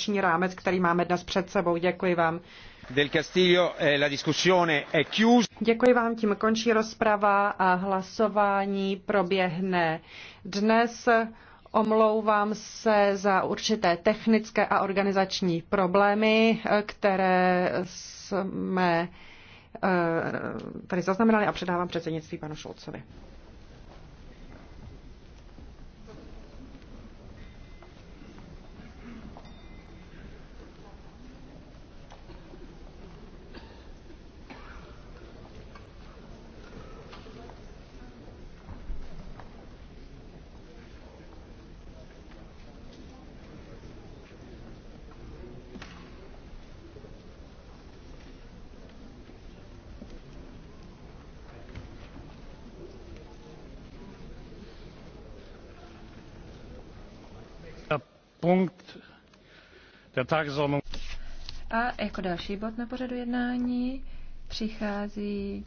regulační rámec, který máme dnes před sebou. Děkuji vám. Del Castillo, eh, la discussione è chiusa. Děkuji vám, tím končí rozprava a hlasování proběhne dnes. Omlouvám se za určité technické a organizační problémy, eh, které jsme eh, tady zaznamenali a předávám předsednictví panu Šulcovi. punkt der tagesordnung a jako další bod na pořadu jednání přichází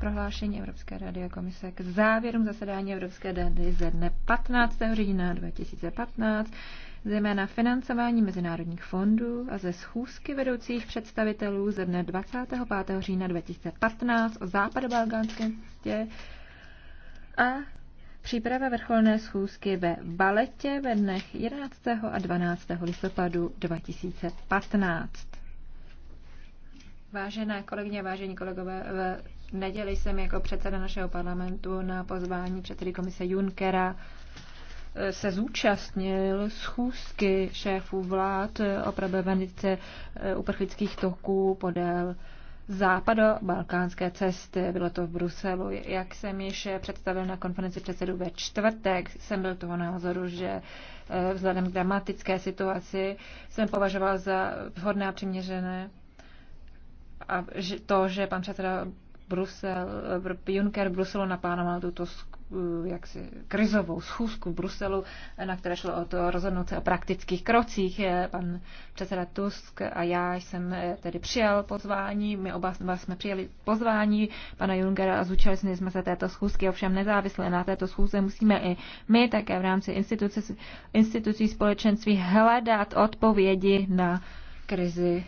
prohlášení Evropské rady a komise k závěrům zasedání Evropské rady ze dne 15. října 2015, zejména financování mezinárodních fondů a ze schůzky vedoucích představitelů ze dne 25. října 2015 o západobalkánském a Příprava vrcholné schůzky ve Baletě ve dnech 11. a 12. listopadu 2015. Vážené kolegyně, vážení kolegové, v neděli jsem jako předseda našeho parlamentu na pozvání předsedy komise Junckera eh, se zúčastnil schůzky šéfů vlád o problematice eh, uprchlických toků podél Západo-balkánské cesty. Bylo to v Bruselu. Jak jsem již představil na konferenci předsedů ve čtvrtek, jsem byl toho názoru, že eh, vzhledem k dramatické situaci jsem považoval za vhodné a přiměřené a to, že pan předseda Brusel, eh, Juncker Bruselu naplánoval tuto schůzi Eh, jaksi krizovou schůzku v Bruselu, na které šlo o to rozhodnout se o praktických krocích. Eh, pan předseda Tusk a já jsem eh, tedy přijal pozvání, my oba jsme přijali pozvání pana Jungera a zúčastnili jsme se této schůzky, ovšem nezávisle na této schůze musíme i my také v rámci instituce, institucí společenství hledat odpovědi na krizi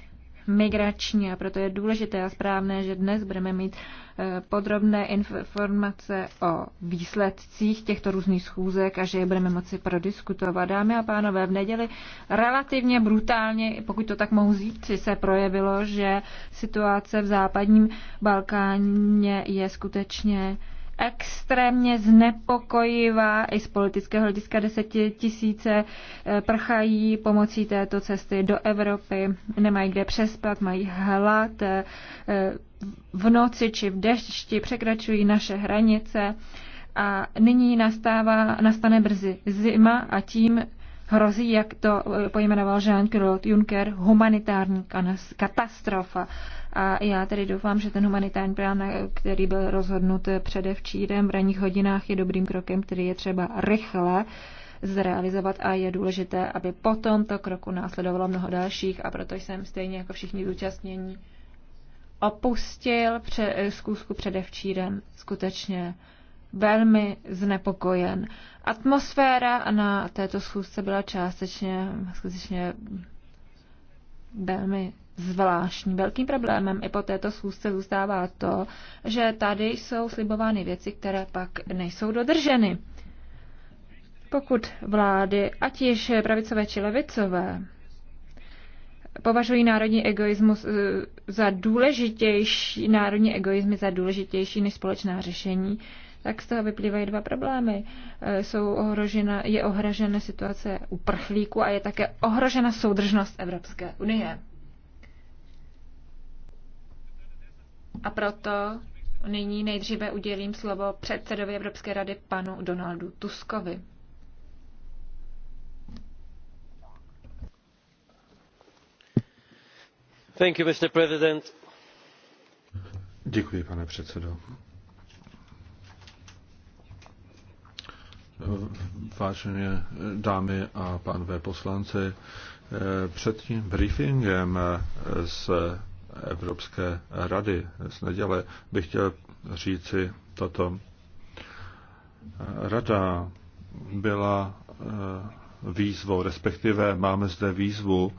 migrační a proto je důležité a správné, že dnes budeme mít eh, podrobné informace o výsledcích těchto různých schůzek a že je budeme moci prodiskutovat. Dámy a pánové, v neděli relativně brutálně, pokud to tak mohu říct, se projevilo, že situace v západním Balkáně je skutečně extrémně znepokojivá i z politického hlediska desetitisíce eh, prchají pomocí této cesty do Evropy, nemají kde přespat, mají hlad, eh, v noci či v dešti překračují naše hranice a nyní nastává, nastane brzy zima a tím hrozí, jak to eh, pojmenoval Jean-Claude Juncker, humanitární katastrofa. A já tedy doufám, že ten humanitární plán, který byl rozhodnut předevčírem v ranních hodinách, je dobrým krokem, který je třeba rychle zrealizovat a je důležité, aby po tomto kroku následovalo mnoho dalších a proto jsem stejně jako všichni zúčastnění opustil pře- zkusku předevčírem skutečně velmi znepokojen. Atmosféra na této schůzce byla částečně skutečně velmi zvláštní. Velkým problémem i po této schůzce zůstává to, že tady jsou slibovány věci, které pak nejsou dodrženy. Pokud vlády, ať již pravicové či levicové, považují národní egoismus eh, za důležitější, národní egoismy za důležitější než společná řešení, tak z toho vyplývají dva problémy. Eh, jsou ohrožena, je ohrožena situace uprchlíků a je také ohrožena soudržnost Evropské unie. A proto nyní nejdříve udělím slovo předsedovi Evropské rady panu Donaldu Tuskovi. Thank you, Mr. President. Děkuji, pane předsedo. Vážené dámy a pánové poslanci, před tím briefingem s Evropské rady z neděle bych chtěl říci toto. Rada byla eh, výzvou, respektive máme zde výzvu,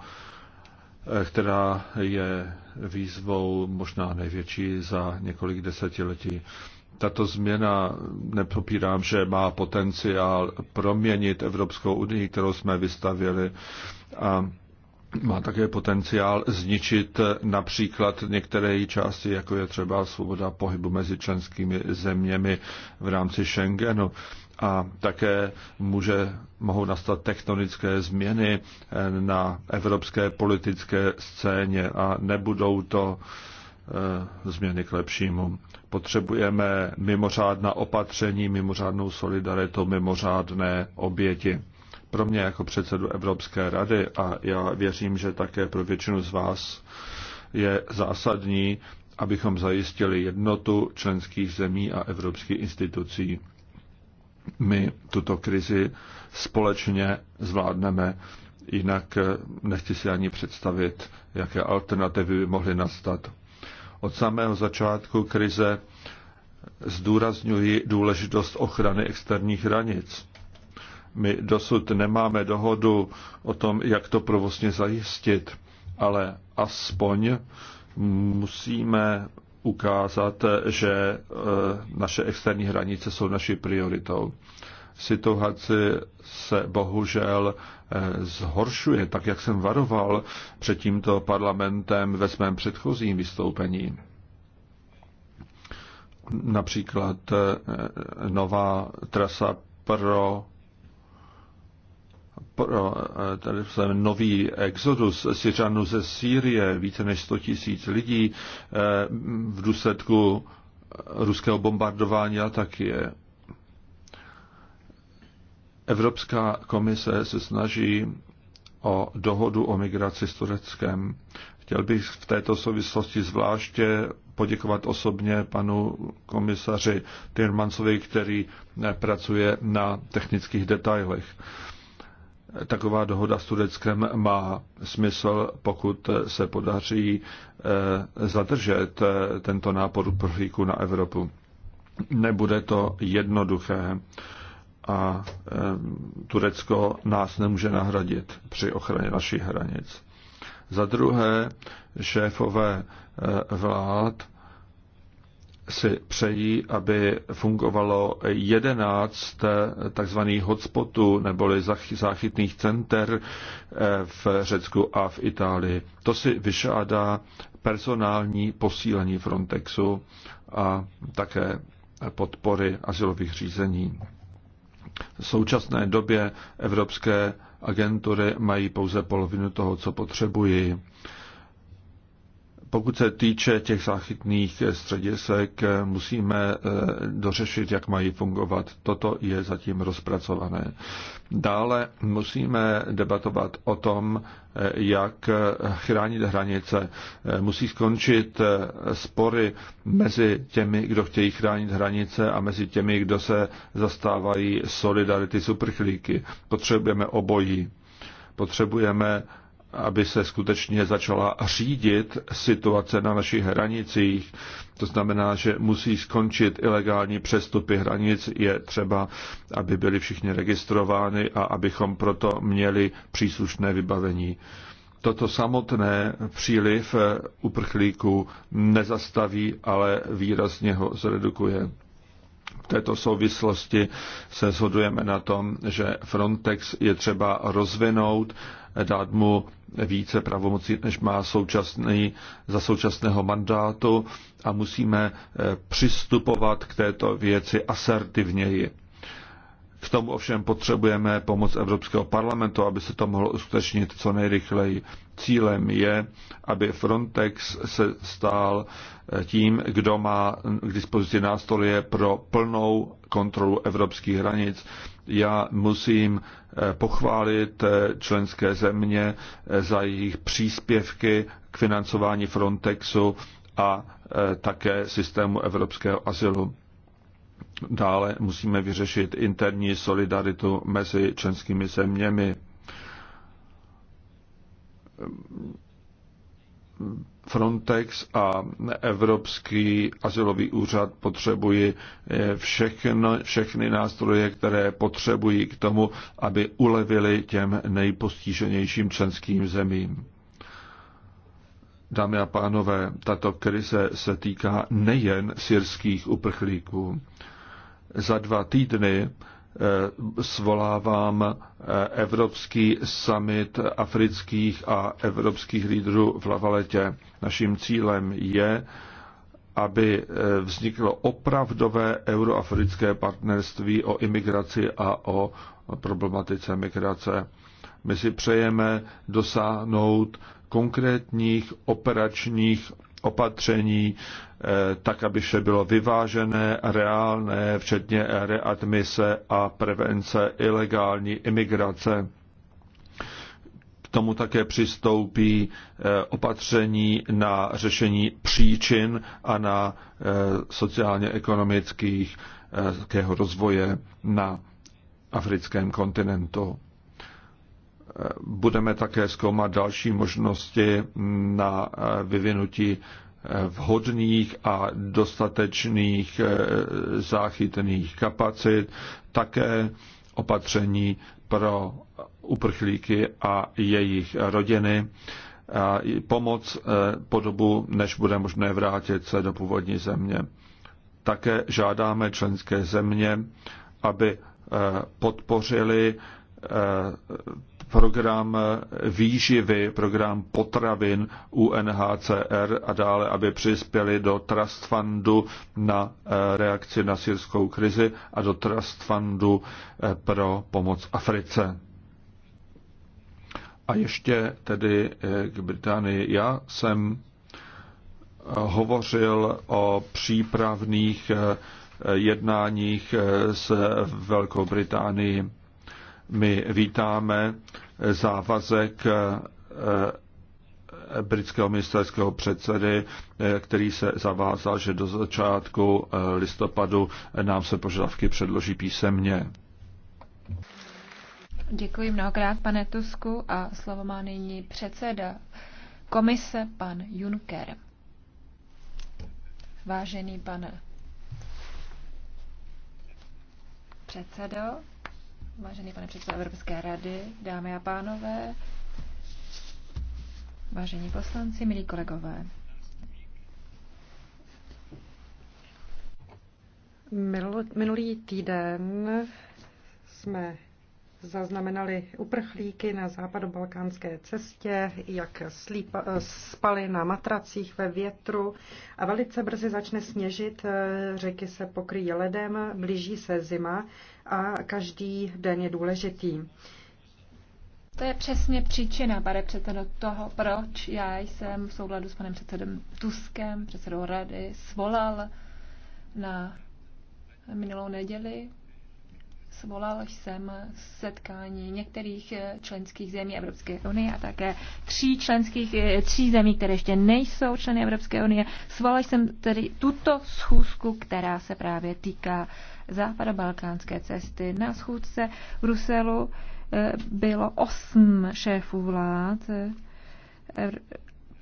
eh, která je výzvou možná největší za několik desetiletí. Tato změna, nepopírám, že má potenciál proměnit Evropskou unii, kterou jsme vystavili a má také potenciál zničit například některé části, jako je třeba svoboda pohybu mezi členskými zeměmi v rámci Schengenu. A také může, mohou nastat tektonické změny na evropské politické scéně a nebudou to eh, změny k lepšímu. Potřebujeme mimořádná opatření, mimořádnou solidaritu, mimořádné oběti pro mě jako předsedu Evropské rady a já věřím, že také pro většinu z vás je zásadní, abychom zajistili jednotu členských zemí a evropských institucí. My tuto krizi společně zvládneme, jinak eh, nechci si ani představit, jaké alternativy by mohly nastat. Od samého začátku krize zdůrazňuji důležitost ochrany externích hranic my dosud nemáme dohodu o tom, jak to provozně zajistit, ale aspoň musíme ukázat, že eh, naše externí hranice jsou naší prioritou. Situace se bohužel eh, zhoršuje, tak jak jsem varoval před tímto parlamentem ve svém předchozím vystoupení. Například eh, nová trasa pro pro, eh, tady nový exodus Syřanů ze Sýrie, více než 100 tisíc lidí eh, v důsledku eh, ruského bombardování a tak je. Evropská komise se snaží o dohodu o migraci s Tureckem. Chtěl bych v této souvislosti zvláště poděkovat osobně panu komisaři Tirmancovi, který pracuje na technických detailech taková dohoda s Tureckem má smysl, pokud se podaří eh, zadržet eh, tento nápor uprchlíků na Evropu. Nebude to jednoduché a eh, Turecko nás nemůže nahradit při ochraně našich hranic. Za druhé, šéfové vlád si přejí, aby fungovalo 11 eh, takzvaných hotspotů neboli záchytných center eh, v Řecku a v Itálii. To si vyžádá personální posílení Frontexu a také podpory asilových řízení. V současné době evropské agentury mají pouze polovinu toho, co potřebují. Pokud se týče těch záchytných středisek, musíme eh, dořešit, jak mají fungovat. Toto je zatím rozpracované. Dále musíme debatovat o tom, eh, jak chránit hranice. Eh, musí skončit spory mezi těmi, kdo chtějí chránit hranice a mezi těmi, kdo se zastávají solidarity superchlíky. Potřebujeme obojí. Potřebujeme aby se skutečně začala řídit situace na našich hranicích. To znamená, že musí skončit ilegální přestupy hranic. Je třeba, aby byli všichni registrovány a abychom proto měli příslušné vybavení. Toto samotné příliv uprchlíků nezastaví, ale výrazně ho zredukuje. V této souvislosti se shodujeme na tom, že Frontex je třeba rozvinout dát mu více pravomocí, než má současný, za současného mandátu a musíme eh, přistupovat k této věci asertivněji. K tomu ovšem potřebujeme pomoc Evropského parlamentu, aby se to mohlo uskutečnit co nejrychleji. Cílem je, aby Frontex se stál eh, tím, kdo má k dispozici nástroje pro plnou kontrolu evropských hranic já musím eh, pochválit eh, členské země eh, za jejich příspěvky k financování Frontexu a také systému evropského asilu. Dále musíme vyřešit interní solidaritu mezi členskými zeměmi Frontex a Evropský asilový úřad potřebují eh, všechno, všechny nástroje, které potřebují k tomu, aby ulevili těm nejpostiženějším členským zemím. Dámy a pánové, tato krize se týká nejen syrských uprchlíků. Za dva týdny Eh, svolávám eh, Evropský summit afrických a evropských lídrů v Lavaletě. Naším cílem je, aby eh, vzniklo opravdové euroafrické partnerství o imigraci a o problematice migrace. My si přejeme dosáhnout konkrétních operačních opatření, eh, tak, aby vše bylo vyvážené, reálné, včetně readmise a prevence ilegální imigrace. K tomu také přistoupí eh, opatření na řešení příčin a na eh, sociálně-ekonomického rozvoje na africkém kontinentu. Budeme také zkoumat další možnosti na vyvinutí vhodných a dostatečných eh, záchytných kapacit, také opatření pro uprchlíky a jejich rodiny, a pomoc eh, po dobu, než bude možné vrátit se do původní země. Také žádáme členské země, aby eh, podpořili program výživy, program potravin UNHCR a dále, aby přispěli do Trust Fundu na eh, reakci na syrskou krizi a do Trust Fundu eh, pro pomoc Africe. A ještě tedy eh, k Británii. Já jsem hovořil o přípravných jednáních s Velkou Británií my vítáme závazek eh, eh, britského ministerského předsedy, eh, který se zavázal, že do začátku listopadu nám se požadavky předloží písemně. Děkuji mnohokrát, pane Tusku, a slovo má nyní předseda komise, pan Juncker. Vážený pane předsedo, Vážený pane předsedo Evropské rady, dámy a pánové, vážení poslanci, milí kolegové. Minulý týden jsme zaznamenali uprchlíky na západobalkánské cestě, jak slípa, eh, spali na matracích ve větru a velice brzy začne sněžit, eh, řeky se pokryjí ledem, blíží se zima a každý den je důležitý. To je přesně příčina, pane předsedo, toho, proč já jsem v souladu s panem předsedem Tuskem, předsedou rady, svolal na minulou neděli svolal jsem setkání některých členských zemí Evropské unie a také tří členských, tří zemí, které ještě nejsou členy Evropské unie. Svolal jsem tedy tuto schůzku, která se právě týká západobalkánské cesty. Na schůdce v Bruselu eh, bylo osm šéfů vlád eh,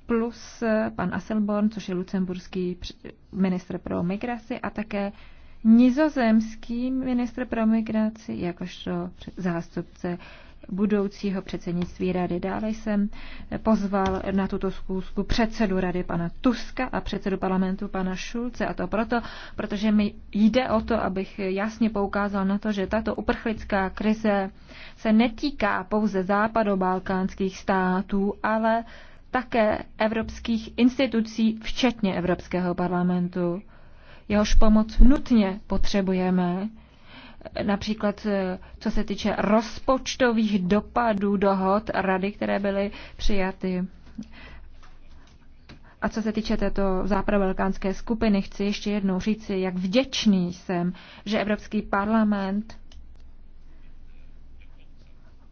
plus eh, pan Asselborn, což je lucemburský ministr pro migraci a také nizozemský ministr pro migraci, jakožto zástupce budoucího předsednictví rady. Dále jsem pozval na tuto zkusku předsedu rady pana Tuska a předsedu parlamentu pana Šulce a to proto, protože mi jde o to, abych jasně poukázal na to, že tato uprchlická krize se netýká pouze západobalkánských států, ale také evropských institucí, včetně Evropského parlamentu. Jehož pomoc nutně potřebujeme, například eh, co se týče rozpočtových dopadů dohod rady, které byly přijaty. A co se týče této západobalkánské skupiny, chci ještě jednou říci, jak vděčný jsem, že Evropský parlament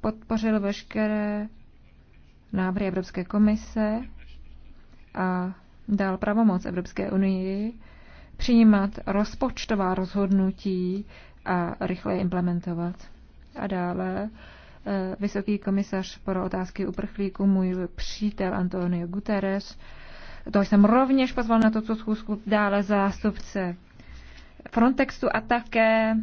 podpořil veškeré návrhy Evropské komise a dal pravomoc Evropské unii přijímat rozpočtová rozhodnutí a rychle implementovat. A dále eh, vysoký komisař pro otázky uprchlíků, můj přítel Antonio Guterres, to jsem rovněž pozval na tuto schůzku dále zástupce Frontexu a také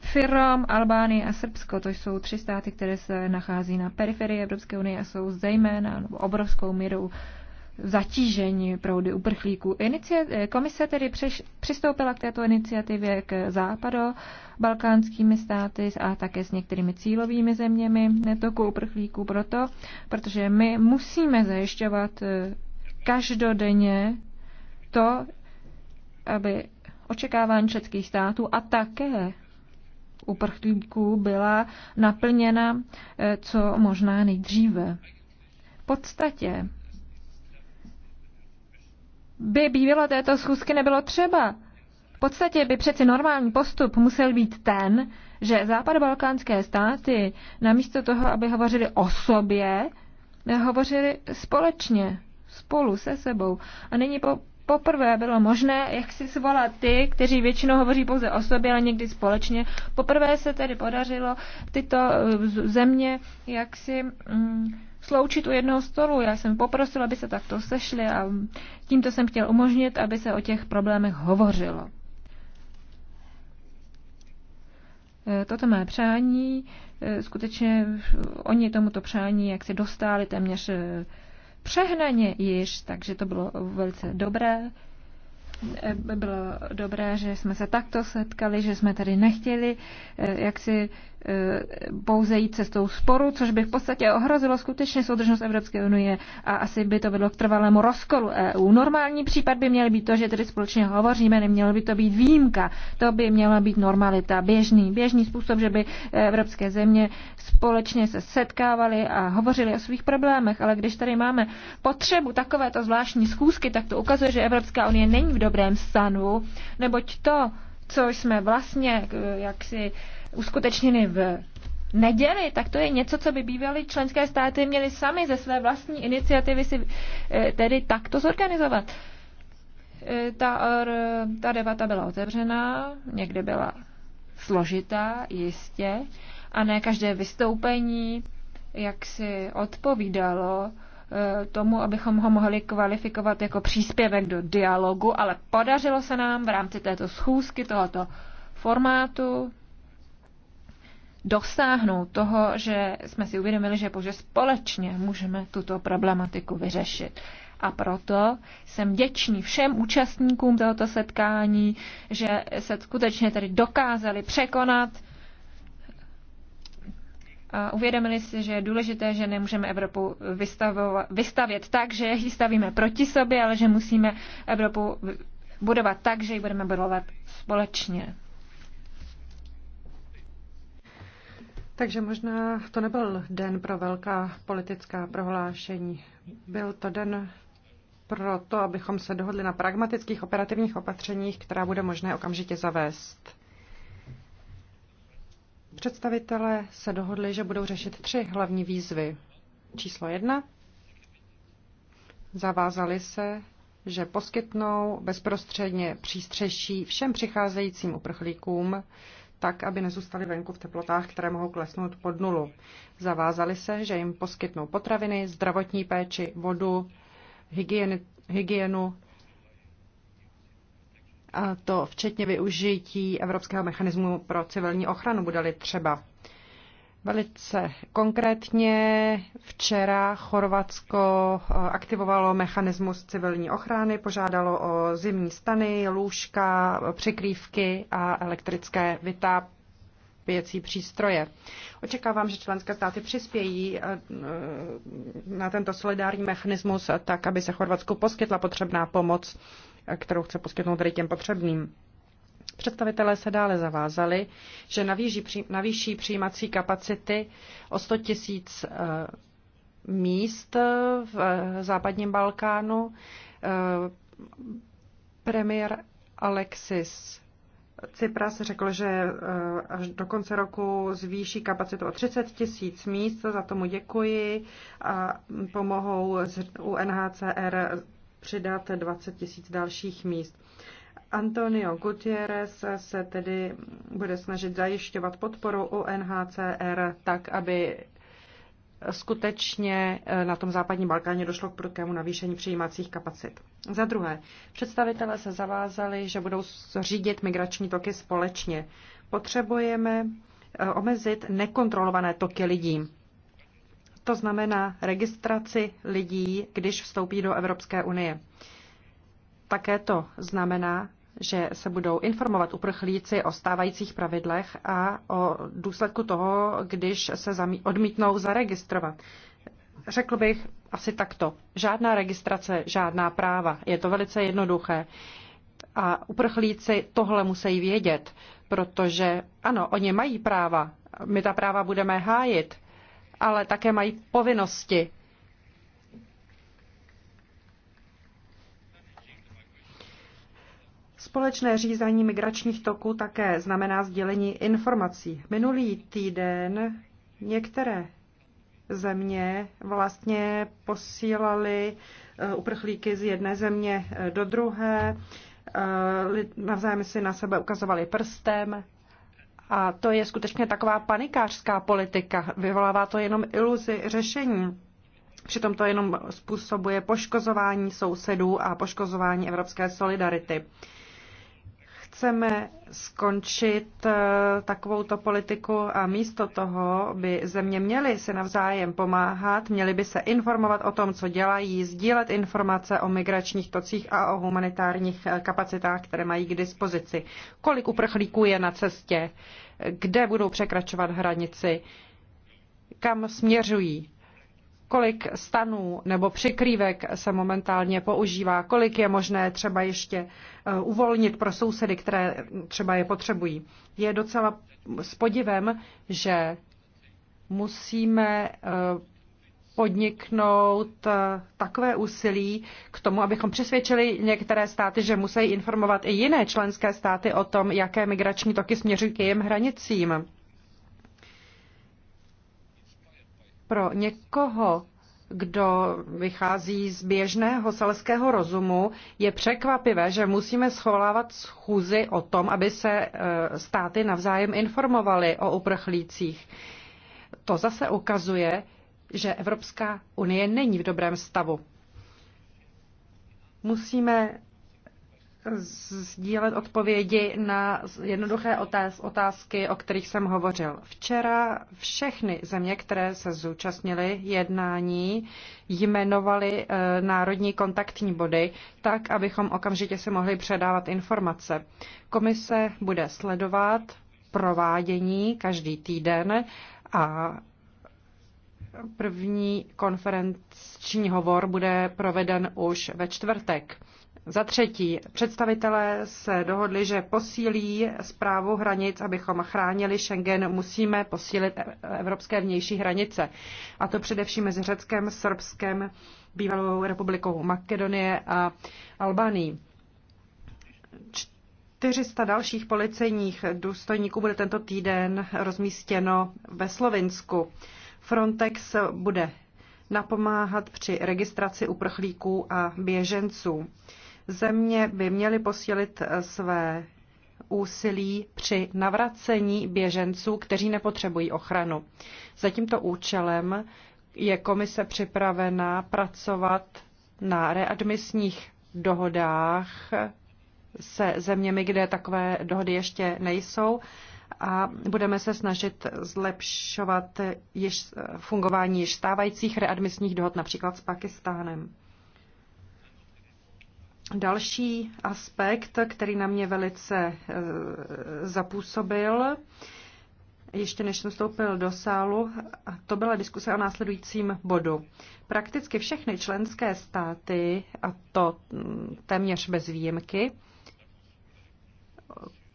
Firom, Albánie a Srbsko, to jsou tři státy, které se nachází na periferii Evropské unie a jsou zejména obrovskou mírou zatížení proudy uprchlíků. Inicia- eh, komise tedy přiš, přistoupila k této iniciativě k západo balkánskými státy a také s některými cílovými zeměmi netoku uprchlíků proto, protože my musíme zajišťovat eh, každodenně to, aby očekávání českých států a také uprchlíků byla naplněna eh, co možná nejdříve. V podstatě by bývalo této schůzky nebylo třeba. V podstatě by přeci normální postup musel být ten, že západobalkánské státy namísto toho, aby hovořili o sobě, hovořili společně, spolu se sebou. A nyní po, poprvé bylo možné, jak si svolat ty, kteří většinou hovoří pouze o sobě, ale někdy společně. Poprvé se tedy podařilo tyto eh, země, jak si... Mm, sloučit u jednoho stolu. Já jsem poprosil, aby se takto sešli a tímto jsem chtěl umožnit, aby se o těch problémech hovořilo. E, toto mé přání, e, skutečně oni tomuto přání, jak se dostali téměř e, přehnaně již, takže to bylo velice dobré. Bylo dobré, že jsme se takto setkali, že jsme tady nechtěli jak si Eh, pouze jít cestou sporu, což by v podstatě ohrozilo skutečně soudržnost Evropské unie a asi by to vedlo k trvalému rozkolu EU. Normální případ by měl být to, že tedy společně hovoříme, nemělo by to být výjimka, to by měla být normalita, běžný, běžný způsob, že by evropské země společně se setkávaly a hovořili o svých problémech, ale když tady máme potřebu takovéto zvláštní schůzky, tak to ukazuje, že Evropská unie není v dobrém stanu, neboť to, co jsme vlastně eh, jaksi uskutečněny v neděli, tak to je něco, co by bývaly členské státy měly sami ze své vlastní iniciativy si eh, tedy takto zorganizovat. Eh, ta, eh, ta debata byla otevřená, někde byla složitá, jistě, a ne každé vystoupení, jak si odpovídalo tomu, abychom ho mohli kvalifikovat jako příspěvek do dialogu, ale podařilo se nám v rámci této schůzky, tohoto formátu, dosáhnout toho, že jsme si uvědomili, že bože společně můžeme tuto problematiku vyřešit. A proto jsem děčný všem účastníkům tohoto setkání, že se skutečně tady dokázali překonat a uvědomili si, že je důležité, že nemůžeme Evropu vystavět tak, že ji stavíme proti sobě, ale že musíme Evropu budovat tak, že ji budeme budovat společně. Takže možná to nebyl den pro velká politická prohlášení. Byl to den pro to, abychom se dohodli na pragmatických operativních opatřeních, která bude možné okamžitě zavést. Představitelé se dohodli, že budou řešit tři hlavní výzvy. Číslo jedna. Zavázali se, že poskytnou bezprostředně přístřeší všem přicházejícím uprchlíkům, tak, aby nezůstali venku v teplotách, které mohou klesnout pod nulu. Zavázali se, že jim poskytnou potraviny, zdravotní péči, vodu, hygieny, hygienu, a to včetně využití Evropského mechanismu pro civilní ochranu bude-li třeba. Velice konkrétně včera Chorvatsko eh, aktivovalo mechanismus civilní ochrany, požádalo o zimní stany, lůžka, překrývky a elektrické vytápěcí přístroje. Očekávám, že členské státy přispějí eh, eh, na tento solidární mechanismus tak, aby se Chorvatsku poskytla potřebná pomoc, kterou chce poskytnout tady těm potřebným. Představitelé se dále zavázali, že navýší, přijímací kapacity o 100 tisíc eh, míst eh, v eh, západním Balkánu. Premiér Alexis Cypras řekl, že až do konce roku zvýší kapacitu o 30 tisíc míst, za tomu děkuji a pomohou u NHCR přidat 20 tisíc dalších míst. Antonio Gutierrez se tedy bude snažit zajišťovat podporu UNHCR tak, aby skutečně eh, na tom západním Balkáně došlo k prudkému navýšení přijímacích kapacit. Za druhé, představitelé se zavázali, že budou řídit migrační toky společně. Potřebujeme eh, omezit nekontrolované toky lidí. To znamená registraci lidí, když vstoupí do Evropské unie. Také to znamená, že se budou informovat uprchlíci o stávajících pravidlech a o důsledku toho, když se odmítnou zaregistrovat. Řekl bych asi takto. Žádná registrace, žádná práva. Je to velice jednoduché. A uprchlíci tohle musí vědět, protože ano, oni mají práva, my ta práva budeme hájit, ale také mají povinnosti Společné řízení migračních toků také znamená sdělení informací. Minulý týden některé země vlastně posílali eh, uprchlíky z jedné země eh, do druhé, eh, navzájem si na sebe ukazovali prstem. A to je skutečně taková panikářská politika. Vyvolává to jenom iluzi řešení. Přitom to jenom způsobuje poškozování sousedů a poškozování evropské solidarity chceme skončit eh, takovouto politiku a místo toho by země měly se navzájem pomáhat, měly by se informovat o tom, co dělají, sdílet informace o migračních tocích a o humanitárních eh, kapacitách, které mají k dispozici. Kolik uprchlíků je na cestě, kde budou překračovat hranici, kam směřují kolik stanů nebo překrývek se momentálně používá, kolik je možné třeba ještě eh, uvolnit pro sousedy, které třeba je potřebují. Je docela s podivem, že musíme eh, podniknout eh, takové úsilí k tomu, abychom přesvědčili některé státy, že musí informovat i jiné členské státy o tom, jaké migrační toky směřují k jejím hranicím. pro někoho, kdo vychází z běžného selského rozumu, je překvapivé, že musíme schovávat schůzy o tom, aby se e, státy navzájem informovaly o uprchlících. To zase ukazuje, že Evropská unie není v dobrém stavu. Musíme sdílet odpovědi na jednoduché otázky, o kterých jsem hovořil. Včera všechny země, které se zúčastnily jednání, jmenovaly eh, národní kontaktní body tak, abychom okamžitě si mohli předávat informace. Komise bude sledovat provádění každý týden a první konferenční hovor bude proveden už ve čtvrtek. Za třetí, představitelé se dohodli, že posílí zprávu hranic, abychom chránili Schengen, musíme posílit evropské vnější hranice. A to především mezi Řeckem, Srbskem, bývalou republikou Makedonie a Albánií. 400 dalších policejních důstojníků bude tento týden rozmístěno ve Slovinsku. Frontex bude napomáhat při registraci uprchlíků a běženců. Země by měly posílit eh, své úsilí při navracení běženců, kteří nepotřebují ochranu. Za tímto účelem je komise připravena pracovat na readmisních dohodách se zeměmi, kde takové dohody ještě nejsou a budeme se snažit zlepšovat již eh, fungování již stávajících readmisních dohod, například s Pakistánem. Další aspekt, který na mě velice eh, zapůsobil, ještě než jsem vstoupil do sálu, to byla diskuse o následujícím bodu. Prakticky všechny členské státy, a to mm, téměř bez výjimky,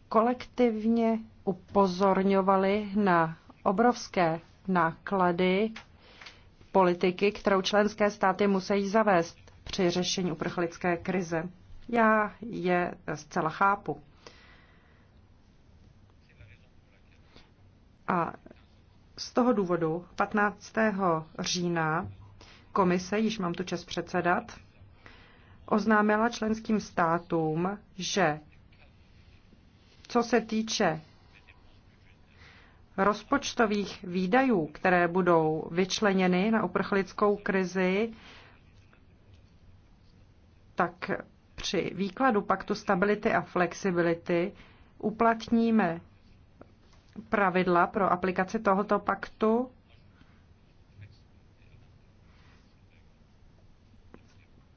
kolektivně upozorňovaly na obrovské náklady politiky, kterou členské státy musí zavést při řešení uprchlické krize. Já je zcela chápu. A z toho důvodu 15. října komise, již mám tu čas předsedat, oznámila členským státům, že co se týče rozpočtových výdajů, které budou vyčleněny na uprchlickou krizi, tak při výkladu paktu stability a flexibility uplatníme pravidla pro aplikaci tohoto paktu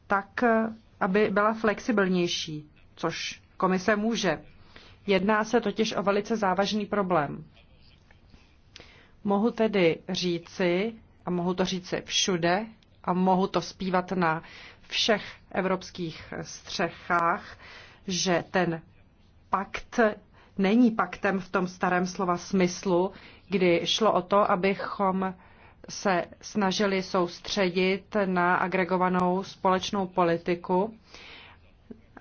tak, aby byla flexibilnější, což komise může. Jedná se totiž o velice závažný problém. Mohu tedy říci, a mohu to říci všude, a mohu to zpívat na všech evropských střechách, že ten pakt není paktem v tom starém slova smyslu, kdy šlo o to, abychom se snažili soustředit na agregovanou společnou politiku.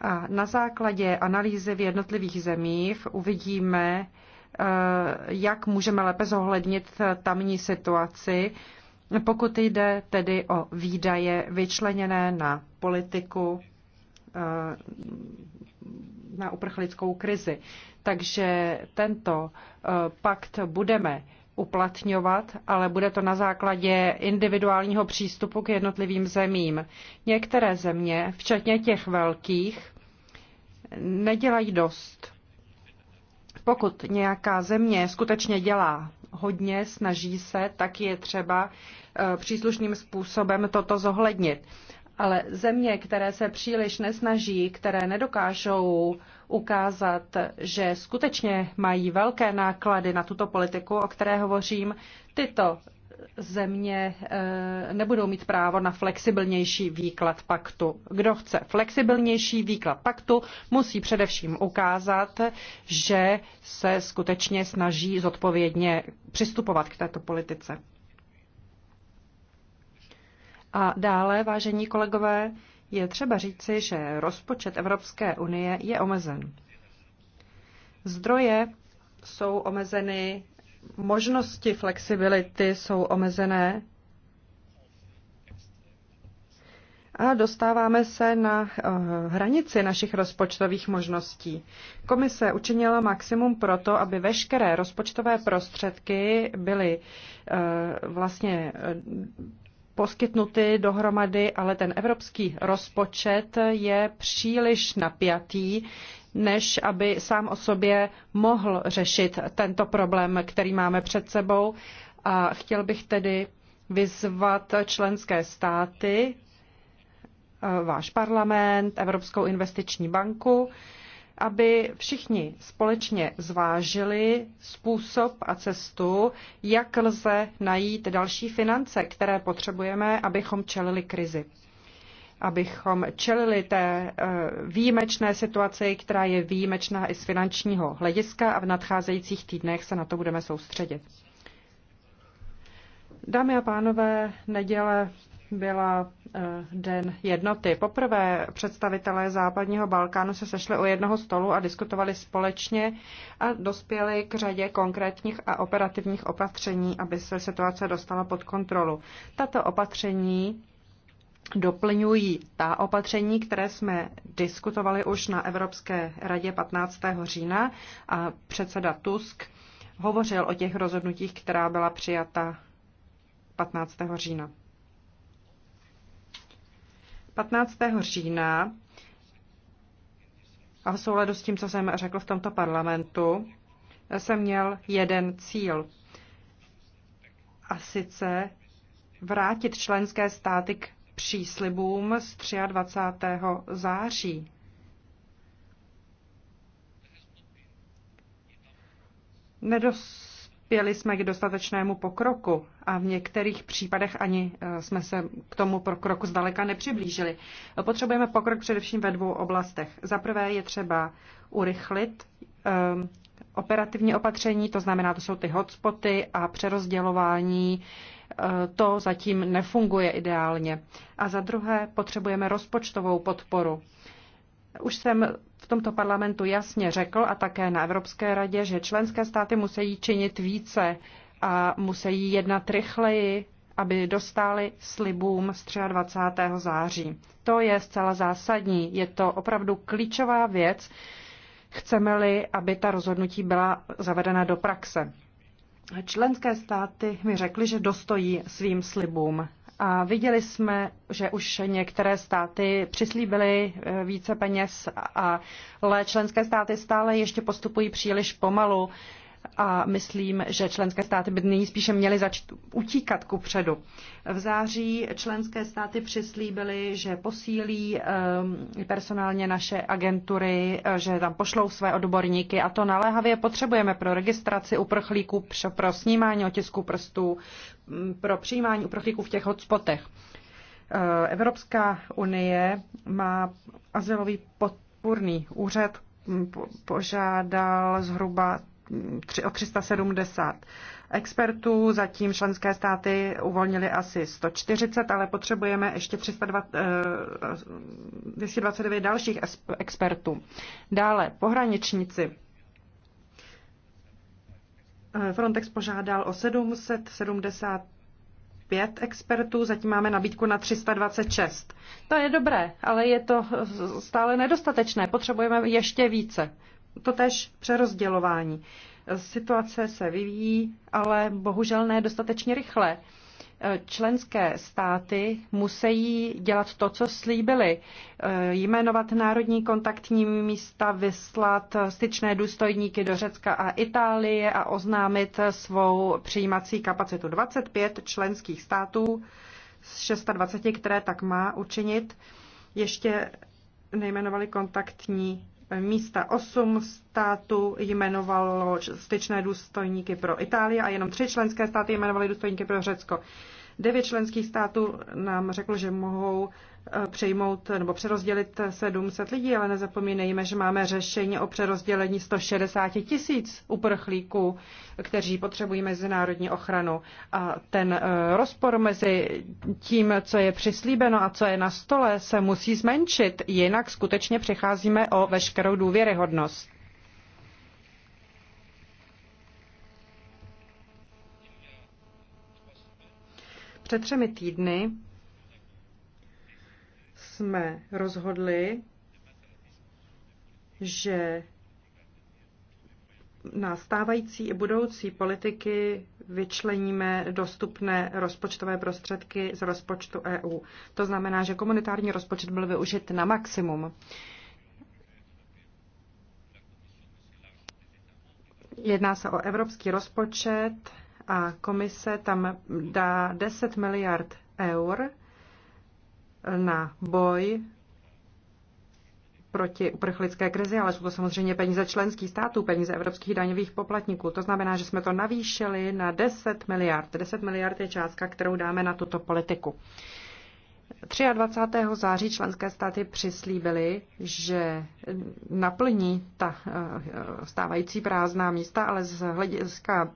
A na základě analýzy v jednotlivých zemích uvidíme, eh, jak můžeme lépe zohlednit tamní situaci, pokud jde tedy o výdaje vyčleněné na politiku, eh, na uprchlickou krizi. Takže tento eh, pakt budeme uplatňovat, ale bude to na základě individuálního přístupu k jednotlivým zemím. Některé země, včetně těch velkých, nedělají dost. Pokud nějaká země skutečně dělá hodně, snaží se, tak je třeba Eh, příslušným způsobem toto zohlednit. Ale země, které se příliš nesnaží, které nedokážou ukázat, že skutečně mají velké náklady na tuto politiku, o které hovořím, tyto země eh, nebudou mít právo na flexibilnější výklad paktu. Kdo chce flexibilnější výklad paktu, musí především ukázat, že se skutečně snaží zodpovědně přistupovat k této politice. A dále, vážení kolegové, je třeba říci, že rozpočet Evropské unie je omezen. Zdroje jsou omezeny, možnosti flexibility jsou omezené a dostáváme se na eh, hranici našich rozpočtových možností. Komise učinila maximum proto, aby veškeré rozpočtové prostředky byly eh, vlastně eh, poskytnuty dohromady, ale ten evropský rozpočet je příliš napjatý, než aby sám o sobě mohl řešit tento problém, který máme před sebou. A chtěl bych tedy vyzvat členské státy, váš parlament, Evropskou investiční banku, aby všichni společně zvážili způsob a cestu, jak lze najít další finance, které potřebujeme, abychom čelili krizi. Abychom čelili té eh, výjimečné situaci, která je výjimečná i z finančního hlediska a v nadcházejících týdnech se na to budeme soustředit. Dámy a pánové, neděle byla eh, Den jednoty. Poprvé představitelé západního Balkánu se sešli u jednoho stolu a diskutovali společně a dospěli k řadě konkrétních a operativních opatření, aby se situace dostala pod kontrolu. Tato opatření doplňují ta opatření, které jsme diskutovali už na Evropské radě 15. října a předseda Tusk hovořil o těch rozhodnutích, která byla přijata 15. října. 15. října a v souladu s tím, co jsem řekl v tomto parlamentu, jsem měl jeden cíl. A sice vrátit členské státy k příslibům z 23. září. Nedos Nedospěli jsme k dostatečnému pokroku a v některých případech ani eh, jsme se k tomu pokroku zdaleka nepřiblížili. Potřebujeme pokrok především ve dvou oblastech. Za prvé je třeba urychlit eh, operativní opatření, to znamená, to jsou ty hotspoty a přerozdělování eh, to zatím nefunguje ideálně. A za druhé potřebujeme rozpočtovou podporu. Už jsem v tomto parlamentu jasně řekl a také na Evropské radě, že členské státy musí činit více a musí jednat rychleji, aby dostali slibům z 23. září. To je zcela zásadní, je to opravdu klíčová věc, chceme-li, aby ta rozhodnutí byla zavedena do praxe. Členské státy mi řekly, že dostojí svým slibům. A viděli jsme, že už některé státy přislíbily eh, více peněz, ale členské státy stále ještě postupují příliš pomalu a myslím, že členské státy by nyní spíše měly začít utíkat ku předu. V září členské státy přislíbily, že posílí ehm, personálně naše agentury, eh, že tam pošlou své odborníky a to naléhavě potřebujeme pro registraci uprchlíků, pro snímání otisků prstů, mm, pro přijímání uprchlíků v těch hotspotech. Eh, Evropská unie má azylový podpůrný úřad, mm, požádal zhruba o 370 expertů, zatím členské státy uvolnili asi 140, ale potřebujeme ještě 229 eh, dalších expertů. Dále pohraničníci. Eh, Frontex požádal o 770 pět expertů, zatím máme nabídku na 326. To je dobré, ale je to stále nedostatečné. Potřebujeme ještě více totež přerozdělování. Situace se vyvíjí, ale bohužel ne dostatečně rychle. Členské státy musí dělat to, co slíbili. Jmenovat národní kontaktní místa, vyslat styčné důstojníky do Řecka a Itálie a oznámit svou přijímací kapacitu. 25 členských států z 26, které tak má učinit, ještě nejmenovali kontaktní místa 8 států jmenovalo styčné důstojníky pro Itálii a jenom tři členské státy jmenovaly důstojníky pro Řecko. Devět členských států nám řeklo, že mohou přejmout nebo přerozdělit 700 lidí, ale nezapomínejme, že máme řešení o přerozdělení 160 tisíc uprchlíků, kteří potřebují mezinárodní ochranu. A ten eh, rozpor mezi tím, co je přislíbeno a co je na stole, se musí zmenšit, jinak skutečně přicházíme o veškerou důvěryhodnost. Před třemi týdny jsme rozhodli, že na stávající i budoucí politiky vyčleníme dostupné rozpočtové prostředky z rozpočtu EU. To znamená, že komunitární rozpočet byl využit na maximum. Jedná se o evropský rozpočet a komise tam dá 10 miliard eur na boj proti uprchlické krizi, ale jsou to samozřejmě peníze členských států, peníze evropských daňových poplatníků. To znamená, že jsme to navýšili na 10 miliard. 10 miliard je částka, kterou dáme na tuto politiku. 23. září členské státy přislíbily, že naplní ta eh, stávající prázdná místa, ale z hlediska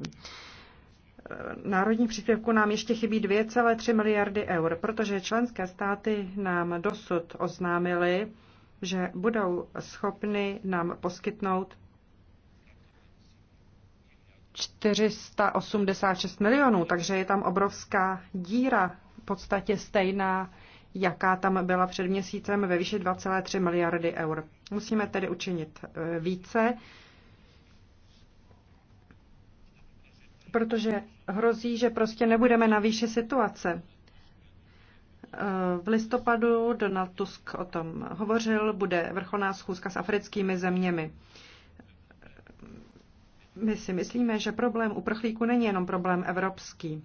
národních příspěvků nám ještě chybí 2,3 miliardy eur, protože členské státy nám dosud oznámily, že budou schopny nám poskytnout 486 milionů, takže je tam obrovská díra, v podstatě stejná, jaká tam byla před měsícem ve výši 2,3 miliardy eur. Musíme tedy učinit eh, více, protože hrozí, že prostě nebudeme na výši situace. V listopadu Donald Tusk o tom hovořil, bude vrcholná schůzka s africkými zeměmi. My si myslíme, že problém uprchlíků není jenom problém evropský.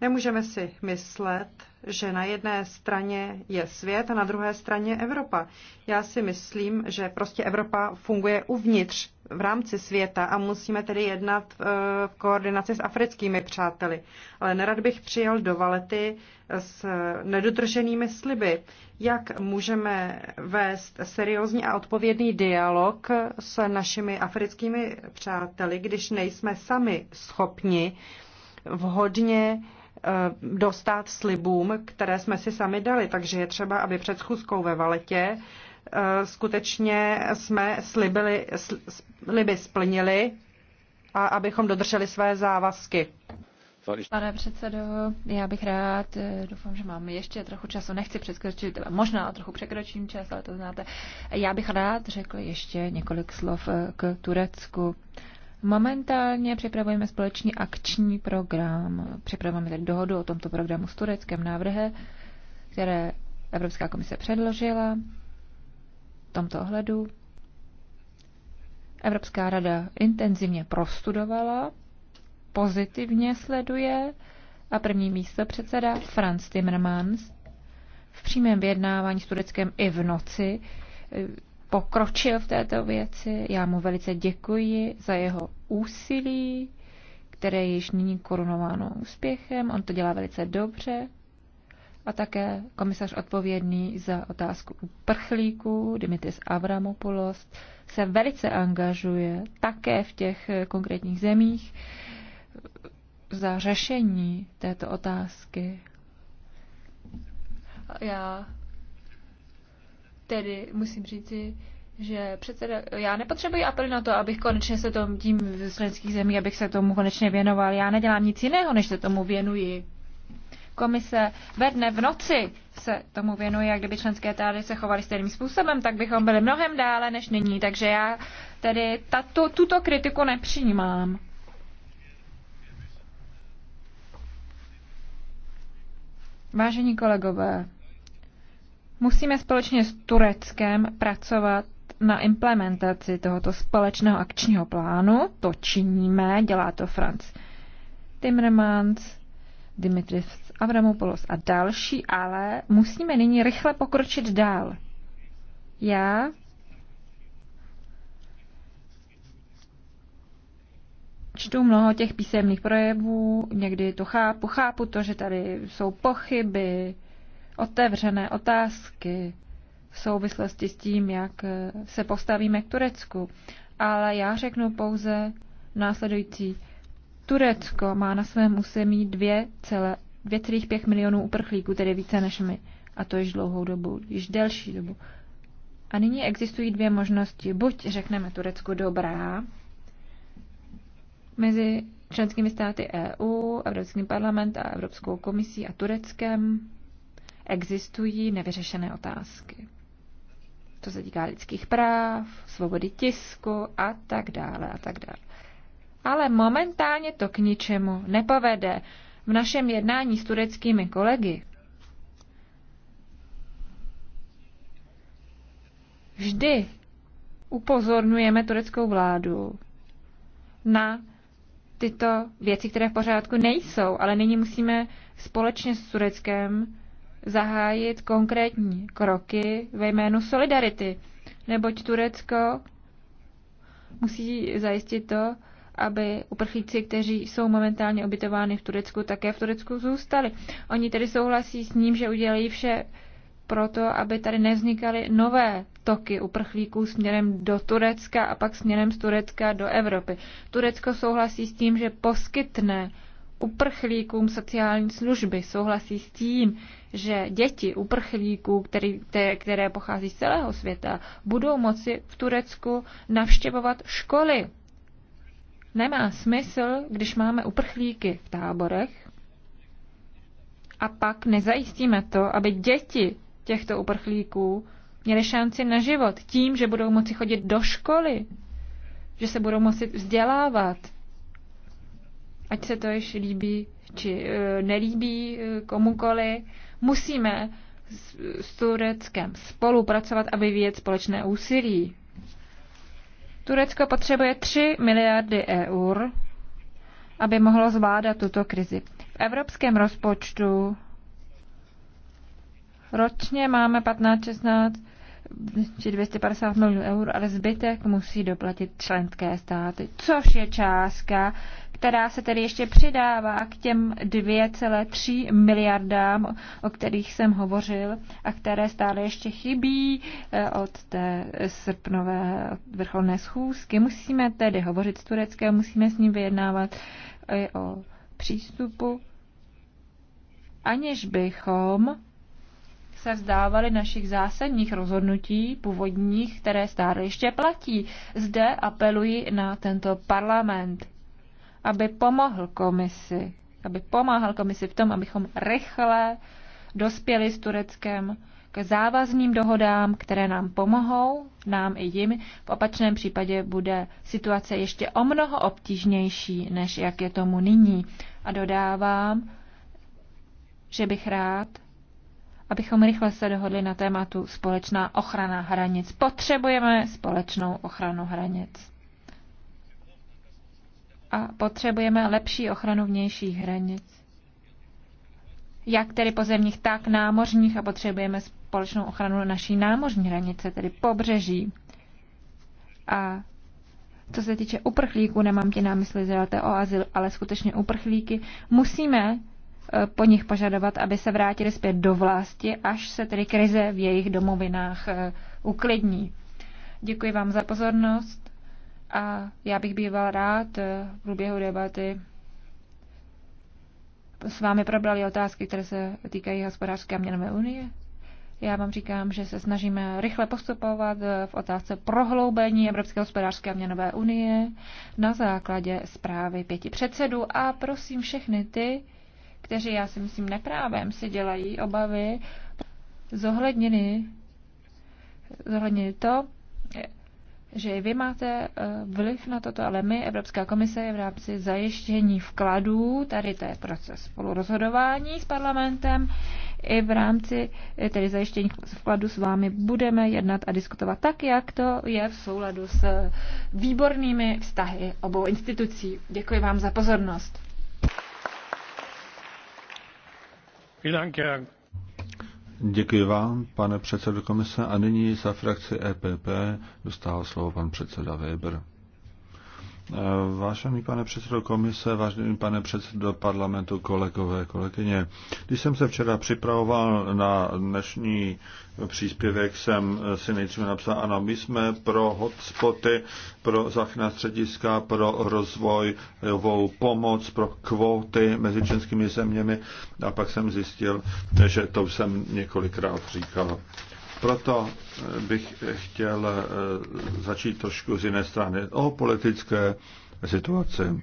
Nemůžeme si myslet, že na jedné straně je svět a na druhé straně Evropa. Já si myslím, že prostě Evropa funguje uvnitř, v rámci světa a musíme tedy jednat eh, v koordinaci s africkými přáteli. Ale nerad bych přijel do Valety s eh, nedodrženými sliby. Jak můžeme vést seriózní a odpovědný dialog s našimi africkými přáteli, když nejsme sami schopni vhodně uh, Eh, dostat slibům, které jsme si sami dali. Takže je třeba, aby před schůzkou ve Valetě eh, skutečně jsme slibili, sliby splnili a abychom dodrželi své závazky. Pane předsedo, já bych rád, eh, doufám, že mám ještě trochu času, nechci překročit, možná trochu překročím čas, ale to znáte. Já bych rád řekl ještě několik slov k Turecku. Momentálně připravujeme společný akční program. Připravujeme tedy dohodu o tomto programu s Tureckem návrhe, které Evropská komise předložila v tomto ohledu. Evropská rada intenzivně prostudovala, pozitivně sleduje a první místo předseda Franz Timmermans v přímém vyjednávání s Tureckem i v noci pokročil v této věci. Já mu velice děkuji za jeho úsilí, které je již nyní korunováno úspěchem. On to dělá velice dobře. A také komisař odpovědný za otázku uprchlíků, Dimitris Avramopoulos, se velice angažuje také v těch eh, konkrétních zemích za řešení této otázky. Já Tedy musím říci, že přece já nepotřebuji apel na to, abych konečně se tomu tím v členských zemí, abych se tomu konečně věnoval. Já nedělám nic jiného, než se tomu věnuji. Komise ve dne v noci se tomu věnuje, jak kdyby členské tády se chovaly stejným způsobem, tak bychom byli mnohem dále než nyní. Takže já tedy tato, tuto kritiku nepřijímám. Vážení kolegové, Musíme společně s Tureckem pracovat na implementaci tohoto společného akčního plánu. To činíme, dělá to Franz Timmermans, Dimitris Avramopoulos a další, ale musíme nyní rychle pokročit dál. Já čtu mnoho těch písemných projevů, někdy to chápu, chápu to, že tady jsou pochyby, otevřené otázky v souvislosti s tím, jak se postavíme k Turecku. Ale já řeknu pouze následující. Turecko má na svém území 2,5 milionů uprchlíků, tedy více než my. A to již dlouhou dobu, již delší dobu. A nyní existují dvě možnosti. Buď řekneme Turecku dobrá, mezi členskými státy EU, Evropským parlament a Evropskou komisí a Tureckem existují nevyřešené otázky. To se týká lidských práv, svobody tisku a tak dále a tak dále. Ale momentálně to k ničemu nepovede. V našem jednání s tureckými kolegy vždy upozorňujeme tureckou vládu na tyto věci, které v pořádku nejsou, ale nyní musíme společně s Tureckem zahájit konkrétní kroky ve jménu solidarity, neboť Turecko musí zajistit to, aby uprchlíci, kteří jsou momentálně obytovány v Turecku, také v Turecku zůstali. Oni tedy souhlasí s ním, že udělají vše proto, aby tady nevznikaly nové toky uprchlíků směrem do Turecka a pak směrem z Turecka do Evropy. Turecko souhlasí s tím, že poskytne uprchlíkům sociální služby. Souhlasí s tím, že děti uprchlíků, který, které, které pochází z celého světa, budou moci v Turecku navštěvovat školy. Nemá smysl, když máme uprchlíky v táborech a pak nezajistíme to, aby děti těchto uprchlíků měly šanci na život tím, že budou moci chodit do školy, že se budou moci vzdělávat, ať se to ještě líbí či eh, nelíbí eh, komukoli, musíme s Tureckem spolupracovat a vyvíjet společné úsilí. Turecko potřebuje 3 miliardy eur, aby mohlo zvládat tuto krizi. V evropském rozpočtu ročně máme 15, 16 či 250 milionů eur, ale zbytek musí doplatit členské státy, což je částka, která se tedy ještě přidává k těm 2,3 miliardám, o kterých jsem hovořil a které stále ještě chybí eh, od té srpnové vrcholné schůzky. Musíme tedy hovořit s Tureckem, musíme s ním vyjednávat eh, o přístupu, aniž bychom se vzdávali našich zásadních rozhodnutí původních, které stále ještě platí. Zde apeluji na tento parlament aby pomohl komisi, aby pomáhal komisi v tom, abychom rychle dospěli s Tureckem k závazným dohodám, které nám pomohou, nám i jim. V opačném případě bude situace ještě o mnoho obtížnější, než jak je tomu nyní. A dodávám, že bych rád, abychom rychle se dohodli na tématu společná ochrana hranic. Potřebujeme společnou ochranu hranic a potřebujeme lepší ochranu vnějších hranic. Jak tedy pozemních, tak námořních a potřebujeme společnou ochranu naší námořní hranice, tedy pobřeží. A co se týče uprchlíků, nemám ti na mysli zelaté o azyl, ale skutečně uprchlíky, musíme e, po nich požadovat, aby se vrátili zpět do vlasti, až se tedy krize v jejich domovinách e, uklidní. Děkuji vám za pozornost a já bych býval rád eh, v průběhu debaty s vámi probrali otázky, které se týkají hospodářské a měnové unie. Já vám říkám, že se snažíme rychle postupovat eh, v otázce prohloubení Evropské hospodářské a měnové unie na základě zprávy pěti předsedů a prosím všechny ty, kteří, já si myslím, neprávem si dělají obavy, zohledněny, zohlednili to, že i vy máte eh, vliv na toto, ale my, Evropská komise, je v rámci zajištění vkladů, tady to je proces spolurozhodování s parlamentem, i v rámci eh, tedy zajištění vkladu s vámi budeme jednat a diskutovat tak, jak to je v souladu s eh, výbornými vztahy obou institucí. Děkuji vám za pozornost. Vielen Dank, Herr Děkuji vám, pane předsedo komise. A nyní za frakci EPP dostává slovo pan předseda Weber. Vážený pane předsedo komise, vážený pane předsedo parlamentu, kolegové, kolegyně. Když jsem se včera připravoval na dnešní příspěvek, jsem si nejdříve napsal, ano, my jsme pro hotspoty, pro záchranná střediska, pro rozvojovou pomoc, pro kvóty mezi českými zeměmi a pak jsem zjistil, že to jsem několikrát říkal proto eh, bych eh, chtěl eh, začít trošku z jiné strany o politické situaci.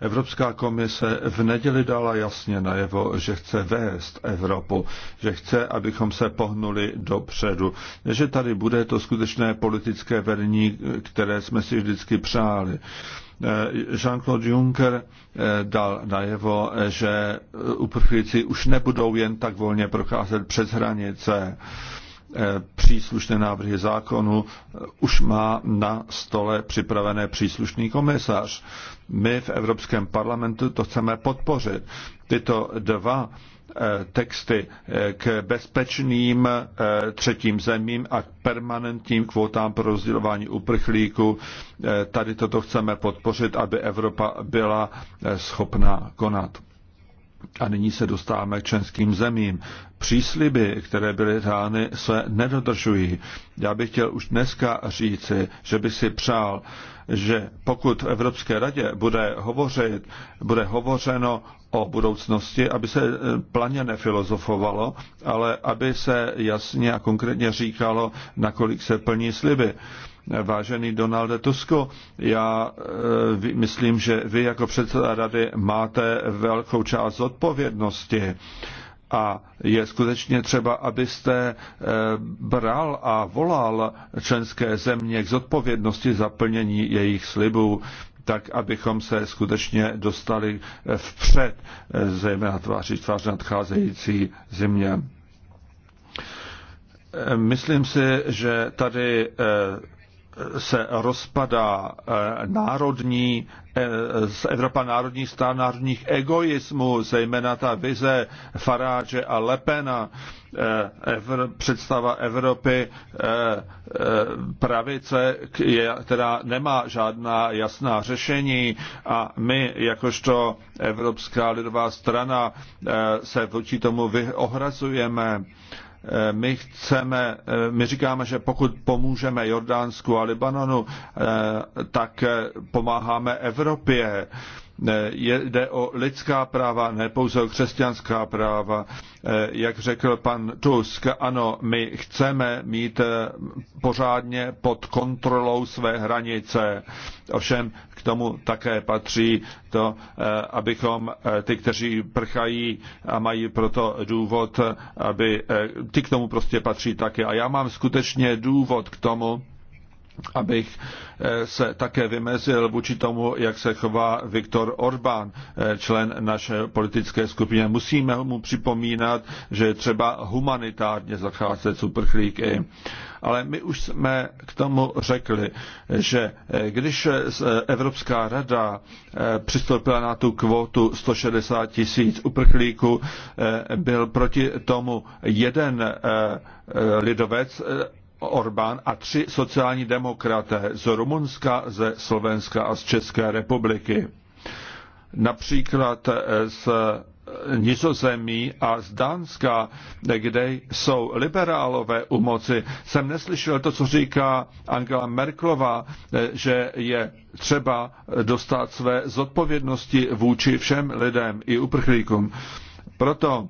Evropská komise v neděli dala jasně najevo, že chce vést Evropu, že chce, abychom se pohnuli dopředu, že tady bude to skutečné politické vedení, které jsme si vždycky přáli. Eh, Jean-Claude Juncker eh, dal najevo, eh, že uprchlíci už nebudou jen tak volně procházet přes hranice Eh, příslušné návrhy zákonu eh, už má na stole připravené příslušný komisař. My v Evropském parlamentu to chceme podpořit. Tyto dva eh, texty k bezpečným třetím zemím a k permanentním kvótám pro rozdělování uprchlíků. Tady toto chceme podpořit, aby Evropa byla schopná konat. A nyní se dostáváme k členským zemím přísliby, které byly dány, se nedodržují. Já bych chtěl už dneska říci, že bych si přál, že pokud v Evropské radě bude hovořit, bude hovořeno o budoucnosti, aby se eh, planě nefilozofovalo, ale aby se jasně a konkrétně říkalo, nakolik se plní sliby. Vážený Donalde Tusko, já eh, myslím, že vy jako předseda rady máte velkou část odpovědnosti a je skutečně třeba, abyste eh, bral a volal členské země k zodpovědnosti za plnění jejich slibů, tak abychom se skutečně dostali eh, vpřed, eh, zejména tváří tvář nadcházející zimě. Myslím si, že tady se rozpadá eh, národní, eh, Evropa národní stran, národních egoismů, zejména ta vize Faráže a Lepena, eh, představa Evropy pravice, která nemá žádná jasná řešení a my, jakožto Evropská lidová strana, se vůči tomu ohrazujeme Eh, my chceme, eh, my říkáme, že pokud pomůžeme Jordánsku a Libanonu, eh, tak pomáháme Evropě. Jde o lidská práva, ne pouze o křesťanská práva. E, jak řekl pan Tusk, ano, my chceme mít e, pořádně pod kontrolou své hranice. Ovšem k tomu také patří to, e, abychom ty, kteří prchají a mají proto důvod, aby ty k tomu prostě patří také. A já mám skutečně důvod k tomu, abych eh, se také vymezil vůči tomu, jak se chová Viktor Orbán, eh, člen naše politické skupiny. Musíme mu připomínat, že je třeba humanitárně zacházet s uprchlíky. Ale my už jsme k tomu řekli, že eh, když Evropská rada přistoupila na tu kvotu 160 tisíc uprchlíků, byl proti tomu jeden lidovec Orbán a tři sociální demokraté z Rumunska, ze Slovenska a z České republiky. Například eh, z eh, Nizozemí a z Dánska, kde jsou liberálové u moci. Jsem neslyšel to, co říká Angela Merklová, eh, že je třeba dostat své zodpovědnosti vůči všem lidem i uprchlíkům. Proto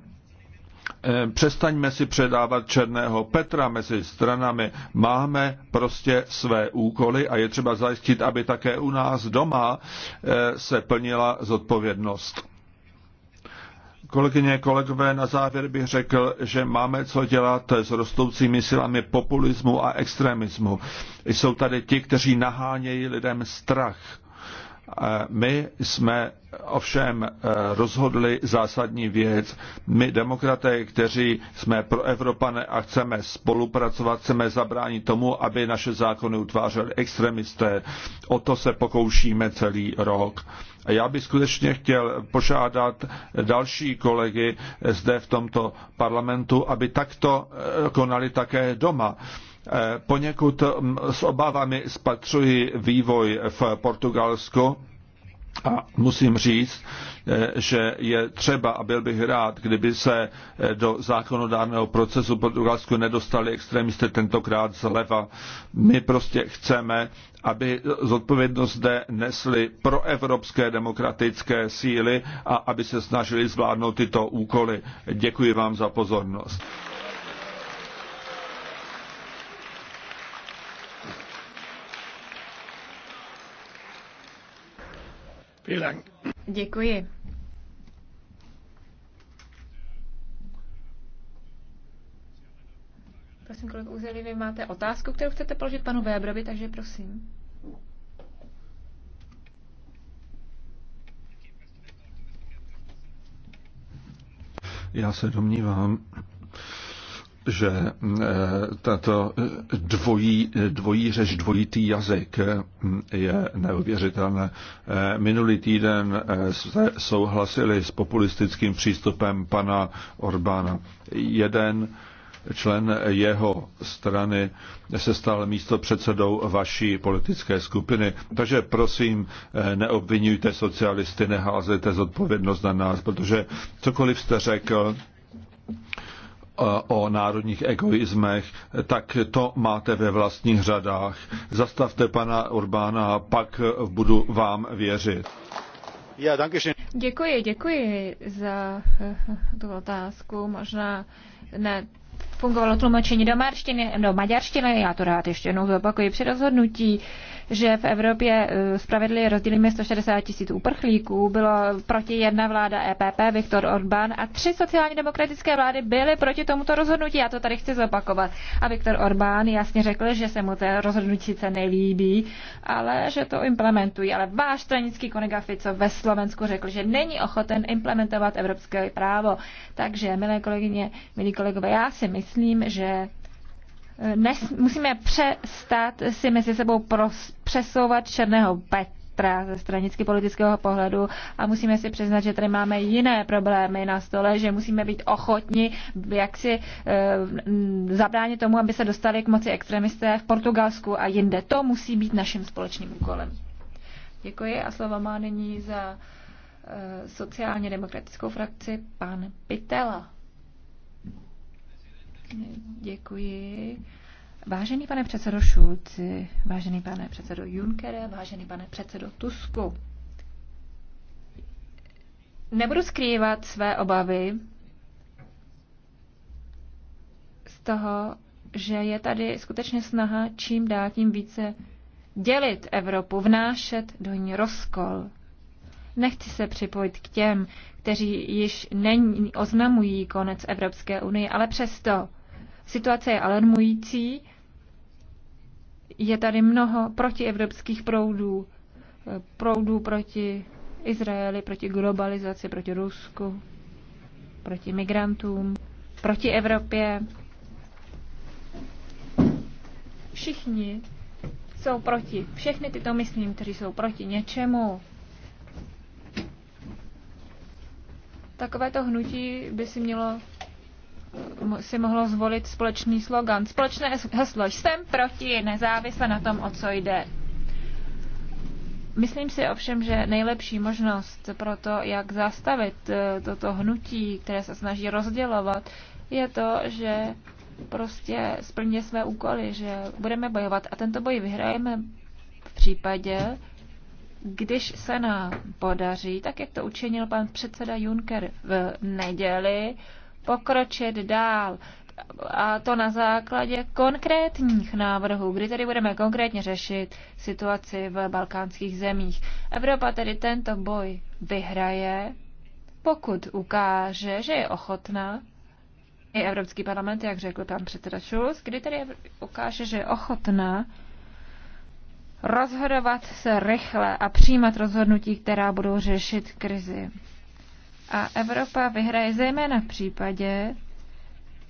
Eh, přestaňme si předávat černého Petra mezi stranami. Máme prostě své úkoly a je třeba zajistit, aby také u nás doma eh, se plnila zodpovědnost. Kolegyně, kolegové, na závěr bych řekl, že máme co dělat s rostoucími silami populismu a extremismu. Jsou tady ti, kteří nahánějí lidem strach my jsme ovšem eh, rozhodli zásadní věc. My demokraté, kteří jsme pro Evropané a chceme spolupracovat, chceme zabránit tomu, aby naše zákony utvářely extremisté. O to se pokoušíme celý rok. A já bych skutečně chtěl požádat další kolegy eh, zde v tomto parlamentu, aby takto eh, konali také doma Eh, poněkud mm, s obavami spatřuji vývoj v Portugalsku a musím říct, eh, že je třeba, a byl bych rád, kdyby se eh, do zákonodárného procesu Portugalsku nedostali extremisté tentokrát zleva. My prostě chceme, aby zodpovědnost zde nesly proevropské demokratické síly a aby se snažili zvládnout tyto úkoly. Děkuji vám za pozornost. Děkuji. Prosím, kolego Uzeli, vy máte otázku, kterou chcete položit panu Weberovi, takže prosím. Já se domnívám, že eh, tato eh, dvojí, eh, dvojí řeč, dvojitý jazyk je neuvěřitelné. Minulý týden se souhlasili s populistickým přístupem pana Orbána. Jeden člen jeho strany se stal místo předsedou vaší politické skupiny. Takže prosím, neobvinujte socialisty, neházejte zodpovědnost na nás, protože cokoliv jste řekl, o národních egoismech, tak to máte ve vlastních řadách. Zastavte pana Orbána, pak budu vám věřit. Děkuji, děkuji za eh, eh, tu otázku. Možná ne fungovalo tlumočení do, marštiny, do maďarštiny, já to rád ještě jednou zopakuji, při rozhodnutí, že v Evropě eh, spravedlivě rozdělíme 160 tisíc uprchlíků, bylo proti jedna vláda EPP, Viktor Orbán a tři sociálně demokratické vlády byly proti tomuto rozhodnutí, já to tady chci zopakovat. A Viktor Orbán jasně řekl, že se mu to rozhodnutí se nelíbí, ale že to implementují. Ale váš stranický kolega Fico ve Slovensku řekl, že není ochoten implementovat evropské právo. Takže, milé kolegyně, milí kolegové, já si myslím, myslím, že eh, nes, musíme přestat si mezi sebou pros, přesouvat černého Petra ze stranicky politického pohledu a musíme si přiznat, že tady máme jiné problémy na stole, že musíme být ochotni jak si e, zabránit tomu, aby se dostali k moci extremisté v Portugalsku a jinde. To musí být naším společným úkolem. Děkuji a slova má nyní za e, sociálně demokratickou frakci pan Pitela. Děkuji. Vážený pane předsedo Šulci, vážený pane předsedo Junckere, vážený pane předsedo Tusku, nebudu skrývat své obavy z toho, že je tady skutečně snaha čím dál tím více dělit Evropu, vnášet do ní rozkol. Nechci se připojit k těm, kteří již není, oznamují konec Evropské unie, ale přesto Situace je alarmující, je tady mnoho protievropských proudů, proudů proti Izraeli, proti globalizaci, proti Rusku, proti migrantům, proti Evropě. Všichni jsou proti. Všechny tyto myslím, kteří jsou proti něčemu. Takovéto hnutí by si mělo si mohlo zvolit společný slogan, společné heslo Jsem proti, nezávisle na tom, o co jde. Myslím si ovšem, že nejlepší možnost pro to, jak zastavit eh, toto hnutí, které se snaží rozdělovat, je to, že prostě splně své úkoly, že budeme bojovat a tento boj vyhrajeme v případě, když se nám podaří, tak jak to učinil pan předseda Juncker v neděli, pokročit dál a to na základě konkrétních návrhů, kdy tedy budeme konkrétně řešit situaci v balkánských zemích. Evropa tedy tento boj vyhraje, pokud ukáže, že je ochotná, i Evropský parlament, jak řekl pan předseda Schulz, kdy tedy ukáže, že je ochotná rozhodovat se rychle a přijímat rozhodnutí, která budou řešit krizi. A Evropa vyhraje zejména v případě,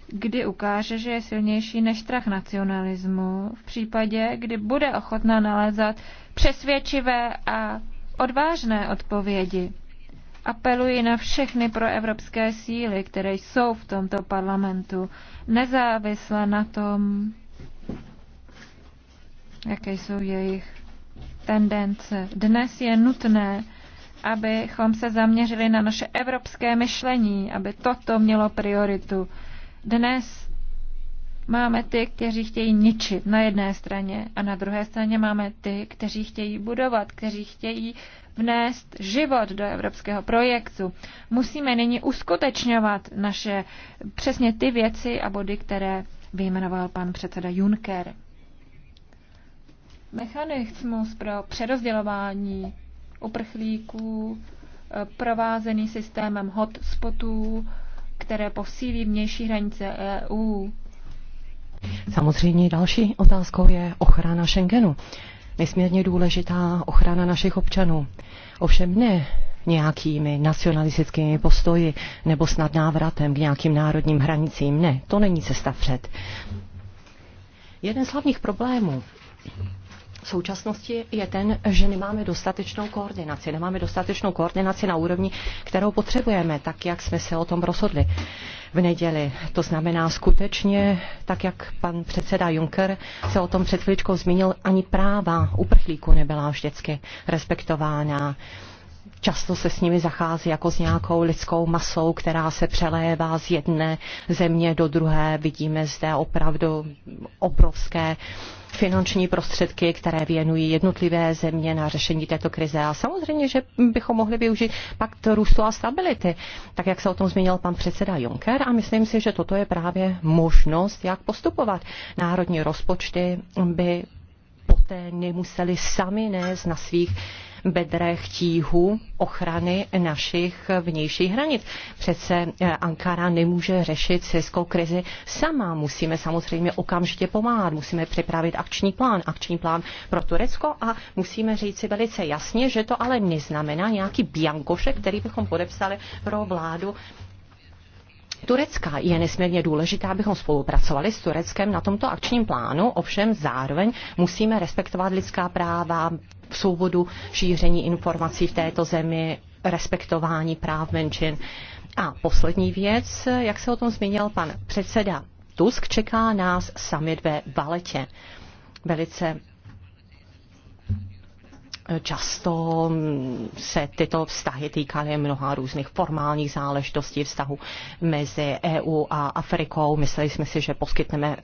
kdy ukáže, že je silnější než strach nacionalismu, v případě, kdy bude ochotná nalézat přesvědčivé a odvážné odpovědi. Apeluji na všechny proevropské síly, které jsou v tomto parlamentu, nezávisle na tom, jaké jsou jejich tendence. Dnes je nutné abychom se zaměřili na naše evropské myšlení, aby toto mělo prioritu. Dnes máme ty, kteří chtějí ničit na jedné straně a na druhé straně máme ty, kteří chtějí budovat, kteří chtějí vnést život do evropského projektu. Musíme nyní uskutečňovat naše přesně ty věci a body, které vyjmenoval pan předseda Juncker. Mechanismus pro přerozdělování uprchlíků, eh, provázený systémem hotspotů, které posílí vnější hranice EU. Samozřejmě další otázkou je ochrana Schengenu. Nesmírně důležitá ochrana našich občanů. Ovšem ne nějakými nacionalistickými postoji nebo snad návratem k nějakým národním hranicím. Ne, to není cesta vpřed. Jeden z hlavních problémů v současnosti je ten, že nemáme dostatečnou koordinaci. Nemáme dostatečnou koordinaci na úrovni, kterou potřebujeme, tak jak jsme se o tom rozhodli v neděli. To znamená skutečně, tak jak pan předseda Juncker se o tom před chvíličkou zmínil, ani práva uprchlíků nebyla vždycky respektována. Často se s nimi zachází jako s nějakou lidskou masou, která se přelévá z jedné země do druhé. Vidíme zde opravdu obrovské uh, finanční prostředky, které věnují jednotlivé země na řešení této krize. A samozřejmě, že bychom mohli využít pakt růstu a stability, tak jak se o tom zmínil pan předseda Juncker. A myslím si, že toto je právě možnost, jak postupovat. Národní rozpočty by poté nemuseli sami nést na svých bedrech tíhu ochrany našich vnějších hranic. Přece eh, Ankara nemůže řešit syrskou krizi sama. Musíme samozřejmě okamžitě pomáhat, musíme připravit akční plán, akční plán pro Turecko a musíme říct si velice jasně, že to ale neznamená nějaký biankošek, který bychom podepsali pro vládu Turecka je nesmírně důležité, abychom spolupracovali s Tureckem na tomto akčním plánu, ovšem zároveň musíme respektovat lidská práva, svobodu šíření informací v této zemi, respektování práv menšin. A poslední věc, jak se o tom zmínil pan předseda Tusk, čeká nás sami ve Valetě. Velice často se tyto vztahy týkaly mnoha různých formálních záležitostí vztahu mezi EU a Afrikou. Mysleli jsme si, že poskytneme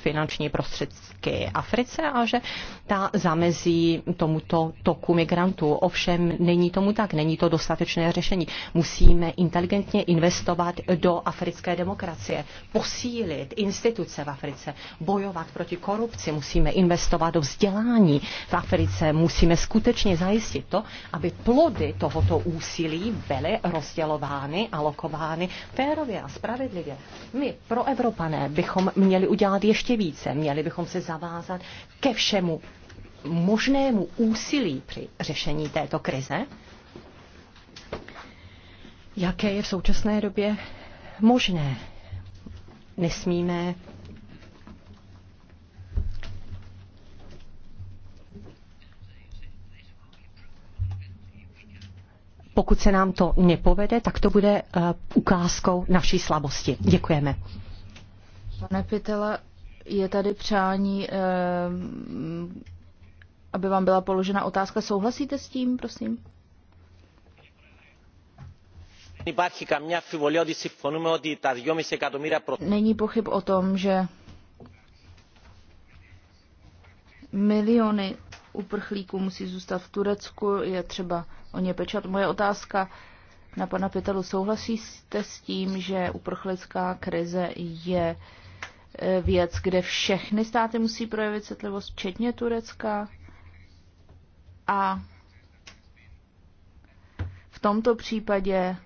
finanční prostředky Africe a že ta zamezí tomuto toku migrantů. Ovšem není tomu tak, není to dostatečné řešení. Musíme inteligentně investovat do africké demokracie, posílit instituce v Africe, bojovat proti korupci, musíme investovat do vzdělání v Africe, musíme skutečně zajistit to, aby plody tohoto úsilí byly rozdělovány, a lokovány férově a spravedlivě. My pro Evropané bychom měli udělat ještě ještě více. Měli bychom se zavázat ke všemu možnému úsilí při řešení této krize. Jaké je v současné době možné? Nesmíme pokud se nám to nepovede, tak to bude eh, ukázkou naší slabosti. Děkujeme. Pane Pitele, je tady přání, eh, aby vám byla položena otázka. Souhlasíte s tím, prosím? Není pochyb o tom, že miliony uprchlíků musí zůstat v Turecku, je třeba o ně pečat. Moje otázka na pana Pitelu, souhlasíte s tím, že uprchlická krize je eh, věc, kde všechny státy musí projevit citlivost, včetně Turecka. A v tomto případě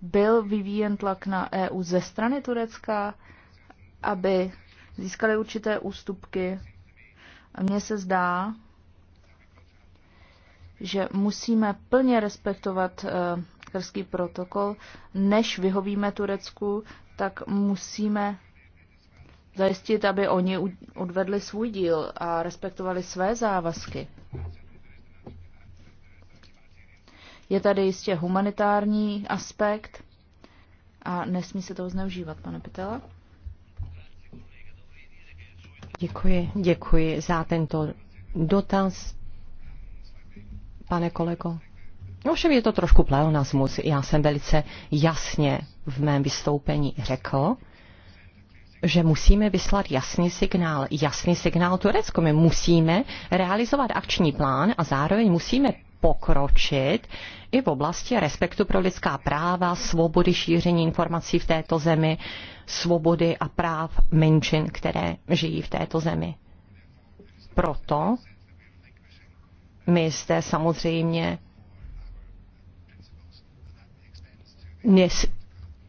byl vyvíjen tlak na EU ze strany Turecka, aby získali určité ústupky. A mně se zdá, že musíme plně respektovat eh, krský protokol, než vyhovíme Turecku, tak musíme zajistit, aby oni odvedli svůj díl a respektovali své závazky. Je tady jistě humanitární aspekt a nesmí se toho zneužívat, pane Pitela. Děkuji, děkuji za tento dotaz, pane kolego. Ovšem je to trošku pleonasmus. Já jsem velice jasně v mém vystoupení řekl, že musíme vyslat jasný signál, jasný signál Turecku. My musíme realizovat akční plán a zároveň musíme pokročit i v oblasti respektu pro lidská práva, svobody šíření informací v této zemi, svobody a práv menšin, které žijí v této zemi. Proto my zde samozřejmě dnes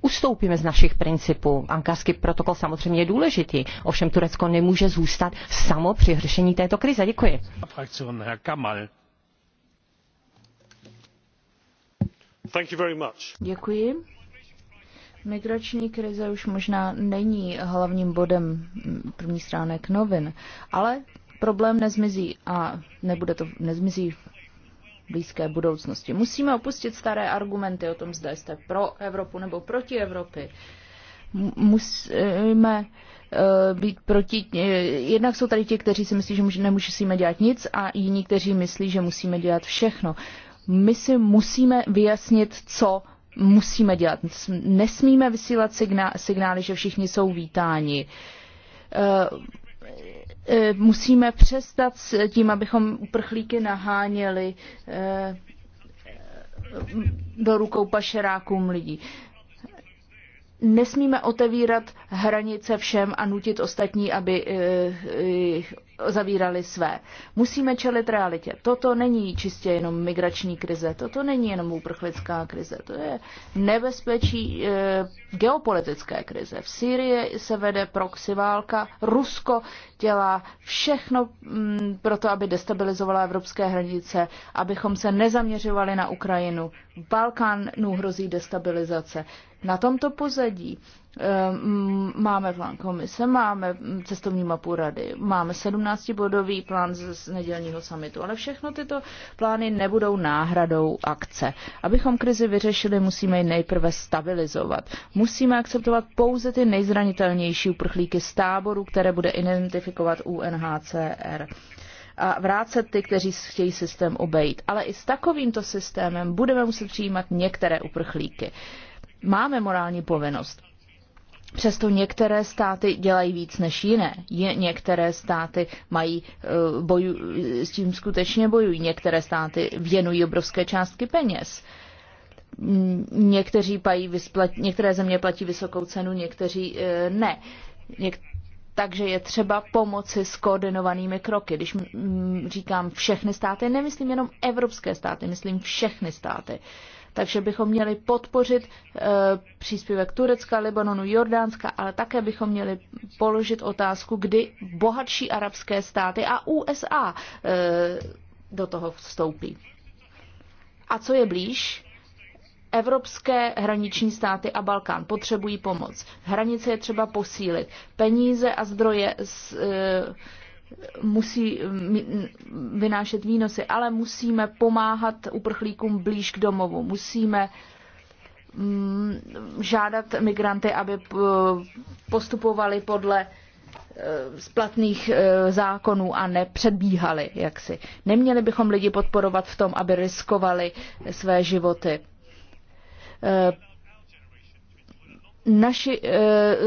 ustoupíme z našich principů. Ankarský protokol samozřejmě je důležitý, ovšem Turecko nemůže zůstat samo při řešení této krize. Děkuji. Děkuji. Migrační krize už možná není hlavním bodem mm, první stránek novin, ale problém nezmizí a nebude to, nezmizí blízké budoucnosti. Musíme opustit staré argumenty o tom, zda jste pro Evropu nebo proti Evropy. Musíme eh, být proti. Eh, jednak jsou tady ti, kteří si myslí, že nemusíme dělat nic a jiní, kteří myslí, že musíme dělat všechno. My si musíme vyjasnit, co musíme dělat. Nesmíme vysílat signály, že všichni jsou vítáni eh, Eh, musíme přestat s tím, abychom uprchlíky naháněli eh, do rukou pašerákům lidí. Nesmíme otevírat hranice všem a nutit ostatní, aby eh, zavírali své. Musíme čelit realitě. Toto není čistě jenom migrační krize, toto není jenom uprchlická krize, to je nebezpečí e, geopolitické krize. V Sýrii se vede proxy válka, Rusko dělá všechno m, mm, pro to, aby destabilizovala evropské hranice, abychom se nezaměřovali na Ukrajinu. Balkánu hrozí destabilizace. Na tomto pozadí Ehm, máme plán komise, máme cestovní mapu rady, máme 17-bodový plán z nedělního samitu, ale všechno tyto plány nebudou náhradou akce. Abychom krizi vyřešili, musíme ji nejprve stabilizovat. Musíme akceptovat pouze ty nejzranitelnější uprchlíky z táboru, které bude identifikovat UNHCR a vrátit ty, kteří chtějí systém obejít. Ale i s takovýmto systémem budeme muset přijímat některé uprchlíky. Máme morální povinnost Přesto některé státy dělají víc než jiné. Je, některé státy mají eh, boju, s tím skutečně bojují. Některé státy věnují obrovské částky peněz. Někteří pají vysplat, některé země platí vysokou cenu, někteří eh, ne. Něk, takže je třeba pomoci s koordinovanými kroky. Když říkám všechny státy, nemyslím jenom evropské státy, myslím všechny státy. Takže bychom měli podpořit eh, příspěvek Turecka, Libanonu, Jordánska, ale také bychom měli položit otázku, kdy bohatší arabské státy a USA eh, do toho vstoupí. A co je blíž? Evropské hraniční státy a Balkán potřebují pomoc. Hranice je třeba posílit. Peníze a zdroje z, e, musí vynášet výnosy, ale musíme pomáhat uprchlíkům blíž k domovu. Musíme žádat migranty, aby postupovali podle e, splatných e, zákonů a nepředbíhali jaksi. Neměli bychom lidi podporovat v tom, aby riskovali své životy e, naši, eh,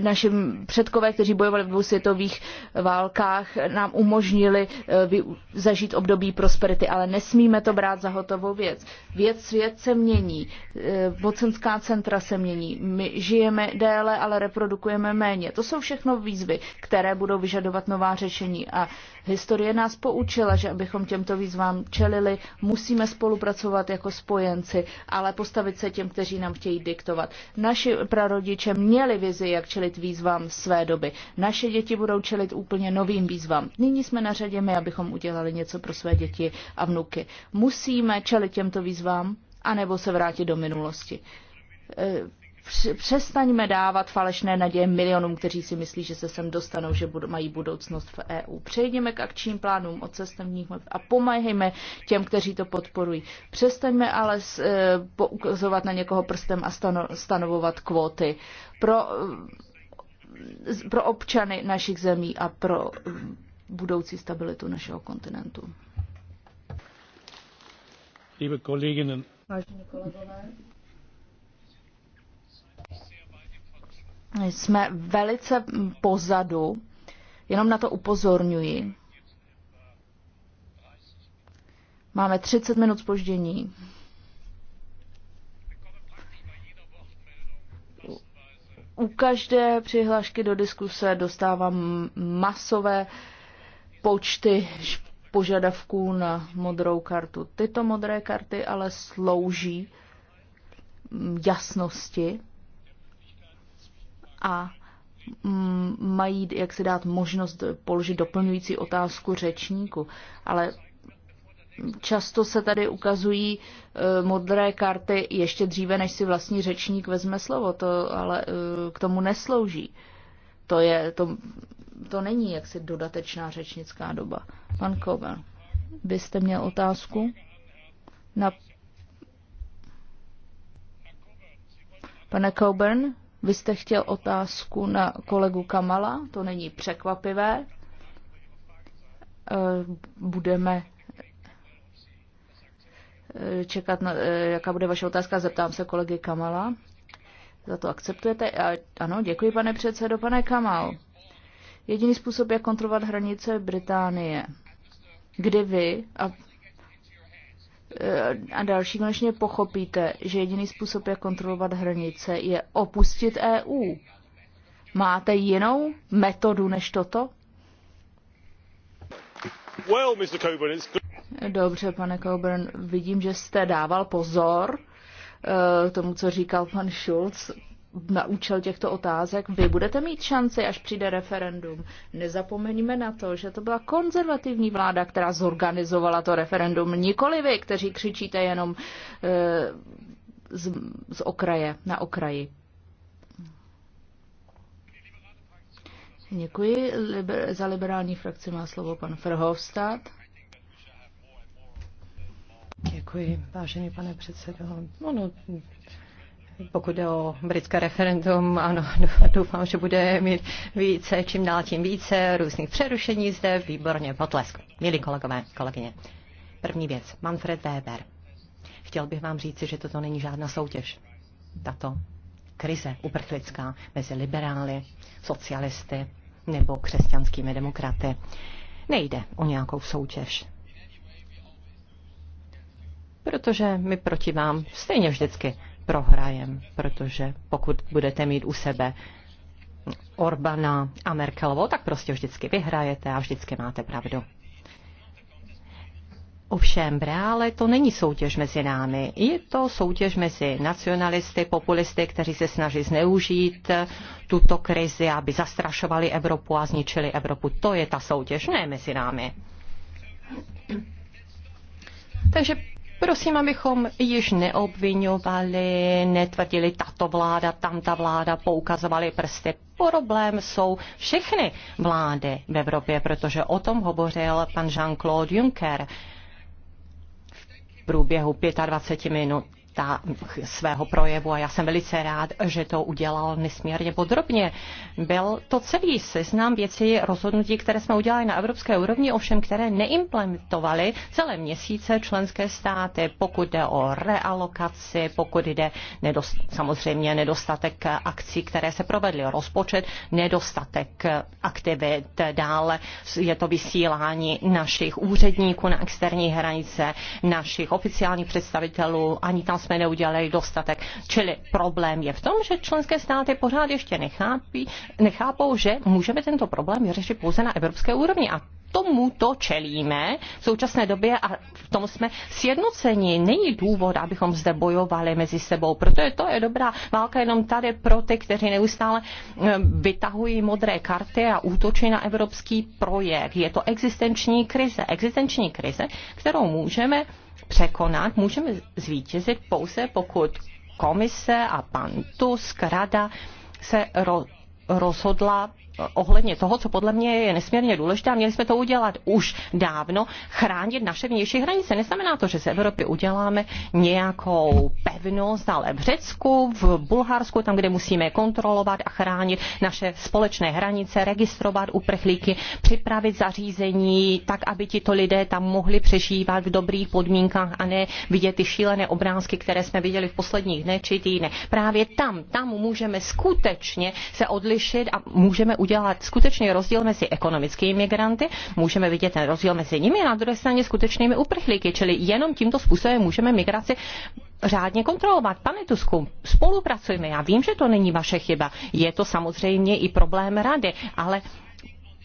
naši předkové, kteří bojovali v dvou světových eh, válkách, nám umožnili eh, zažít období prosperity, ale nesmíme to brát za hotovou věc. Věc svět se mění, mocenská centra se mění, my žijeme déle, ale reprodukujeme méně. To jsou všechno výzvy, které budou vyžadovat nová řešení a historie nás poučila, že abychom těmto výzvám čelili, musíme spolupracovat jako spojenci, ale postavit se těm, kteří nám chtějí diktovat. Naši pra prarodiče měli vizi, jak čelit výzvám své doby. Naše děti budou čelit úplně novým výzvám. Nyní jsme na řadě my, abychom udělali něco pro své děti a vnuky. Musíme čelit těmto výzvám, anebo se vrátit do minulosti eh, přestaňme dávat falešné naděje milionům, kteří si myslí, že se sem dostanou, že budou, mají budoucnost v EU. Přejděme k akčním plánům od cestovních a pomáhejme těm, kteří to podporují. Přestaňme ale s, e, poukazovat na někoho prstem a stano, stanovovat kvóty. Pro, e, pro občany našich zemí a pro e, budoucí stabilitu našeho kontinentu. Liebe Kolleginnen, Vážení kolegové, jsme velice pozadu, jenom na to upozorňuji. Máme 30 minut spoždění. U každé přihlášky do diskuse dostávám masové počty požadavků na modrou kartu. Tyto modré karty ale slouží jasnosti a mm, mají jak si dát možnost položit doplňující otázku řečníku. Ale často se tady ukazují e, modré karty ještě dříve, než si vlastní řečník vezme slovo, to ale e, k tomu neslouží. To, je, to, to není jaksi dodatečná řečnická doba. Pan Kobel, byste měl otázku? Na... Pane Coburn, vy jste chtěl otázku na kolegu Kamala, to není překvapivé. E, budeme e, čekat, na, e, jaká bude vaše otázka, zeptám se kolegy Kamala. Za to akceptujete? Ano, děkuji, pane předsedo, pane Kamal. Jediný způsob, jak kontrolovat hranice Británie, kdy vy a Eh, a další konečně pochopíte, že jediný způsob, jak kontrolovat hranice, je opustit EU. Máte jinou metodu než toto? Dobře, pane Coburn, vidím, že jste dával pozor eh, tomu, co říkal pan Schulz na účel těchto otázek. Vy budete mít šanci, až přijde referendum. Nezapomeňme na to, že to byla konzervativní vláda, která zorganizovala to referendum. Nikoli vy, kteří křičíte jenom e, z, z okraje, na okraji. Děkuji. Liber, za liberální frakci má slovo pan Frhovstad. Děkuji, vážený pane předsedo. no, pokud jde o britské referendum, ano, doufám, že bude mít více, čím dál tím více různých přerušení zde, výborně, potlesk. Milí kolegové, kolegyně, první věc, Manfred Weber. Chtěl bych vám říci, že toto není žádná soutěž. Tato krize uprchlická mezi liberály, socialisty nebo křesťanskými demokraty. Nejde o nějakou soutěž protože my proti vám stejně vždycky prohrajem, protože pokud budete mít u sebe Orbana a Merkelovou, tak prostě vždycky vyhrajete a vždycky máte pravdu. Ovšem, reále to není soutěž mezi námi. Je to soutěž mezi nacionalisty, populisty, kteří se snaží zneužít tuto krizi, aby zastrašovali Evropu a zničili Evropu. To je ta soutěž, ne mezi námi. Takže Prosím, abychom již neobvinovali, netvrdili tato vláda, tamta vláda, poukazovali prsty. Problém jsou všechny vlády v Evropě, protože o tom hovořil pan Jean-Claude Juncker v průběhu 25 minut ta, svého projevu a já jsem velice rád, že to udělal nesmírně podrobně. Byl to celý seznam věcí rozhodnutí, které jsme udělali na evropské úrovni, ovšem které neimplementovaly celé měsíce členské státy, pokud jde o realokaci, pokud jde nedost, samozřejmě nedostatek akcí, které se provedly, rozpočet, nedostatek aktivit, dále je to vysílání našich úředníků na externí hranice, našich oficiálních představitelů, ani tam jsme neudělali dostatek. Čili problém je v tom, že členské státy pořád ještě nechápí, nechápou, že můžeme tento problém vyřešit pouze na evropské úrovni. A tomu to čelíme v současné době a v tom jsme sjednoceni. Není důvod, abychom zde bojovali mezi sebou, protože to je dobrá válka jenom tady pro ty, kteří neustále eh, vytahují modré karty a útočí na evropský projekt. Je to existenční krize. Existenční krize, kterou můžeme překonat, můžeme zvítězit pouze, pokud komise a pan Tusk, rada se ro- rozhodla ohledně toho, co podle mě je nesmírně důležité a měli jsme to udělat už dávno, chránit naše vnější hranice. Neznamená to, že z Evropy uděláme nějakou pevnost, ale v Řecku, v Bulharsku, tam, kde musíme kontrolovat a chránit naše společné hranice, registrovat uprchlíky, připravit zařízení tak, aby tito lidé tam mohli přežívat v dobrých podmínkách a ne vidět ty šílené obrázky, které jsme viděli v posledních dnech či týdnech. Právě tam, tam můžeme skutečně se odlišit a můžeme udělat udělat skutečný rozdíl mezi ekonomickými migranty, můžeme vidět ten rozdíl mezi nimi a na druhé straně skutečnými uprchlíky, čili jenom tímto způsobem můžeme migraci řádně kontrolovat. Pane Tusku, spolupracujme. Já vím, že to není vaše chyba. Je to samozřejmě i problém rady, ale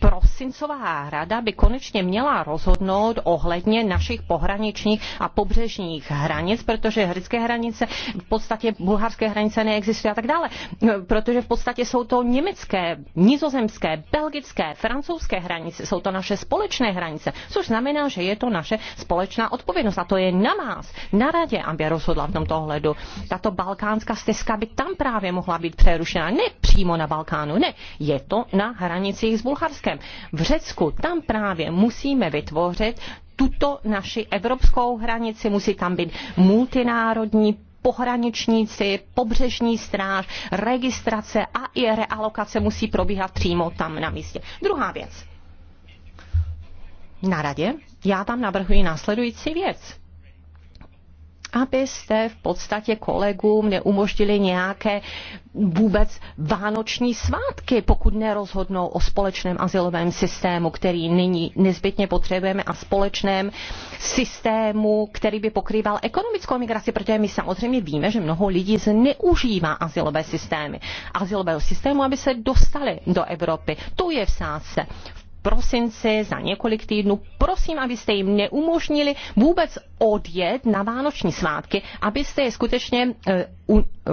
prosincová rada by konečně měla rozhodnout ohledně našich pohraničních a pobřežních hranic, protože hrdské hranice, v podstatě bulharské hranice neexistují a tak dále, protože v podstatě jsou to německé, nizozemské, belgické, francouzské hranice, jsou to naše společné hranice, což znamená, že je to naše společná odpovědnost a to je na nás, na radě, aby rozhodla v tomto ohledu. Tato balkánská stezka by tam právě mohla být přerušena, ne přímo na Balkánu, ne, je to na hranicích s Bulharskem ovšem v Řecku tam právě musíme vytvořit tuto naši evropskou hranici, musí tam být multinárodní pohraničníci, pobřežní stráž, registrace a i realokace musí probíhat přímo tam na místě. Druhá věc. Na radě já tam navrhuji následující věc abyste v podstatě kolegům neumožnili nějaké vůbec vánoční svátky, pokud nerozhodnou o společném asilovém systému, který nyní nezbytně potřebujeme, a společném systému, který by pokrýval ekonomickou migraci, protože my samozřejmě víme, že mnoho lidí zneužívá asilové systémy, asilového systému, aby se dostali do Evropy. To je v sázce. V prosinci, za několik týdnů. Prosím, abyste jim neumožnili vůbec odjet na vánoční svátky, abyste je skutečně eh,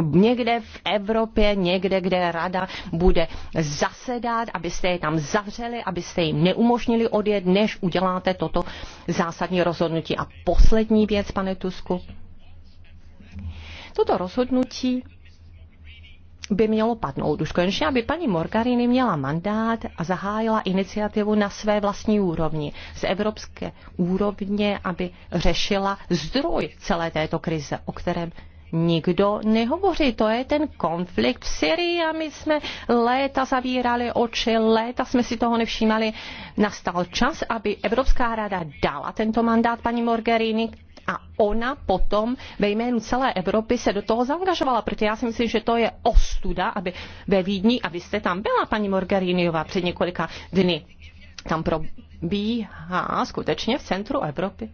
někde v Evropě, někde, kde rada bude zasedat, abyste je tam zavřeli, abyste jim neumožnili odjet, než uděláte toto zásadní rozhodnutí. A poslední věc, pane Tusku. Toto rozhodnutí by mělo padnout už konečně, aby paní Morgarini měla mandát a zahájila iniciativu na své vlastní úrovni, z evropské úrovně, aby řešila zdroj celé této krize, o kterém nikdo nehovoří. To je ten konflikt v Syrii a my jsme léta zavírali oči, léta jsme si toho nevšímali. Nastal čas, aby Evropská rada dala tento mandát paní Morgerini, a ona potom ve jménu celé Evropy se do toho zaangažovala, protože já si myslím, že to je ostuda, aby ve Vídni, a vy jste tam byla, paní Morgariniová, před několika dny, tam probíhá skutečně v centru Evropy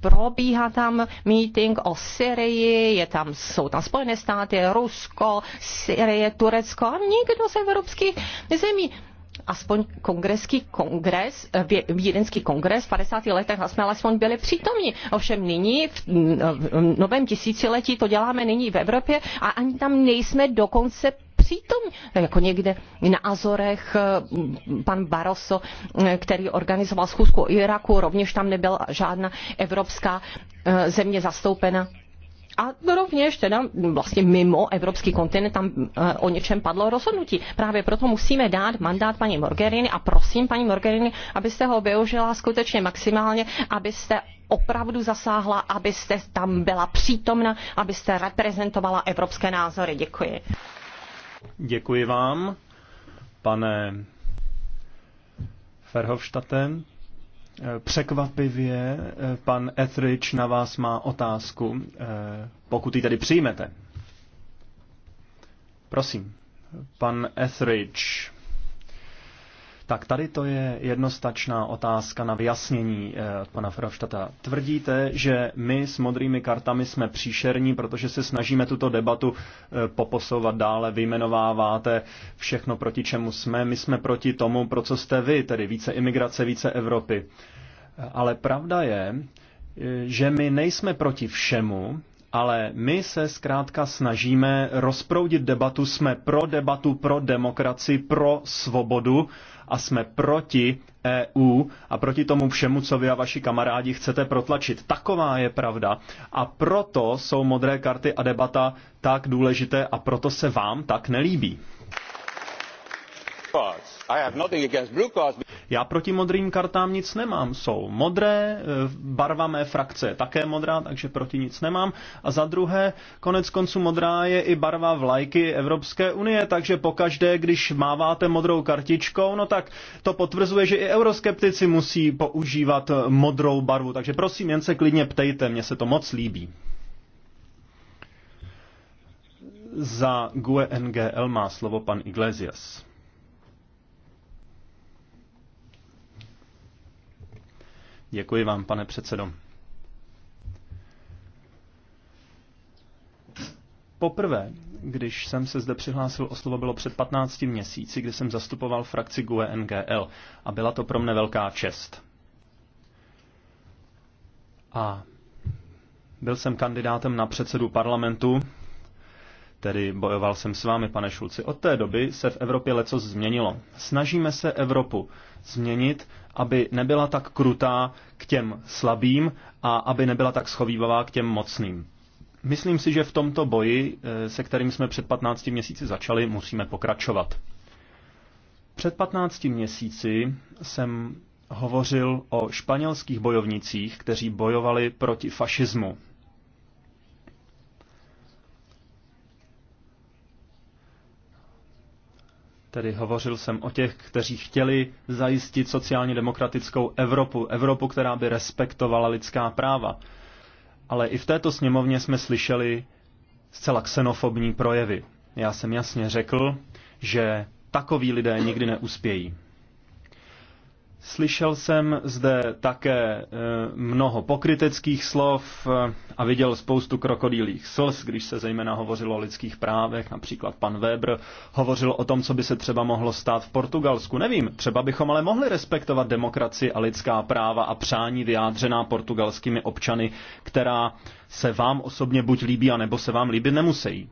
probíhá tam meeting o Syrii, je tam, jsou tam Spojené státy, Rusko, Syrie, Turecko a nikdo z evropských zemí aspoň kongreský kongres, eh, vídeňský kongres v 50. letech jsme alespoň byli přítomní. Ovšem nyní eh, v, novém tisíciletí to děláme nyní v Evropě a ani tam nejsme dokonce přítom, jako někde na Azorech eh, pan Barroso, který organizoval schůzku o Iraku, rovněž tam nebyla žádná evropská země zastoupena a no rovněž teda no vlastně mimo evropský kontinent tam eh, o něčem padlo rozhodnutí. Právě proto musíme dát mandát paní Morgerini a prosím paní Morgerini, abyste ho využila skutečně maximálně, abyste opravdu zasáhla, abyste tam byla přítomna, abyste reprezentovala evropské názory. Děkuji. Děkuji vám, pane Verhofstadtem. Překvapivě eh, pan Etheridge na vás má otázku, eh, pokud ji tady přijmete. Prosím, pan Etheridge. Tak tady to je jednostačná otázka na vyjasnění od eh, pana Fravštata. Tvrdíte, že my s modrými kartami jsme příšerní, protože se snažíme tuto debatu eh, poposouvat dále, vyjmenováváte všechno, proti čemu jsme. My jsme proti tomu, pro co jste vy, tedy více imigrace, více Evropy. Eh, ale pravda je, že my nejsme proti všemu, ale my se zkrátka snažíme rozproudit debatu. Jsme pro debatu, pro demokracii, pro svobodu a jsme proti EU a proti tomu všemu, co vy a vaši kamarádi chcete protlačit. Taková je pravda. A proto jsou modré karty a debata tak důležité a proto se vám tak nelíbí. Já proti modrým kartám nic nemám. Jsou modré, eh, barva mé frakce je také modrá, takže proti nic nemám. A za druhé, konec konců modrá je i barva vlajky Evropské unie, takže pokaždé, když máváte modrou kartičkou, no tak to potvrzuje, že i euroskeptici musí používat modrou barvu. Takže prosím, jen se klidně ptejte, mně se to moc líbí. Za GUE NGL má slovo pan Iglesias. Děkuji vám, pane předsedo. Poprvé, když jsem se zde přihlásil o slovo, bylo před 15 měsíci, kdy jsem zastupoval frakci GUE NGL a byla to pro mne velká čest. A byl jsem kandidátem na předsedu parlamentu tedy bojoval jsem s vámi, pane Šulci. Od té doby se v Evropě leco změnilo. Snažíme se Evropu změnit, aby nebyla tak krutá k těm slabým a aby nebyla tak schovývavá k těm mocným. Myslím si, že v tomto boji, eh, se kterým jsme před 15 měsíci začali, musíme pokračovat. Před 15 měsíci jsem hovořil o španělských bojovnicích, kteří bojovali proti fašismu Tedy hovořil jsem o těch, kteří chtěli zajistit sociálně demokratickou Evropu, Evropu, která by respektovala lidská práva. Ale i v této sněmovně jsme slyšeli zcela xenofobní projevy. Já jsem jasně řekl, že takoví lidé nikdy neuspějí. Slyšel jsem zde také eh, mnoho pokryteckých slov eh, a viděl spoustu krokodýlých slz, když se zejména hovořilo o lidských právech. Například pan Weber hovořil o tom, co by se třeba mohlo stát v Portugalsku. Nevím, třeba bychom ale mohli respektovat demokracii a lidská práva a přání vyjádřená portugalskými občany, která se vám osobně buď líbí, anebo se vám líbit nemusí.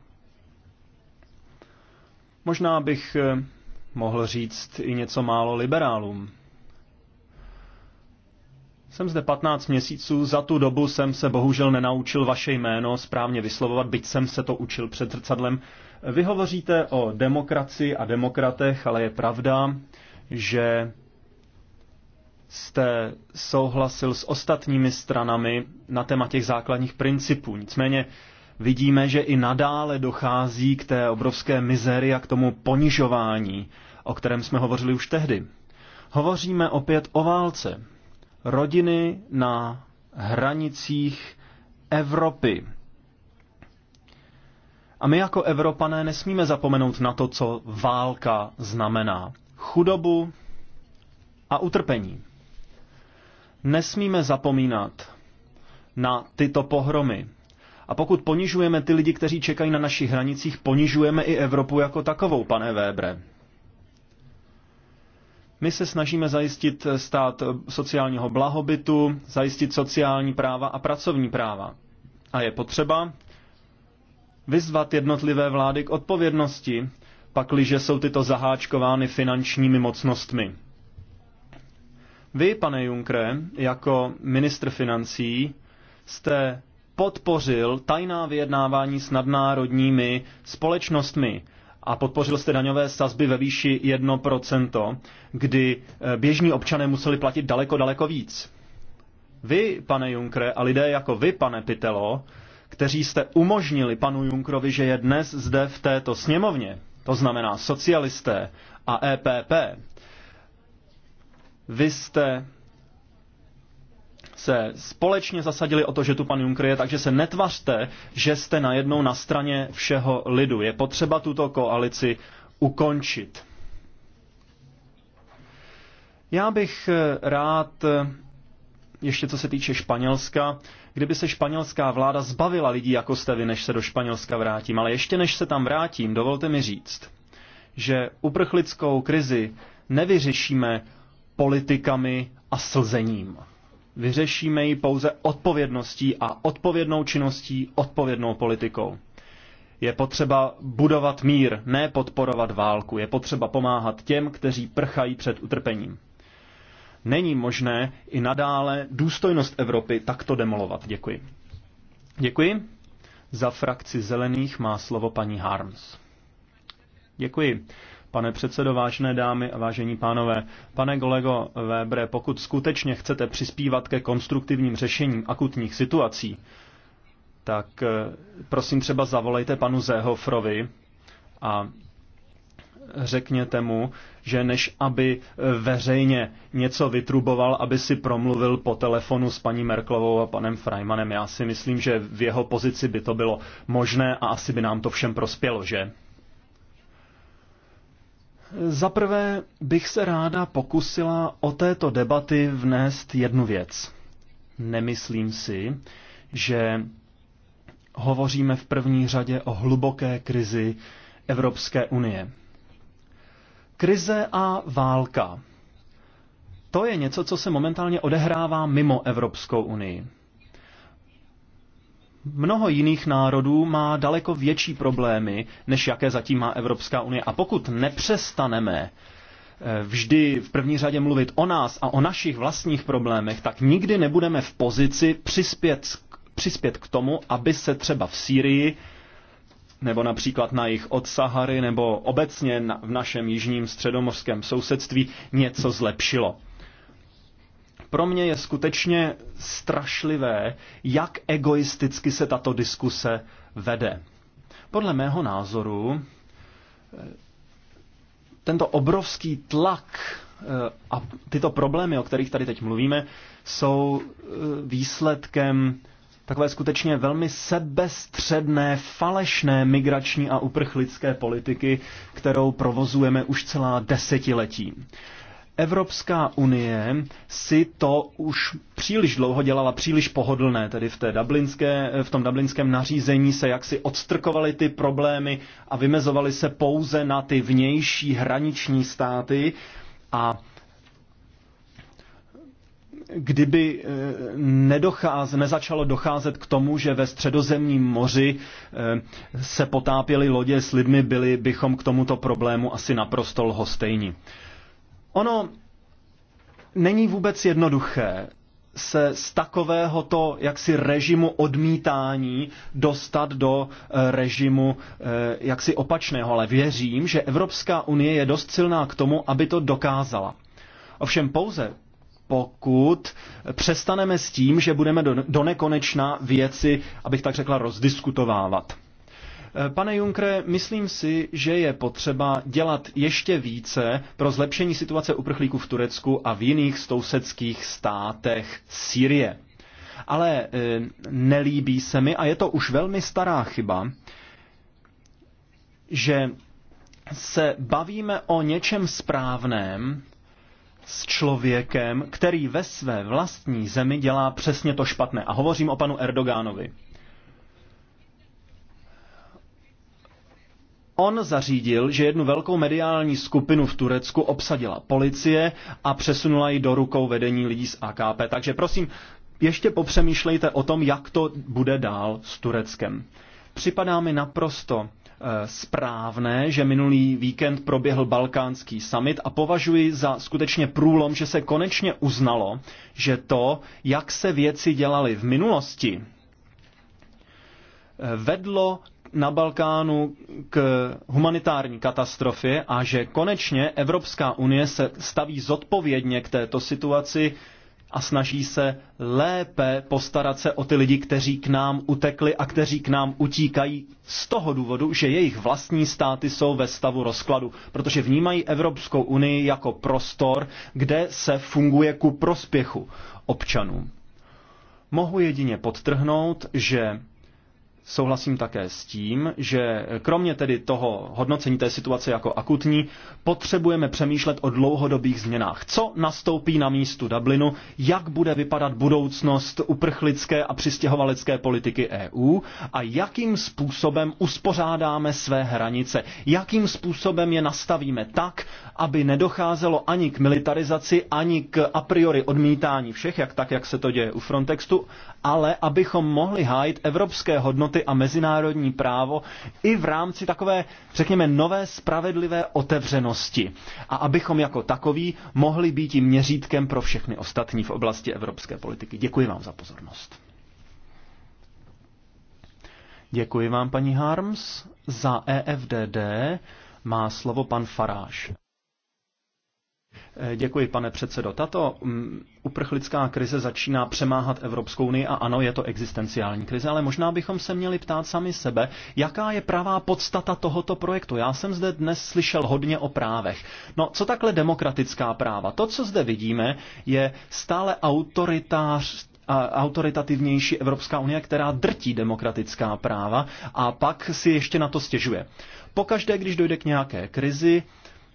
Možná bych eh, mohl říct i něco málo liberálům. Jsem zde 15 měsíců, za tu dobu jsem se bohužel nenaučil vaše jméno správně vyslovovat, byť jsem se to učil před zrcadlem. Vy hovoříte o demokracii a demokratech, ale je pravda, že jste souhlasil s ostatními stranami na téma těch základních principů. Nicméně vidíme, že i nadále dochází k té obrovské mizérii a k tomu ponižování, o kterém jsme hovořili už tehdy. Hovoříme opět o válce, rodiny na hranicích Evropy. A my jako Evropané nesmíme zapomenout na to, co válka znamená. Chudobu a utrpení. Nesmíme zapomínat na tyto pohromy. A pokud ponižujeme ty lidi, kteří čekají na našich hranicích, ponižujeme i Evropu jako takovou, pane Vébre. My se snažíme zajistit stát sociálního blahobytu, zajistit sociální práva a pracovní práva. A je potřeba vyzvat jednotlivé vlády k odpovědnosti, pakliže jsou tyto zaháčkovány finančními mocnostmi. Vy, pane Junkre, jako ministr financí jste podpořil tajná vyjednávání s nadnárodními společnostmi, a podpořil jste daňové sazby ve výši 1%, kdy eh, běžní občané museli platit daleko, daleko víc. Vy, pane Junkre, a lidé jako vy, pane Pitelo, kteří jste umožnili panu Junkrovi, že je dnes zde v této sněmovně, to znamená socialisté a EPP, vy jste se společně zasadili o to, že tu pan Juncker je, takže se netvařte, že jste najednou na straně všeho lidu. Je potřeba tuto koalici ukončit. Já bych eh, rád, eh, ještě co se týče Španělska, kdyby se španělská vláda zbavila lidí jako jste vy, než se do Španělska vrátím. Ale ještě než se tam vrátím, dovolte mi říct, že uprchlickou krizi nevyřešíme politikami a slzením. Vyřešíme ji pouze odpovědností a odpovědnou činností, odpovědnou politikou. Je potřeba budovat mír, ne podporovat válku. Je potřeba pomáhat těm, kteří prchají před utrpením. Není možné i nadále důstojnost Evropy takto demolovat. Děkuji. Děkuji. Za frakci zelených má slovo paní Harms. Děkuji. Pane předsedo, vážné dámy a vážení pánové, pane kolego Webre, pokud skutečně chcete přispívat ke konstruktivním řešením akutních situací, tak eh, prosím třeba zavolejte panu Zéhofrovi a řekněte mu, že než aby eh, veřejně něco vytruboval, aby si promluvil po telefonu s paní Merklovou a panem Freimanem. Já si myslím, že v jeho pozici by to bylo možné a asi by nám to všem prospělo, že? Zaprvé bych se ráda pokusila o této debaty vnést jednu věc. Nemyslím si, že hovoříme v první řadě o hluboké krizi Evropské unie. Krize a válka. To je něco, co se momentálně odehrává mimo Evropskou unii. Mnoho jiných národů má daleko větší problémy, než jaké zatím má Evropská unie. A pokud nepřestaneme eh, vždy v první řadě mluvit o nás a o našich vlastních problémech, tak nikdy nebudeme v pozici přispět, přispět k tomu, aby se třeba v Sýrii nebo například na jich od Sahary, nebo obecně na, v našem jižním středomorském sousedství něco zlepšilo. Pro mě je skutečně strašlivé, jak egoisticky se tato diskuse vede. Podle mého názoru eh, tento obrovský tlak eh, a tyto problémy, o kterých tady teď mluvíme, jsou eh, výsledkem takové skutečně velmi sebestředné, falešné migrační a uprchlické politiky, kterou provozujeme už celá desetiletí. Evropská unie si to už příliš dlouho dělala příliš pohodlné, tedy v, té dublinské, v tom dublinském nařízení se jaksi odstrkovaly ty problémy a vymezovaly se pouze na ty vnější hraniční státy a kdyby eh, nedocház, nezačalo docházet k tomu, že ve středozemním moři eh, se potápěly lodě s lidmi, byli bychom k tomuto problému asi naprosto lhostejní. Ono není vůbec jednoduché se z takovéhoto jaksi režimu odmítání dostat do eh, režimu eh, jaksi opačného, ale věřím, že Evropská unie je dost silná k tomu, aby to dokázala. Ovšem pouze pokud přestaneme s tím, že budeme do, nekonečna věci, abych tak řekla, rozdiskutovávat. Eh, pane Junkre, myslím si, že je potřeba dělat ještě více pro zlepšení situace uprchlíků v Turecku a v jiných sousedských státech Sýrie. Ale e, nelíbí se mi, a je to už velmi stará chyba, že se bavíme o něčem správném s člověkem, který ve své vlastní zemi dělá přesně to špatné. A hovořím o panu Erdogánovi. On zařídil, že jednu velkou mediální skupinu v Turecku obsadila policie a přesunula ji do rukou vedení lidí z AKP. Takže prosím, ještě popřemýšlejte o tom, jak to bude dál s Tureckem. Připadá mi naprosto eh, správné, že minulý víkend proběhl balkánský summit a považuji za skutečně průlom, že se konečně uznalo, že to, jak se věci dělaly v minulosti, eh, vedlo na Balkánu k humanitární katastrofě a že konečně Evropská unie se staví zodpovědně k této situaci a snaží se lépe postarat se o ty lidi, kteří k nám utekli a kteří k nám utíkají z toho důvodu, že jejich vlastní státy jsou ve stavu rozkladu, protože vnímají Evropskou unii jako prostor, kde se funguje ku prospěchu občanů. Mohu jedině podtrhnout, že Souhlasím také s tím, že kromě tedy toho hodnocení té situace jako akutní, potřebujeme přemýšlet o dlouhodobých změnách. Co nastoupí na místu Dublinu, jak bude vypadat budoucnost uprchlické a přistěhovalecké politiky EU a jakým způsobem uspořádáme své hranice, jakým způsobem je nastavíme tak, aby nedocházelo ani k militarizaci, ani k a priori odmítání všech, jak tak, jak se to děje u Frontextu, ale abychom mohli hájit evropské hodnoty hodnoty a mezinárodní právo i v rámci takové, řekněme, nové spravedlivé otevřenosti. A abychom jako takový mohli být i měřítkem pro všechny ostatní v oblasti evropské politiky. Děkuji vám za pozornost. Děkuji vám, paní Harms. Za EFDD má slovo pan Faráš. Eh, děkuji, pane předsedo. Tato mm, uprchlická krize začíná přemáhat Evropskou unii a ano, je to existenciální krize, ale možná bychom se měli ptát sami sebe, jaká je pravá podstata tohoto projektu. Já jsem zde dnes slyšel hodně o právech. No, co takhle demokratická práva? To, co zde vidíme, je stále autoritář, autoritativnější Evropská unie, která drtí demokratická práva a pak si ještě na to stěžuje. Pokaždé, když dojde k nějaké krizi,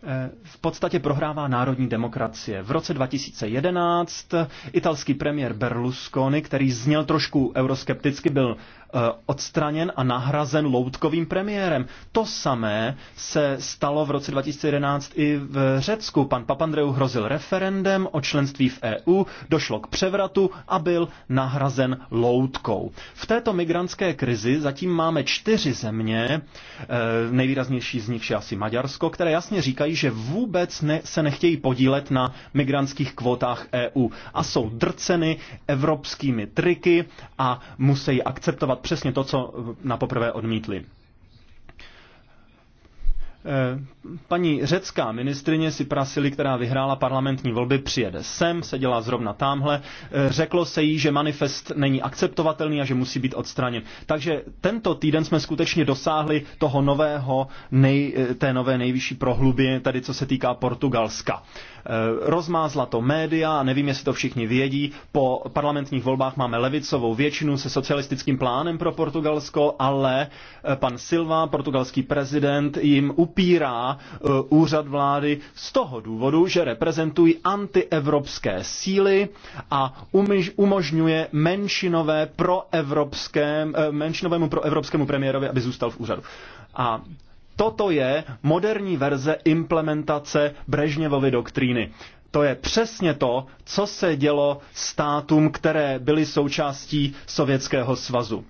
Eh, v podstatě prohrává národní demokracie. V roce 2011 italský premiér Berlusconi, který zněl trošku euroskepticky, byl Eh, odstraněn a nahrazen loutkovým premiérem. To samé se stalo v roce 2011 i v Řecku. Pan Papandreou hrozil referendem o členství v EU, došlo k převratu a byl nahrazen loutkou. V této migrantské krizi zatím máme čtyři země, eh, nejvýraznější z nich je asi Maďarsko, které jasně říkají, že vůbec ne, se nechtějí podílet na migrantských kvotách EU a jsou drceny evropskými triky a musí akceptovat přesně to, co na poprvé odmítli. Eh, paní řecká ministrině si prasili, která vyhrála parlamentní volby, přijede sem, seděla zrovna tamhle, eh, řeklo se jí, že manifest není akceptovatelný a že musí být odstraněn. Takže tento týden jsme skutečně dosáhli toho nového, nej, eh, té nové nejvyšší prohluby, tady co se týká Portugalska. Rozmázla to média, a nevím, jestli to všichni vědí, po parlamentních volbách máme levicovou většinu se socialistickým plánem pro Portugalsko, ale pan Silva, portugalský prezident, jim up popírá eh, úřad vlády z toho důvodu, že reprezentují antievropské síly a umožňuje menšinové eh, menšinovému proevropskému premiérovi, aby zůstal v úřadu. A toto je moderní verze implementace Brežněvovy doktríny. To je přesně to, co se dělo státům, které byly součástí Sovětského svazu.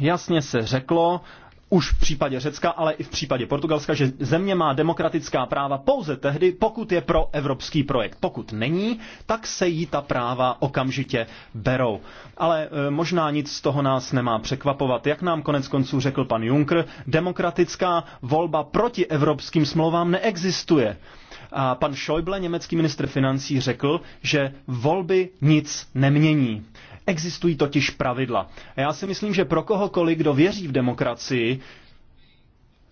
Jasně se řeklo, už v případě Řecka, ale i v případě Portugalska, že země má demokratická práva pouze tehdy, pokud je pro evropský projekt. Pokud není, tak se jí ta práva okamžitě berou. Ale e, možná nic z toho nás nemá překvapovat. Jak nám konec konců řekl pan Juncker, demokratická volba proti evropským smlouvám neexistuje. A pan Schäuble, německý ministr financí, řekl, že volby nic nemění. Existují totiž pravidla. A já si myslím, že pro kohokoliv, kdo věří v demokracii,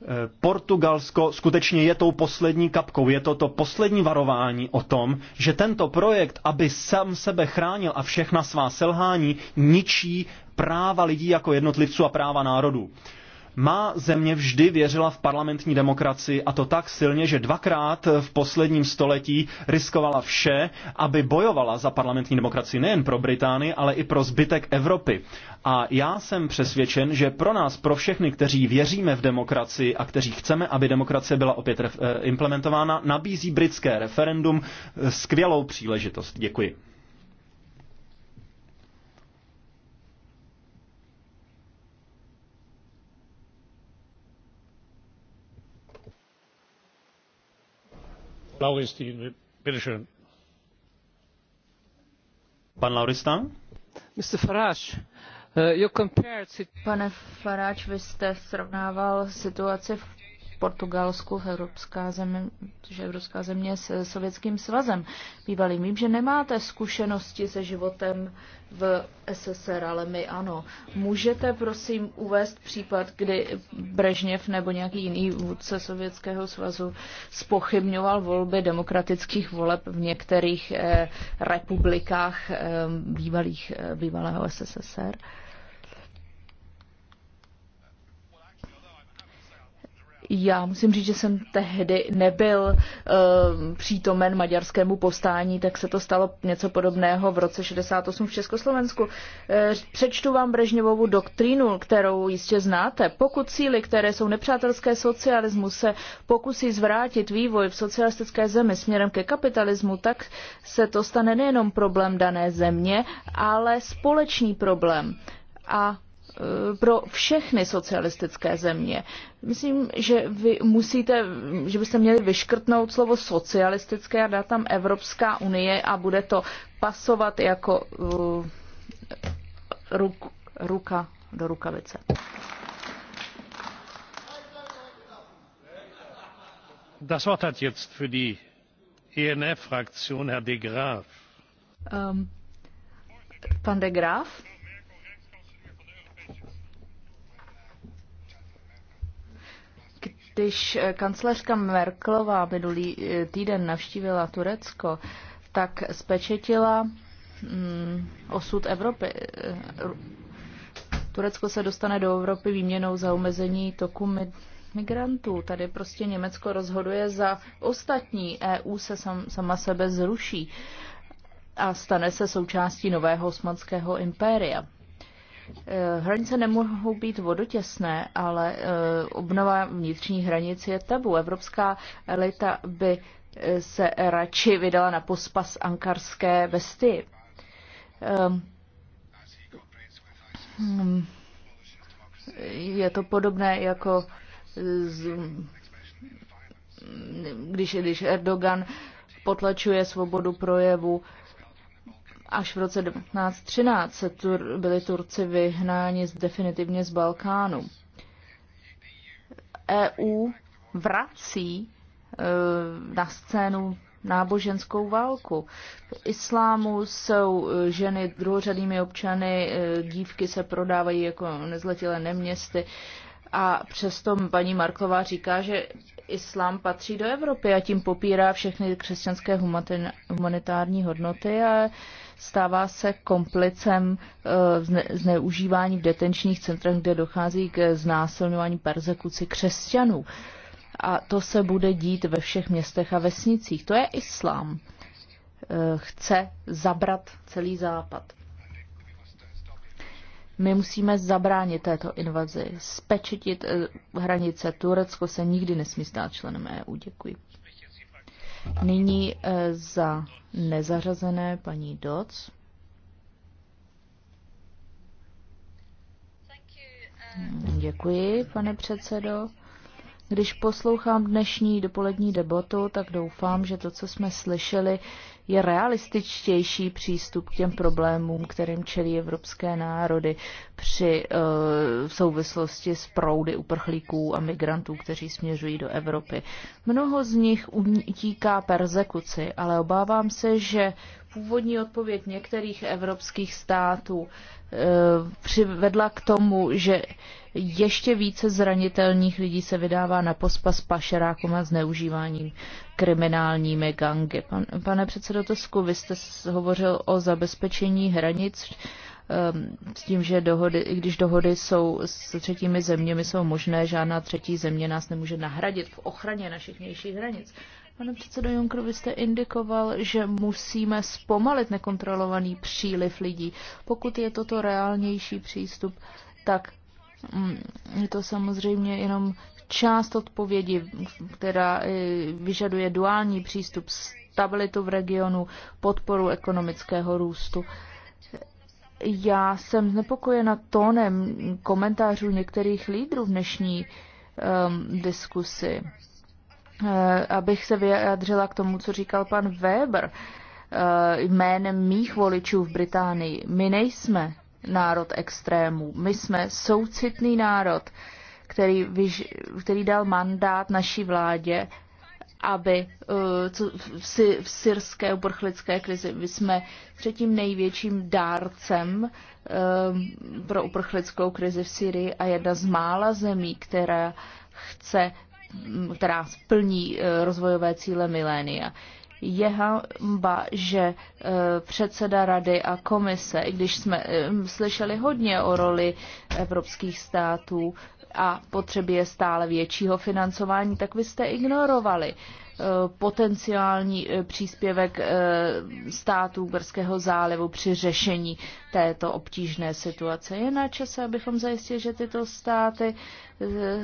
eh, Portugalsko skutečně je tou poslední kapkou, je to to poslední varování o tom, že tento projekt, aby sám sebe chránil a všechna svá selhání, ničí práva lidí jako jednotlivců a práva národů. Má země vždy věřila v parlamentní demokracii a to tak silně, že dvakrát v posledním století riskovala vše, aby bojovala za parlamentní demokracii nejen pro Británii, ale i pro zbytek Evropy. A já jsem přesvědčen, že pro nás, pro všechny, kteří věříme v demokracii a kteří chceme, aby demokracie byla opět eh, implementována, nabízí britské referendum eh, skvělou příležitost. Děkuji. Lauristin, bitte schön. Pan Lauristan? Mr. Farage, uh, Pane Faráč, vy jste srovnával situaci v Portugalsku, evropská země, že evropská země s Sovětským svazem bývalým. Vím, že nemáte zkušenosti se životem v SSR, ale my ano. Můžete prosím uvést případ, kdy Brežněv nebo nějaký jiný vůdce Sovětského svazu spochybňoval volby demokratických voleb v některých eh, republikách eh, bývalých, eh, bývalého SSSR? Eh, Já musím říct, že jsem tehdy nebyl uh, přítomen maďarskému povstání, tak se to stalo něco podobného v roce 68 v Československu. Uh, přečtu vám Brežněvovu doktrínu, kterou jistě znáte. Pokud síly, které jsou nepřátelské socialismu, se pokusí zvrátit vývoj v socialistické zemi směrem ke kapitalismu, tak se to stane nejenom problém dané země, ale společný problém. A Eh, pro všechny socialistické země. Myslím, že vy musíte, že byste měli vyškrtnout slovo socialistické a dát tam Evropská unie a bude to pasovat jako uh, ruk, ruka do rukavice. Das Wort hat jetzt für die ENF-Fraktion Herr de Graaf. Um, pan de Graaf. Když eh, kancléřka Merklová minulý eh, týden navštívila Turecko, tak spečetila mm, osud Evropy. Eh, Turecko se dostane do Evropy výměnou za omezení toku migrantů. Tady prostě Německo rozhoduje za ostatní. EU se sam, sama sebe zruší a stane se součástí nového osmanského impéria. Eh, hranice nemohou být vodotěsné, ale eh, obnova vnitřní hranic je tabu. Evropská elita by eh, se radši vydala na pospas ankarské vesty. Ehm, hmm, je to podobné jako z, když, když Erdogan potlačuje svobodu projevu, Až v roce 1913 tur, byli Turci vyhnáni definitivně z Balkánu. EU vrací e, na scénu náboženskou válku. V islámu jsou e, ženy druhořadými občany, e, dívky se prodávají jako nezletilé neměsty a přesto paní Marková říká, že islám patří do Evropy a tím popírá všechny křesťanské humanitární hodnoty a stává se komplicem eh, zneužívání v detenčních centrech, kde dochází k znásilňování persekuci křesťanů. A to se bude dít ve všech městech a vesnicích. To je islám. Eh, chce zabrat celý západ. My musíme zabránit této invazi, spečetit eh, hranice. Turecko se nikdy nesmí stát členem EU. Děkuji. Nyní eh, za nezařazené paní Doc. Děkuji, pane předsedo. Když poslouchám dnešní dopolední debatu, tak doufám, že to, co jsme slyšeli, je realističtější přístup k těm problémům, kterým čelí evropské národy při eh, v souvislosti s proudy uprchlíků a migrantů, kteří směřují do Evropy. Mnoho z nich utíká persekuci, ale obávám se, že původní odpověď některých evropských států eh, přivedla k tomu, že ještě více zranitelných lidí se vydává na pospas pašerákům a zneužíváním kriminálními gangy. pane předsedo Tosku, vy jste hovořil o zabezpečení hranic ehm, s tím, že dohody, i když dohody jsou s třetími zeměmi jsou možné, žádná třetí země nás nemůže nahradit v ochraně našich vnějších hranic. Pane předsedo Juncker, vy jste indikoval, že musíme zpomalit nekontrolovaný příliv lidí. Pokud je toto reálnější přístup, tak mm, je to samozřejmě jenom část odpovědi, která e, vyžaduje duální přístup, stabilitu v regionu, podporu ekonomického růstu. Já jsem znepokojena tónem komentářů některých lídrů v dnešní um, diskusi. Uh, abych se vyjadřila k tomu, co říkal pan Weber uh, jménem mých voličů v Británii. My nejsme národ extrémů, my jsme soucitný národ. Uh, který, vyž, který dal mandát naší vládě, aby eh, co, v, v syrské uprchlické krizi, my jsme třetím největším dárcem eh, pro uprchlickou krizi v Syrii a jedna z mála zemí, která chce která splní eh, rozvojové cíle milénia je hamba, že e, předseda rady a komise, i když jsme e, slyšeli hodně o roli evropských států a potřebě stále většího financování, tak vy jste ignorovali Eh, potenciální eh, příspěvek eh, států Brzkého zálivu při řešení této obtížné situace. Je na čase, abychom zajistili, že tyto státy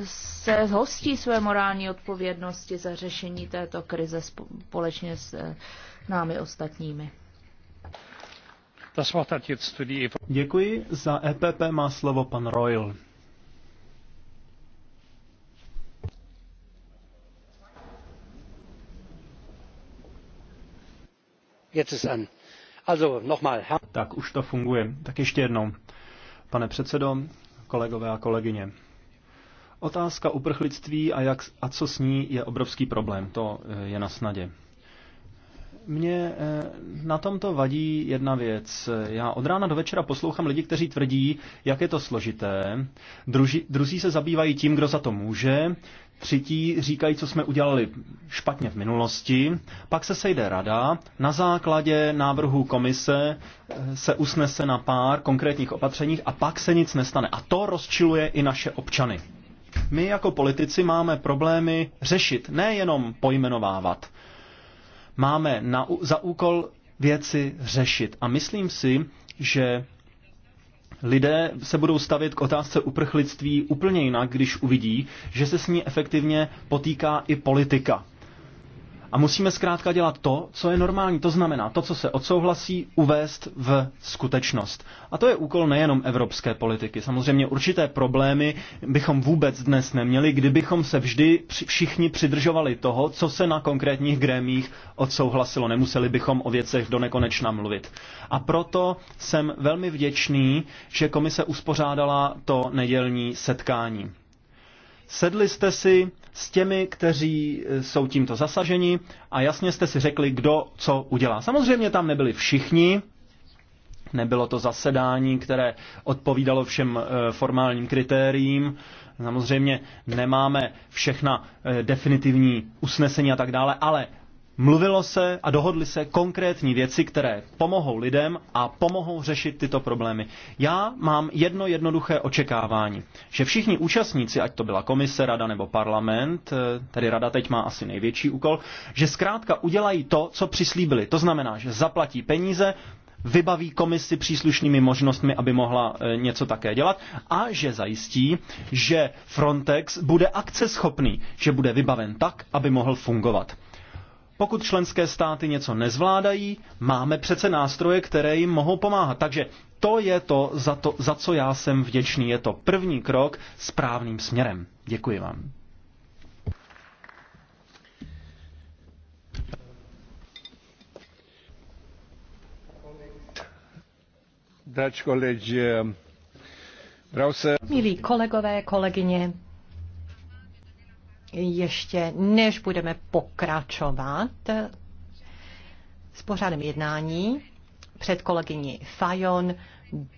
se hostí své morální odpovědnosti za řešení této krize společně s námi ostatními. E Děkuji. Za EPP má slovo pan Royal. Tak už to funguje. Tak ještě jednou. Pane předsedo, kolegové a kolegyně. Otázka uprchlictví a, jak, a co s ní je obrovský problém. To eh, je na snadě. Mně eh, na tomto vadí jedna věc. Já od rána do večera poslouchám lidi, kteří tvrdí, jak je to složité. Druži, druzí se zabývají tím, kdo za to může. Třetí říkají, co jsme udělali špatně v minulosti. Pak se sejde rada. Na základě návrhu komise eh, se usnese na pár konkrétních opatřeních a pak se nic nestane. A to rozčiluje i naše občany. My jako politici máme problémy řešit, nejenom pojmenovávat. Máme na, za úkol věci řešit. A myslím si, že lidé se budou stavit k otázce uprchlictví úplně jinak, když uvidí, že se s ní efektivně potýká i politika. A musíme zkrátka dělat to, co je normální. To znamená, to, co se odsouhlasí, uvést v skutečnost. A to je úkol nejenom evropské politiky. Samozřejmě určité problémy bychom vůbec dnes neměli, kdybychom se vždy všichni přidržovali toho, co se na konkrétních grémích odsouhlasilo. Nemuseli bychom o věcech do nekonečna mluvit. A proto jsem velmi vděčný, že komise uspořádala to nedělní setkání. Sedli jste si, s těmi, kteří e, jsou tímto zasaženi a jasně jste si řekli, kdo co udělá. Samozřejmě tam nebyli všichni, nebylo to zasedání, které odpovídalo všem e, formálním kritériím. Samozřejmě nemáme všechna e, definitivní usnesení a tak dále, ale Mluvilo se a dohodly se konkrétní věci, které pomohou lidem a pomohou řešit tyto problémy. Já mám jedno jednoduché očekávání, že všichni účastníci, ať to byla komise, rada nebo parlament, eh, tedy rada teď má asi největší úkol, že zkrátka udělají to, co přislíbili. To znamená, že zaplatí peníze, vybaví komisi příslušnými možnostmi, aby mohla eh, něco také dělat a že zajistí, že Frontex bude akceschopný, že bude vybaven tak, aby mohl fungovat. Pokud členské státy něco nezvládají, máme přece nástroje, které jim mohou pomáhat. Takže to je to za, to, za co já jsem vděčný. Je to první krok správným směrem. Děkuji vám. Eh, Milí kolegové, kolegyně, ještě než budeme pokračovat s pořádem jednání před kolegyní Fajon,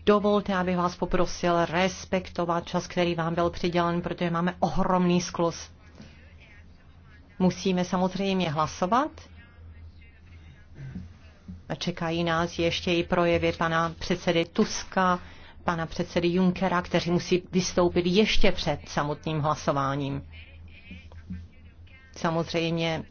dovolte, abych vás poprosil respektovat čas, který vám byl přidělen, protože máme ohromný sklus. Musíme samozřejmě hlasovat. A čekají nás ještě i projevy pana předsedy Tuska, pana předsedy Junkera, kteří musí vystoupit ještě před samotným hlasováním. Samozřejmě,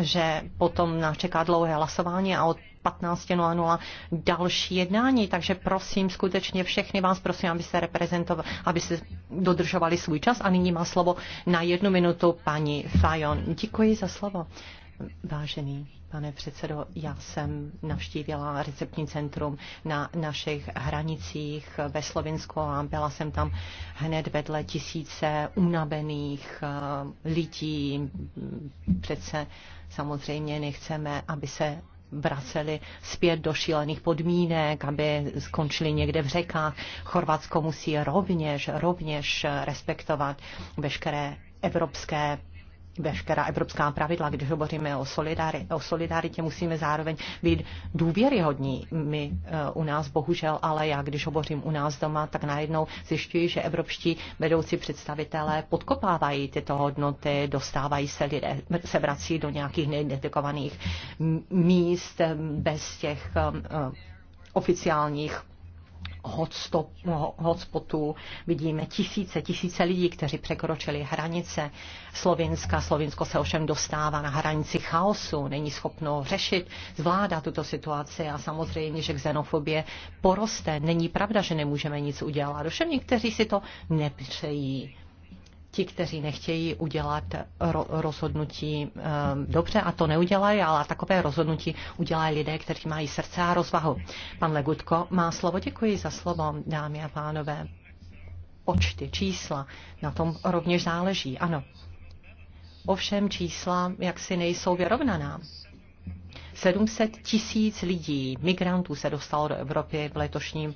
že potom nás čeká dlouhé hlasování a od 15.00 další jednání, takže prosím skutečně všechny vás, prosím, abyste reprezentovali, abyste dodržovali svůj čas a nyní má slovo na jednu minutu paní Fajon. Děkuji za slovo. Vážený pane předsedo, já jsem navštívila receptní centrum na našich hranicích ve Slovensku a byla jsem tam hned vedle tisíce unavených eh, lidí. Přece samozřejmě nechceme, aby se vraceli zpět do šílených podmínek, aby skončili někde v řekách. Chorvatsko musí rovněž, rovněž respektovat veškeré evropské veškerá evropská pravidla, když hovoříme o, solidari- o solidaritě, musíme zároveň být důvěryhodní. My e, u nás bohužel, ale já když hovořím u nás doma, tak najednou zjišťuji, že evropští vedoucí představitelé podkopávají tyto hodnoty, dostávají se lidé, se vrací do nějakých neidentifikovaných míst eh, bez těch e, oficiálních No, hotspotů. Vidíme tisíce, tisíce lidí, kteří překročili hranice Slovinska. Slovinsko se ovšem dostává na hranici chaosu, není schopno řešit, zvládá tuto situaci a samozřejmě, že xenofobie poroste. Není pravda, že nemůžeme nic udělat. Ovšem někteří si to nepřejí ti, kteří nechtějí udělat rozhodnutí ehm, dobře a to neudělají, ale takové rozhodnutí udělají lidé, kteří mají srdce a rozvahu. Pan Legutko má slovo. Děkuji za slovo, dámy a pánové. Počty, čísla, na tom rovněž záleží, ano. Ovšem čísla jaksi nejsou vyrovnaná. 700 tisíc lidí, migrantů se dostalo do Evropy v letošním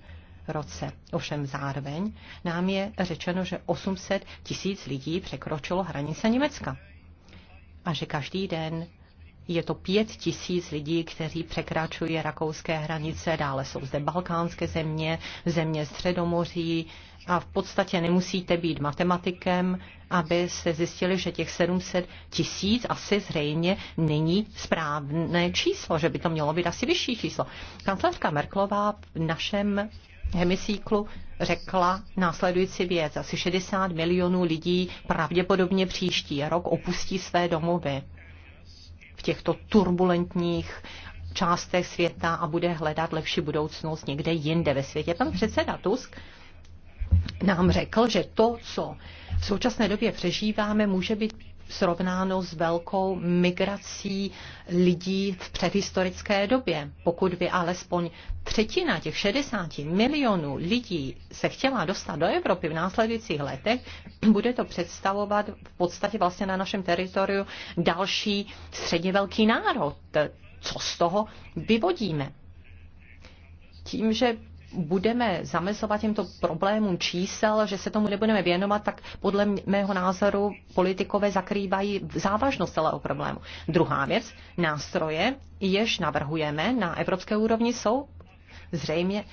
roce. Ovšem zároveň nám je řečeno, že 800 tisíc lidí překročilo hranice Německa a že každý den je to pět tisíc lidí, kteří překračují rakouské hranice, dále jsou zde balkánské země, země Středomoří a v podstatě nemusíte být matematikem, aby se zjistili, že těch 700 tisíc asi zřejmě není správné číslo, že by to mělo být asi vyšší číslo. Kancelářka Merklová v našem Hemisíklu řekla následující věc. Asi 60 milionů lidí pravděpodobně příští rok opustí své domovy v těchto turbulentních částech světa a bude hledat lepší budoucnost někde jinde ve světě. Pan předseda Tusk nám řekl, že to, co v současné době přežíváme, může být srovnáno s velkou migrací lidí v předhistorické době. Pokud by alespoň třetina těch 60 milionů lidí se chtěla dostat do Evropy v následujících letech, bude to představovat v podstatě vlastně na našem teritoriu další středně velký národ. Co z toho vyvodíme? Tím, že budeme zamezovat těmto problémům čísel, že se tomu nebudeme věnovat, tak podle mého názoru politikové zakrývají závažnost celého problému. Druhá věc, nástroje, jež navrhujeme na evropské úrovni, jsou zřejmě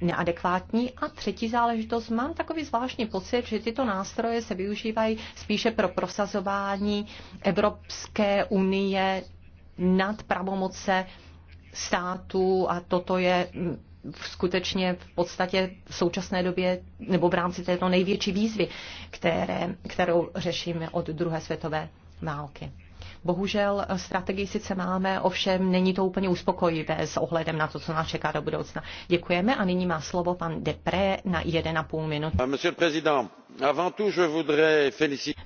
neadekvátní. A třetí záležitost, mám takový zvláštní pocit, že tyto nástroje se využívají spíše pro prosazování Evropské unie nad pravomoce států a toto je mm, skutečně v podstatě v současné době nebo v rámci této největší výzvy, které, kterou řešíme od druhé světové války. Bohužel eh, strategii sice máme, ovšem není to úplně uspokojivé s ohledem na to, co nás čeká do budoucna. Děkujeme a nyní má slovo pan Depré na 1,5 minut. Ah,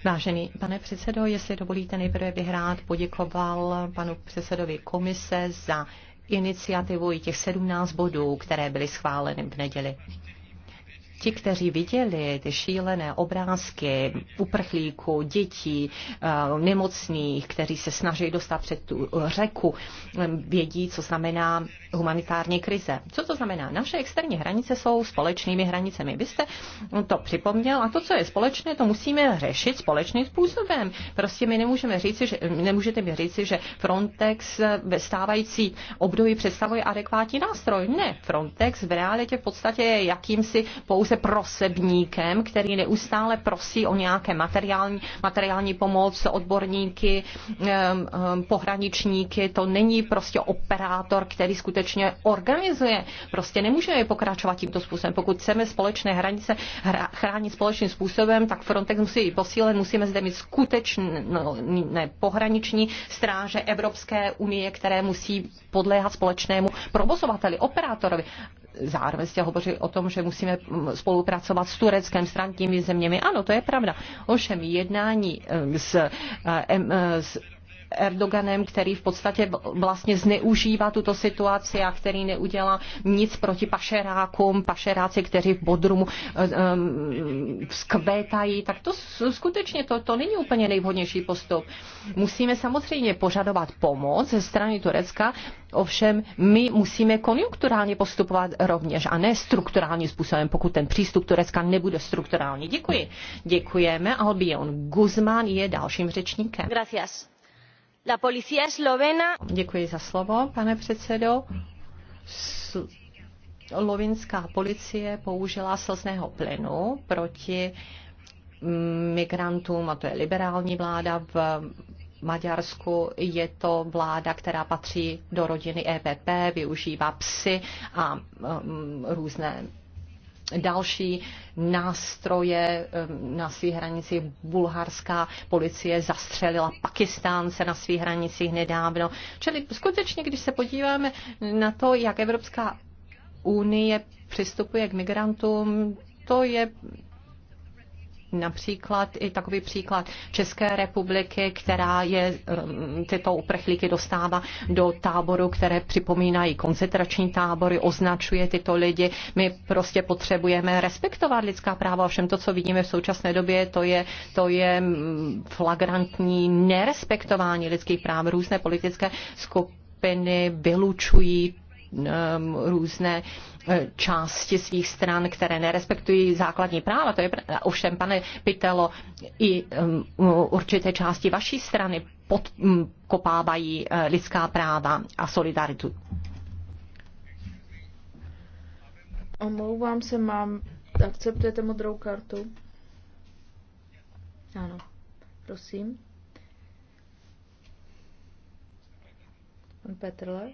Vážený pane předsedo, jestli dovolíte, nejprve bych rád poděkoval panu předsedovi komise za iniciativu i těch 17 bodů, které byly schváleny v neděli ti, kteří viděli ty šílené obrázky uprchlíků, dětí, eh, nemocných, kteří se snaží dostat před tu řeku, eh, vědí, co znamená humanitární krize. Co to znamená? Naše externí hranice jsou společnými hranicemi. Vy jste to připomněl a to, co je společné, to musíme řešit společným způsobem. Prostě my nemůžeme říci, že, nemůžete mi říci, že Frontex ve stávající období představuje adekvátní nástroj. Ne, Frontex v realitě v podstatě je jakýmsi pouze pouze prosebníkem, který neustále prosí o nějaké materiální, materiální pomoc, odborníky, pohraničníky. To není prostě operátor, který skutečně organizuje. Prostě nemůžeme pokračovat tímto způsobem. Pokud chceme společné hranice chránit společným způsobem, tak Frontex musí být posílen, musíme zde mít skutečné pohraniční stráže Evropské unie, které musí podléhat společnému provozovateli, operátorovi zároveň jste hovořili o tom, že musíme mm, spolupracovat s Tureckem, s trantími zeměmi. Ano, to je pravda. Ovšem jednání eh, s, eh, eh, s Erdoganem, který v podstatě vlastně zneužívá tuto situaci a který neudělá nic proti pašerákům, pašeráci, kteří v Bodrumu eh, eh, vzkvétají, tak to skutečně to, to není úplně nejvhodnější postup. Musíme samozřejmě požadovat pomoc ze strany Turecka, ovšem my musíme konjunkturálně postupovat rovněž a ne strukturálním způsobem, pokud ten přístup Turecka nebude strukturální. Děkuji. Děkujeme. Albion Guzman je dalším řečníkem. Gracias. La policía eslovena... Děkuji za slovo, pane předsedo. Slovinská policie použila slzného plynu proti mm, migrantům, a to je liberální vláda v Maďarsku je to vláda, která patří do rodiny EPP, využívá psy a um, různé další nástroje na svých hranicích. Bulharská policie zastřelila Pakistánce na svých hranicích nedávno. Čili skutečně, když se podíváme na to, jak Evropská unie přistupuje k migrantům, to je například i takový příklad České republiky, která je um, tyto uprchlíky dostává do táboru, které připomínají koncentrační tábory, označuje tyto lidi. My prostě potřebujeme respektovat lidská práva, ovšem to, co vidíme v současné době, to je, to je mm, flagrantní nerespektování lidských práv. Různé politické skupiny vylučují Um, různé eh, části svých stran, které nerespektují základní práva. To je ovšem, pane Pitelo, i um, určité části vaší strany podkopávají mm, eh, lidská práva a solidaritu. Omlouvám se, mám. Akceptujete modrou kartu? Ano, prosím. Pan Petrle.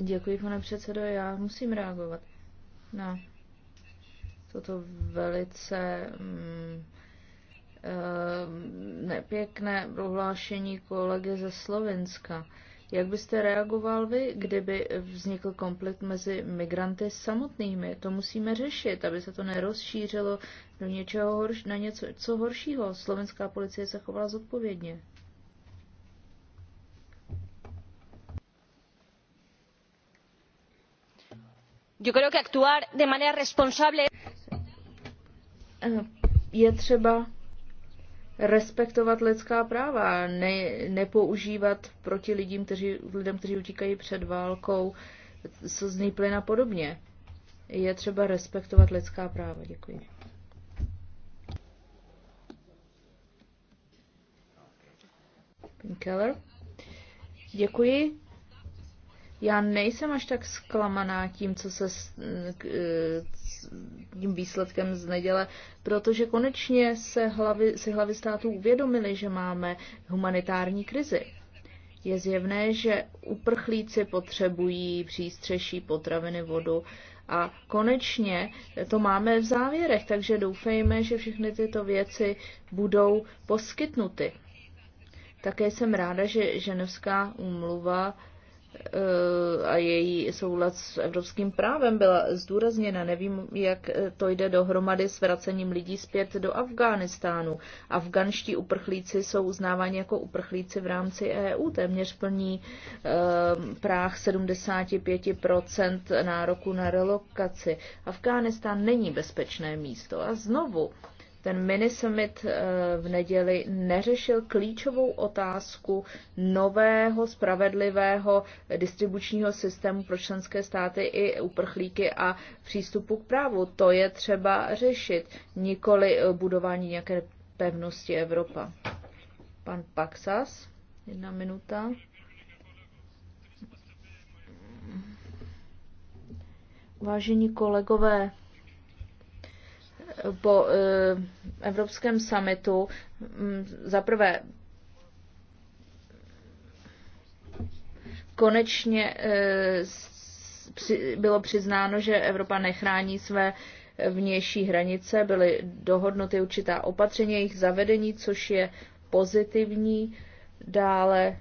Děkuji, pane předsedo. Já musím reagovat na toto velice mm, eh, nepěkné prohlášení kolegy ze Slovenska. Jak byste reagoval vy, kdyby vznikl konflikt mezi migranty samotnými? To musíme řešit, aby se to nerozšířilo do něčeho horš- na něco co horšího. Slovenská policie se chovala zodpovědně. Yo creo que actuar de manera responsable. Eh, je třeba respektovat lidská práva, ne, nepoužívat proti lidem, kteří, lidem, kteří utíkají před válkou, slzný plyn a podobně. Je třeba respektovat lidská práva. Děkuji. Pink Keller. Děkuji. Já nejsem až tak zklamaná tím, co se e, tím výsledkem z neděle, protože konečně se hlavy, se hlavy států uvědomily, že máme humanitární krizi. Je zjevné, že uprchlíci potřebují přístřeší, potraviny, vodu a konečně to máme v závěrech, takže doufejme, že všechny tyto věci budou poskytnuty. Také jsem ráda, že Ženevská úmluva Eh, a její soulad s evropským právem byla zdůrazněna. Nevím, jak to jde dohromady s vracením lidí zpět do Afghánistánu. Afganští uprchlíci jsou uznáváni jako uprchlíci v rámci EU. Téměř plní eh, práh 75% nároku na relokaci. Afghánistán není bezpečné místo. A znovu, ten minisummit eh, v neděli neřešil klíčovou otázku nového spravedlivého distribučního systému pro členské státy i uprchlíky a přístupu k právu. To je třeba řešit, nikoli eh, budování nějaké pevnosti Evropa. Pan Paxas, jedna minuta. Vážení kolegové, po eh, Evropském summitu mm, zaprvé konečně eh, bylo přiznáno, že Evropa nechrání své vnější hranice, byly dohodnuty určitá opatření jejich zavedení, což je pozitivní. Dále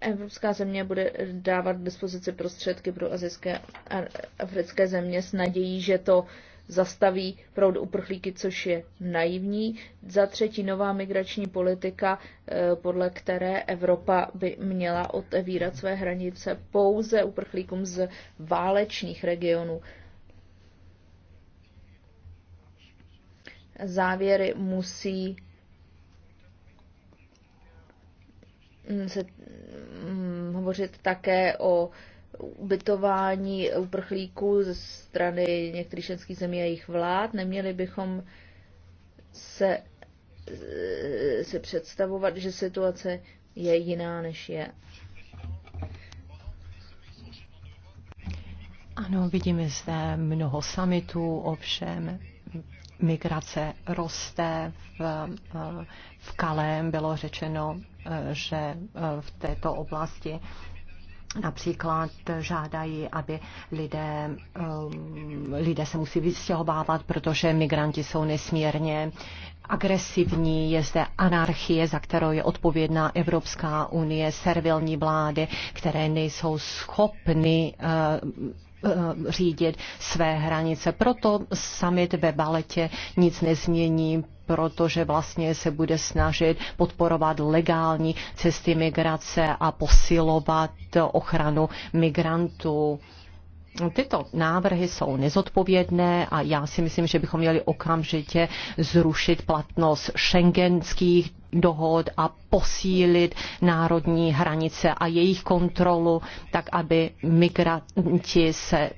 Evropská země bude dávat k dispozici prostředky pro azijské a africké země s nadějí, že to zastaví proud uprchlíky, což je naivní. Za třetí nová migrační politika, eh, podle které Evropa by měla otevírat své hranice pouze uprchlíkům z válečných regionů. Závěry musí Mm, se mm, hovořit také o ubytování uprchlíků ze strany některých členských zemí a jejich vlád. Neměli bychom se, eh, se představovat, že situace je jiná, než je. Ano, vidíme zde mnoho samitů, ovšem migrace roste. V, v Kalém bylo řečeno že e, v této oblasti Například žádají, aby lidé, e, lidé se musí vystěhovávat, protože migranti jsou nesmírně agresivní, je zde anarchie, za kterou je odpovědná Evropská unie, servilní vlády, které nejsou schopny e, řídit své hranice. Proto summit ve Baletě nic nezmění, protože vlastně se bude snažit podporovat legální cesty migrace a posilovat ochranu migrantů. Tyto návrhy jsou nezodpovědné a já si myslím, že bychom měli okamžitě zrušit platnost šengenských dohod a posílit národní hranice a jejich kontrolu, tak aby migranti se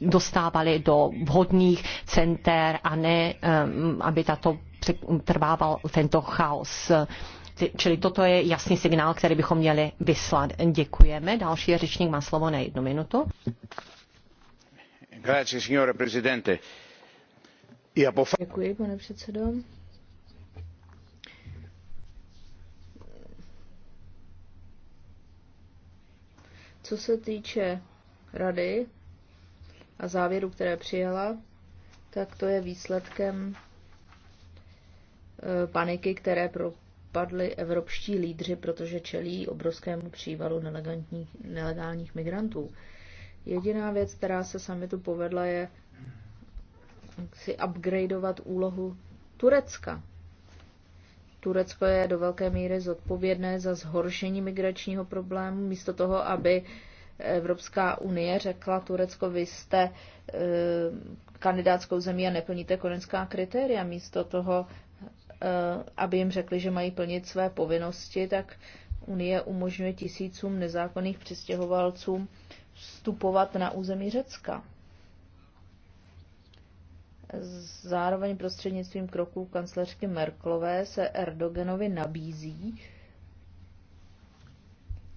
dostávali do vhodných center a ne, aby tato trvával tento chaos. Čili toto je jasný signál, který bychom měli vyslat. Děkujeme. Další řečník má slovo na jednu minutu. Děkuji, pane předsedo. Co se týče rady a závěru, které přijela, tak to je výsledkem paniky, které propadly evropští lídři, protože čelí obrovskému přívalu nelegálních migrantů. Jediná věc, která se samitu povedla, je si upgradeovat úlohu Turecka. Turecko je do velké míry zodpovědné za zhoršení migračního problému, místo toho, aby Evropská unie řekla Turecko, vy jste e, kandidátskou zemí a neplníte konecká kritéria. Místo toho Eh, aby jim řekli, že mají plnit své povinnosti, tak Unie umožňuje tisícům nezákonných přistěhovalců vstupovat na území Řecka. Zároveň prostřednictvím kroků kancelářky Merklové se Erdoganovi nabízí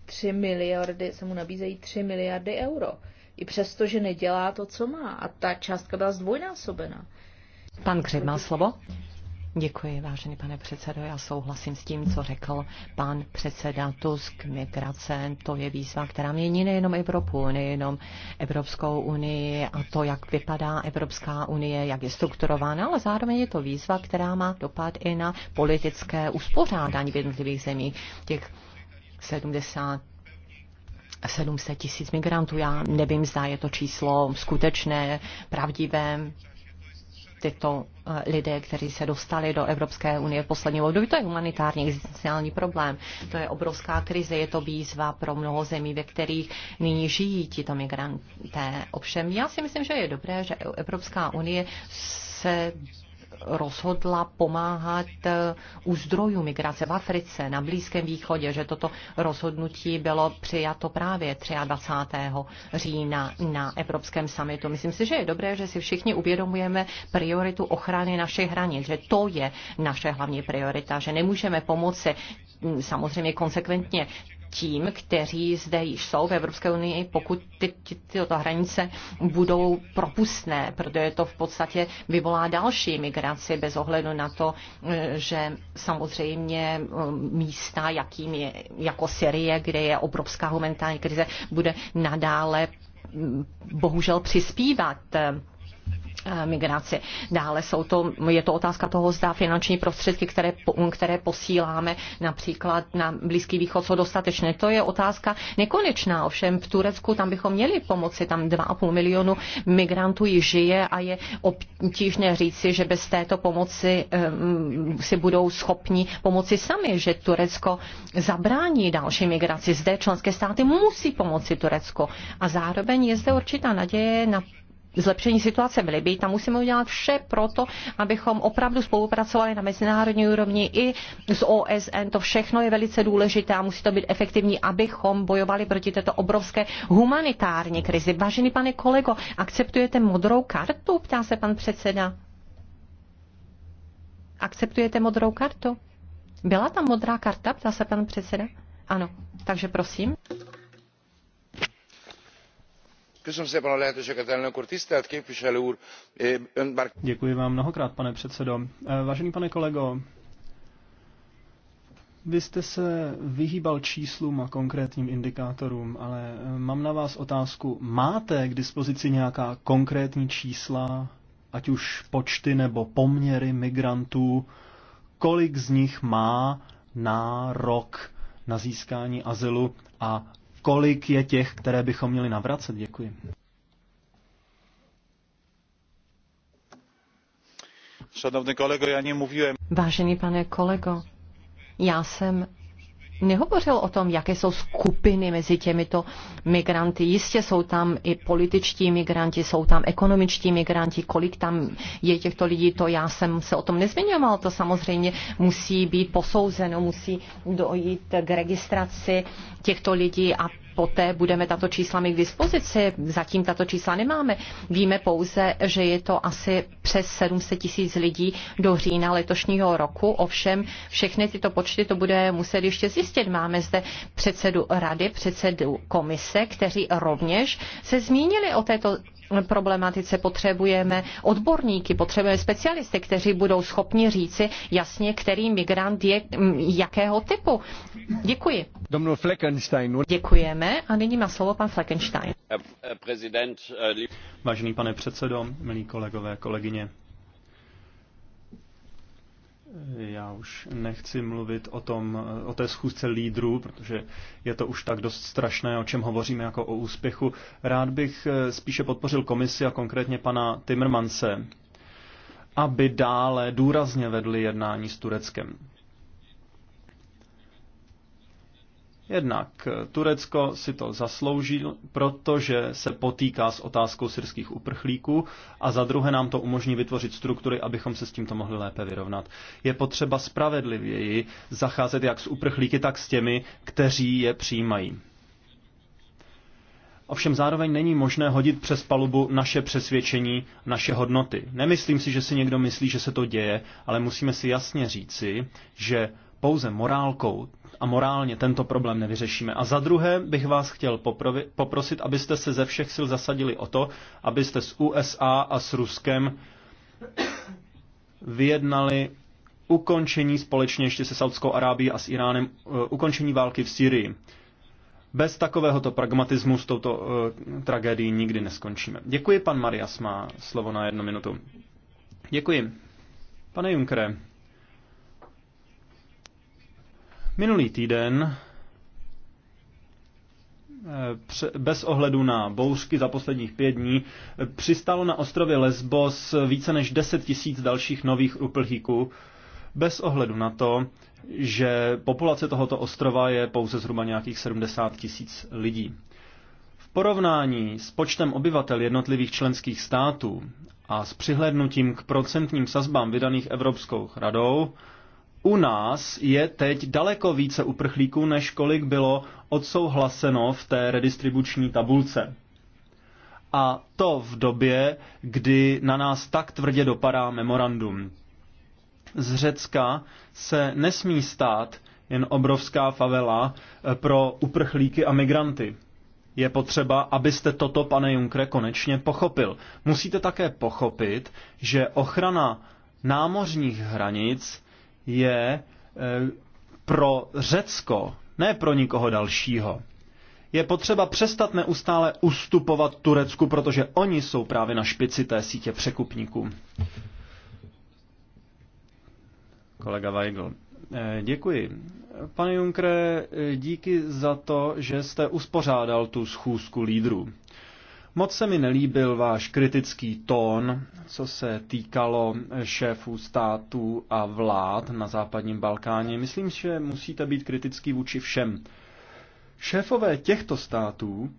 3 miliardy, se mu nabízejí 3 miliardy euro. I přesto, že nedělá to, co má. A ta částka byla zdvojnásobena. Pan Křib má slovo. Děkuji, vážený pane předsedo. Já souhlasím s tím, co řekl pan předseda Tusk. Migrace to je výzva, která mění nejenom Evropu, nejenom Evropskou unii a to, jak vypadá Evropská unie, jak je strukturována, ale zároveň je to výzva, která má dopad i na politické uspořádání v jednotlivých zemích. Těch 70 700 tisíc migrantů. Já nevím, zda je to číslo skutečné, pravdivé, tyto eh, lidé, kteří se dostali do Evropské unie v poslední období. To je humanitární existenciální problém. To je obrovská krize, je to výzva pro mnoho zemí, ve kterých nyní žijí tito migranté. Ovšem, já si myslím, že je dobré, že Evropská unie se rozhodla pomáhat eh, u zdrojů migrace v Africe, na Blízkém východě, že toto rozhodnutí bylo přijato právě 23. října na Evropském samitu. Myslím si, že je dobré, že si všichni uvědomujeme prioritu ochrany našich hranic, že to je naše hlavní priorita, že nemůžeme pomoci mm, samozřejmě konsekventně tím, kteří zde již jsou v Evropské unii, pokud ty, ty, tyto hranice budou propustné, protože to v podstatě vyvolá další migraci bez ohledu na to, eh, že samozřejmě eh, místa, jakým je, jako Syrie, kde je obrovská humanitární krize, bude nadále hm, bohužel přispívat eh, Eh, migraci. Dále jsou to, je to otázka toho, zda finanční prostředky, které, um, které posíláme například na Blízký východ, jsou dostatečné. To je otázka nekonečná. Ovšem v Turecku tam bychom měli pomoci. Tam 2,5 milionu migrantů již žije a je obtížné říci, že bez této pomoci um, si budou schopni pomoci sami, že Turecko zabrání další migraci. Zde členské státy musí pomoci Turecku. A zároveň je zde určitá naděje na zlepšení situace v Libii, tam musíme udělat vše proto, abychom opravdu spolupracovali na mezinárodní úrovni i s OSN. To všechno je velice důležité a musí to být efektivní, abychom bojovali proti této obrovské humanitární krizi. Vážený pane kolego, akceptujete modrou kartu? Ptá se pan předseda. Akceptujete modrou kartu? Byla tam modrá karta? Ptá se pan předseda. Ano, takže prosím. Eh, Děkuji vám mnohokrát, pane předsedo. Eh, vážený pane kolego, vy jste se vyhýbal číslům a konkrétním indikátorům, ale eh, mám na vás otázku. Máte k dispozici nějaká konkrétní čísla, ať už počty nebo poměry migrantů, kolik z nich má nárok na získání azylu a kolik je těch, které bychom měli navracet? Děkuji. kolego, Vážený pane kolego, já jsem nehovořil o tom, jaké jsou skupiny mezi těmito migranty. Jistě jsou tam i političtí migranti, jsou tam ekonomičtí migranti, kolik tam je těchto lidí, to já jsem se o tom nezmiňoval. To samozřejmě musí být posouzeno, musí dojít k registraci těchto lidí a poté budeme tato čísla mít k dispozici. Zatím tato čísla nemáme. Víme pouze, že je to asi přes 700 tisíc lidí do října letošního roku. Ovšem všechny tyto počty to bude muset ještě zjistit. Máme zde předsedu rady, předsedu komise, kteří rovněž se zmínili o této problematice potřebujeme odborníky, potřebujeme specialisty, kteří budou schopni říci jasně, který migrant je mm, jakého typu. Děkuji. Domnul Fleckenstein. Děkujeme a nyní má slovo pan Fleckenstein. Eh, eh, eh, Vážený pane předsedo, milí kolegové, kolegyně, já už nechci mluvit o, tom, o té schůzce lídrů, protože je to už tak dost strašné, o čem hovoříme jako o úspěchu. Rád bych eh, spíše podpořil komisi a konkrétně pana Timmermanse, aby dále důrazně vedli jednání s Tureckem. Jednak eh, Turecko si to zaslouží, protože se potýká s otázkou syrských uprchlíků a za druhé nám to umožní vytvořit struktury, abychom se s tímto mohli lépe vyrovnat. Je potřeba spravedlivěji zacházet jak s uprchlíky, tak s těmi, kteří je přijímají. Ovšem zároveň není možné hodit přes palubu naše přesvědčení, naše hodnoty. Nemyslím si, že si někdo myslí, že se to děje, ale musíme si jasně říci, že pouze morálkou a morálně tento problém nevyřešíme. A za druhé bych vás chtěl poprovi, poprosit, abyste se ze všech sil zasadili o to, abyste s USA a s Ruskem vyjednali ukončení společně ještě se Saudskou Arábií a s Iránem eh, ukončení války v Syrii. Bez takovéhoto pragmatismu s touto uh, tragédií nikdy neskončíme. Děkuji, pan Marias má slovo na jednu minutu. Děkuji. Pane Junkere, Minulý týden eh, bez ohledu na bouřky za posledních pět dní, eh, přistálo na ostrově Lesbos více než 10 tisíc dalších nových uprchlíků, bez ohledu na to, že populace tohoto ostrova je pouze zhruba nějakých 70 tisíc lidí. V porovnání s počtem obyvatel jednotlivých členských států a s přihlédnutím k procentním sazbám vydaných Evropskou radou, u nás je teď daleko více uprchlíků, než kolik bylo odsouhlaseno v té redistribuční tabulce. A to v době, kdy na nás tak tvrdě dopadá memorandum. Z Řecka se nesmí stát jen obrovská favela eh, pro uprchlíky a migranty. Je potřeba, abyste toto, pane Junkre, konečně pochopil. Musíte také pochopit, že ochrana námořních hranic je eh, pro Řecko, ne pro nikoho dalšího. Je potřeba přestat neustále ustupovat Turecku, protože oni jsou právě na špici té sítě překupníků. Kolega Weigl. Eh, děkuji. Pane Junkre, eh, díky za to, že jste uspořádal tu schůzku lídrů. Moc se mi nelíbil váš kritický tón, co se týkalo šéfů států a vlád na západním Balkáně. Myslím, že musíte být kritický vůči všem. Šéfové těchto států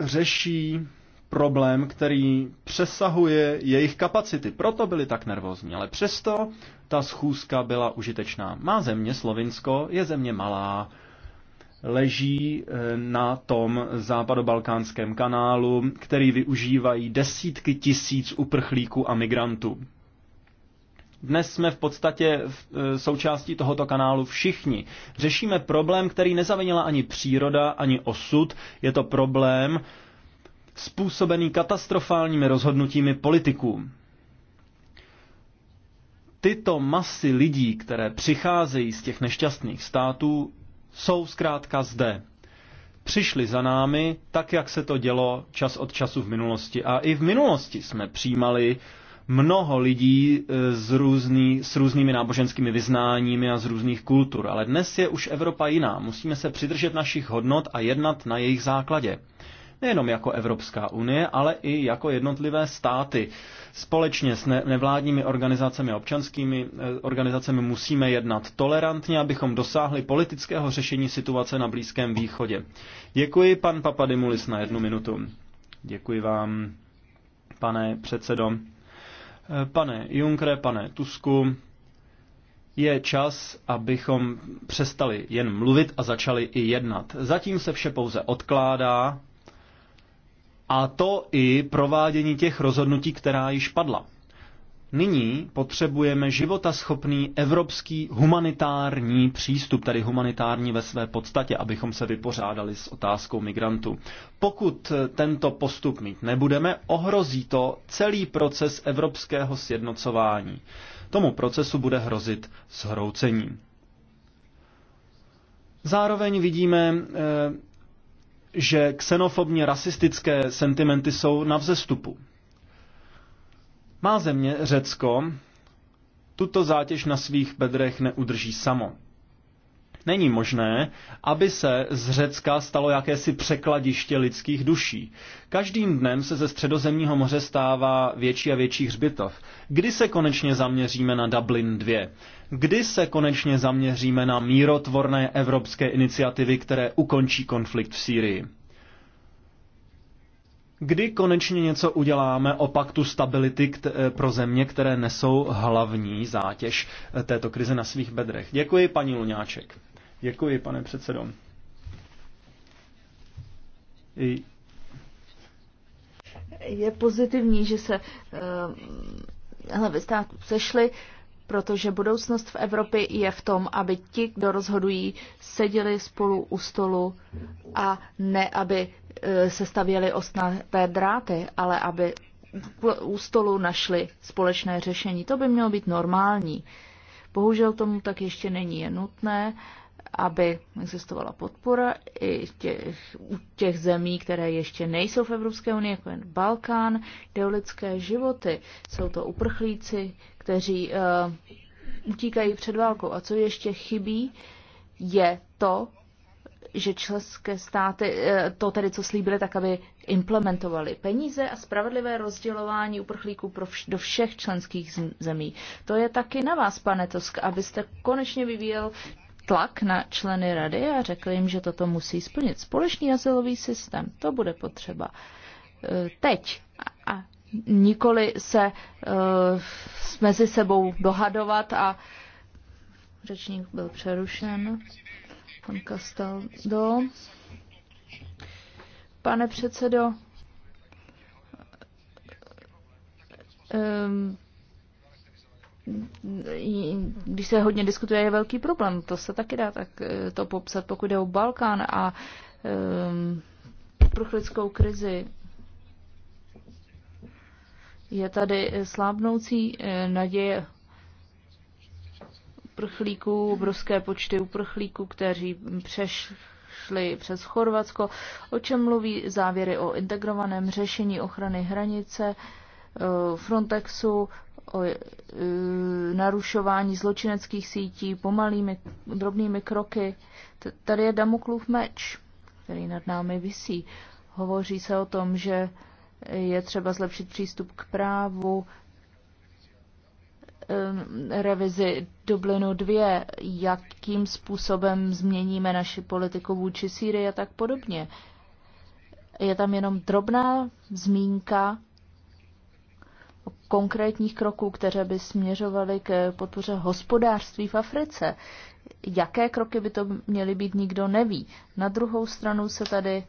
řeší problém, který přesahuje jejich kapacity. Proto byli tak nervózní, ale přesto ta schůzka byla užitečná. Má země Slovinsko, je země malá, leží eh, na tom západobalkánském kanálu, který využívají desítky tisíc uprchlíků a migrantů. Dnes jsme v podstatě eh, součástí tohoto kanálu všichni. Řešíme problém, který nezavinila ani příroda, ani osud. Je to problém způsobený katastrofálními rozhodnutími politiků. Tyto masy lidí, které přicházejí z těch nešťastných států, jsou zkrátka zde. Přišli za námi, tak jak se to dělo čas od času v minulosti. A i v minulosti jsme přijímali mnoho lidí eh, z různý, s různými náboženskými vyznáními a z různých kultur. Ale dnes je už Evropa jiná. Musíme se přidržet našich hodnot a jednat na jejich základě nejenom jako Evropská unie, ale i jako jednotlivé státy. Společně s nevládními organizacemi a občanskými eh, organizacemi musíme jednat tolerantně, abychom dosáhli politického řešení situace na Blízkém východě. Děkuji, pan Papadimulis, na jednu minutu. Děkuji vám, pane předsedo. Eh, pane Junkre, pane Tusku, je čas, abychom přestali jen mluvit a začali i jednat. Zatím se vše pouze odkládá a to i provádění těch rozhodnutí, která již padla. Nyní potřebujeme životaschopný evropský humanitární přístup, tedy humanitární ve své podstatě, abychom se vypořádali s otázkou migrantů. Pokud tento postup mít nebudeme, ohrozí to celý proces evropského sjednocování. Tomu procesu bude hrozit zhroucení. Zároveň vidíme eh, že xenofobně rasistické sentimenty jsou na vzestupu. Má země, Řecko, tuto zátěž na svých bedrech neudrží samo. Není možné, aby se z Řecka stalo jakési překladiště lidských duší. Každým dnem se ze středozemního moře stává větší a větší hřbitov. Kdy se konečně zaměříme na Dublin 2? Kdy se konečně zaměříme na mírotvorné evropské iniciativy, které ukončí konflikt v Sýrii? Kdy konečně něco uděláme o paktu stability pro země, které nesou hlavní zátěž eh, této krize na svých bedrech? Děkuji, paní Luňáček. Děkuji, pane předsedo. I... Je pozitivní, že se uh, hlavy státu sešly, protože budoucnost v Evropě je v tom, aby ti, kdo rozhodují, seděli spolu u stolu a ne, aby uh, se stavěli osnaté dráty, ale aby u stolu našli společné řešení. To by mělo být normální. Bohužel tomu tak ještě není je nutné. Uh, aby existovala podpora i těch, u těch zemí, které ještě nejsou v Evropské unii, jako jen Balkán, kde lidské životy. Jsou to uprchlíci, kteří uh, utíkají před válkou. A co ještě chybí, je to, že členské státy eh, to tedy, co slíbili, tak aby implementovali peníze a spravedlivé rozdělování uprchlíků pro vš- do všech členských zemí. To je taky na vás, pane Tosk, abyste konečně vyvíjel tlak na členy rady a řekl jim, že toto musí splnit. Společný asilový systém, to bude potřeba eh, teď a nikoli se eh, mezi sebou dohadovat a řečník byl přerušen, pan Castaldo. Pane předsedo, um, když se hodně diskutuje, je velký problém. To se taky dá tak eh, to popsat, pokud jde o Balkán a um, ehm, prchlickou krizi. Je tady slábnoucí eh, naděje uprchlíků, obrovské počty uprchlíků, kteří přešli přes Chorvatsko, o čem mluví závěry o integrovaném řešení ochrany hranice, uh, Eh, Frontexu, o eh, narušování zločineckých sítí pomalými, drobnými kroky. Tady je Damoklův meč, který nad námi visí. Hovoří se o tom, že je třeba zlepšit přístup k právu, ehm, revizi Dublinu 2, jakým způsobem změníme naši politiku vůči Sýrii a tak podobně. Je tam jenom drobná zmínka konkrétních kroků, které by směřovaly k podpoře hospodářství v Africe. Jaké kroky by to měly být, nikdo neví. Na druhou stranu se tady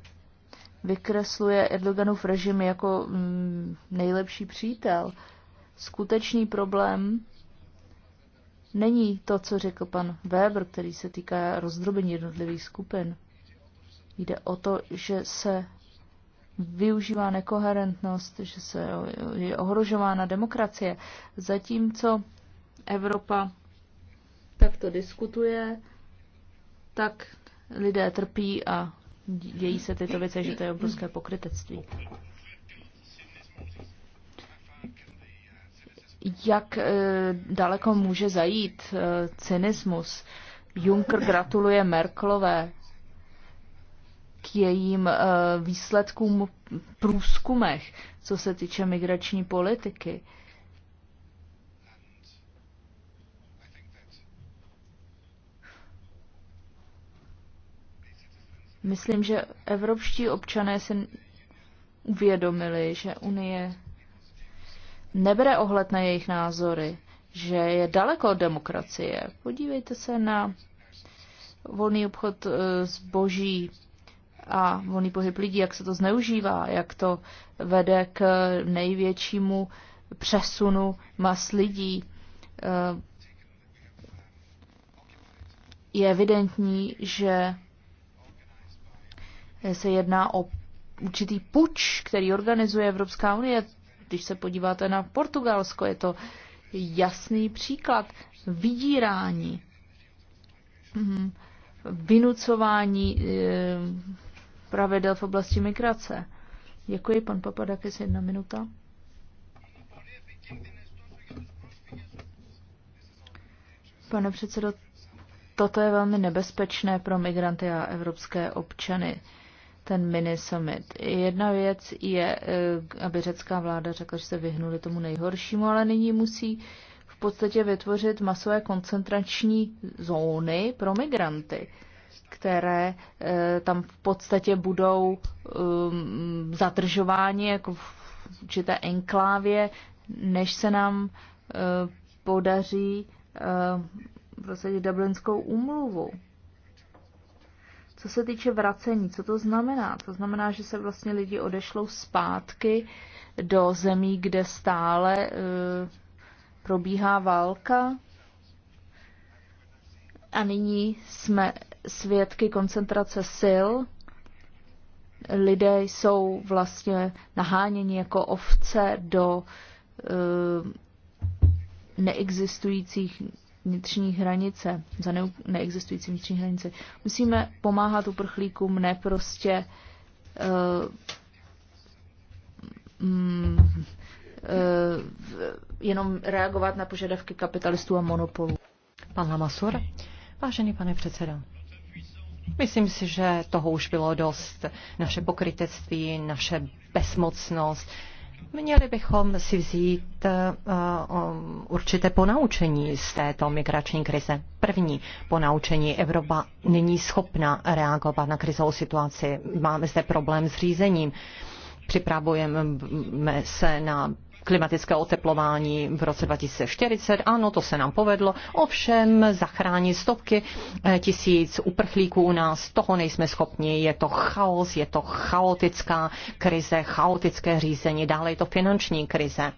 vykresluje Erdoganův režim jako mm, nejlepší přítel. Skutečný problém není to, co řekl pan Weber, který se týká rozdrobení jednotlivých skupin. Jde o to, že se využívá nekoherentnost, že se je ohrožována demokracie, zatímco Evropa takto diskutuje, tak lidé trpí a dějí se tyto věci, že to je obrovské pokrytectví. Jak eh, daleko může zajít eh, cynismus? Juncker gratuluje Merklové k jejím eh, výsledkům v průzkumech, co se týče migrační politiky. Myslím, že evropští občané si uvědomili, že Unie nebere ohled na jejich názory, že je daleko od demokracie. Podívejte se na volný obchod eh, zboží a volný pohyb lidí, jak se to zneužívá, jak to vede k největšímu přesunu mas lidí. Eh, je evidentní, že se jedná o určitý puč, který organizuje Evropská unie. Když se podíváte na Portugalsko, je to jasný příklad vydírání, mhm, vynucování eh, pravidel v oblasti migrace. Děkuji, pan Papadakis, jedna minuta. Pane předsedo, toto je velmi nebezpečné pro migranty a evropské občany, ten mini summit. Jedna věc je, eh, aby řecká vláda řekla, že se vyhnuli tomu nejhoršímu, ale nyní musí v podstatě vytvořit masové koncentrační zóny pro migranty které eh, tam v podstatě budou um, zadržováni jako v určité enklávě, než se nám eh, podaří prosadit eh, Dublinskou úmluvu. Co se týče vracení, co to znamená? To znamená, že se vlastně lidi odešlou zpátky do zemí, kde stále probíhá válka, a nyní jsme svědky koncentrace sil. Lidé jsou vlastně naháněni jako ovce do eh, neexistujících vnitřní hranice, za ne- neexistující vnitřní hranice. Musíme pomáhat uprchlíkům, ne prostě uh, mm, uh, jenom reagovat na požadavky kapitalistů a monopolů. Pan Lamasur, Vážený pane předsedo, myslím si, že toho už bylo dost. Naše pokrytectví, naše bezmocnost. Měli bychom si vzít uh, um, určité ponaučení z této migrační krize. První ponaučení. Evropa není schopna reagovat na krizovou situaci. Máme zde problém s řízením připravujeme se na Klimatické oteplování v roce 2040. Ano, to se nám povedlo. Ovšem zachránit stovky eh, tisíc uprchlíků u nás, toho nejsme schopni. Je to chaos, je to chaotická krize, chaotické řízení, dále je to finanční krize.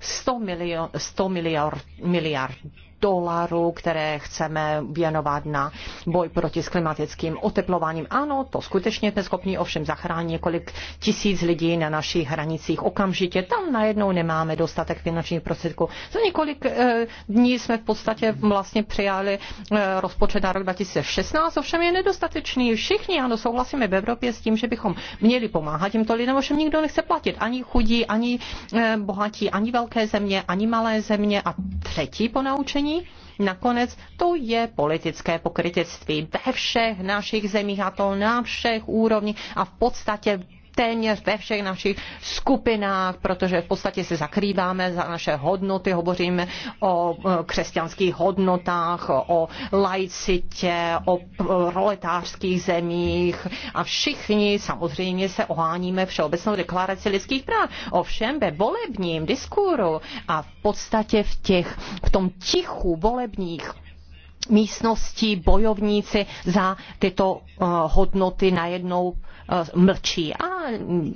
100, milio, 100 miliard, miliard dolarů, které chceme věnovat na boj proti s klimatickým oteplováním. Ano, to skutečně jsme schopni ovšem zachránit několik tisíc lidí na našich hranicích okamžitě. Tam najednou nemáme dostatek finančních prostředků. Za několik e, dní jsme v podstatě vlastně přijali e, rozpočet na rok 2016, ovšem je nedostatečný. Všichni, ano, souhlasíme v Evropě s tím, že bychom měli pomáhat těmto lidem, ovšem nikdo nechce platit. Ani chudí, ani e, bohatí, ani velké země, ani malé země. A třetí ponaučení není. Nakonec to je politické pokrytectví ve všech našich zemích a to na všech úrovních a v podstatě téměř ve všech našich skupinách, protože v podstatě se zakrýváme za naše hodnoty, hovoříme o e, křesťanských hodnotách, o laicitě, o proletářských zemích a všichni samozřejmě se oháníme Všeobecnou deklaraci lidských práv. Ovšem ve volebním diskuru a v podstatě v, těch, v tom tichu volebních místností bojovníci za tyto e, hodnoty najednou Eh, mlčí a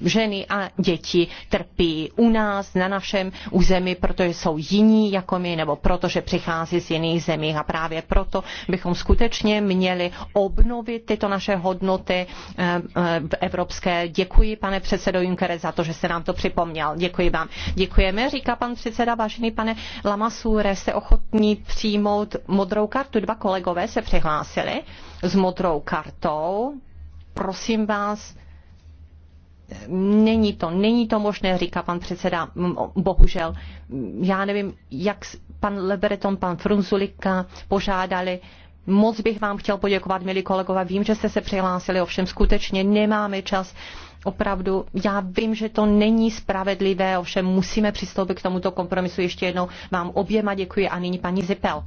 ženy a děti trpí u nás, na našem území, protože jsou jiní jako my nebo protože přichází z jiných zemí a právě proto bychom skutečně měli obnovit tyto naše hodnoty eh, eh, v evropské. Děkuji, pane předsedo Junkere, za to, že se nám to připomněl. Děkuji vám. Děkujeme, říká pan předseda, vážený pane Lamasure, jste ochotní přijmout modrou kartu. Dva kolegové se přihlásili s modrou kartou prosím vás, není to, není to možné, říká pan předseda, bohužel. Já nevím, jak pan Lebereton, pan Frunzulika požádali, Moc bych vám chtěl poděkovat, milí kolegové. Vím, že jste se přihlásili, ovšem skutečně nemáme čas. Opravdu, já vím, že to není spravedlivé, ovšem musíme přistoupit k tomuto kompromisu. Ještě jednou vám oběma děkuji a nyní paní Zipel.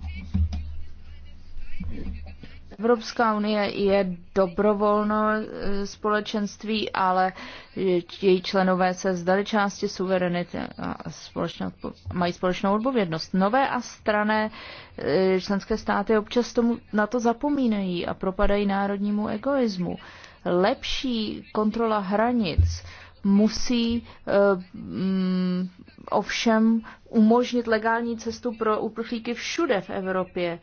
Evropská unie je dobrovolno eh, společenství, ale eh, její členové se zdali části suverenity a společnou, mají společnou odpovědnost. Nové a strané eh, členské státy občas tomu, na to zapomínají a propadají národnímu egoismu. Lepší kontrola hranic, musí mm, ovšem umožnit legální cestu pro uprchlíky všude v Evropě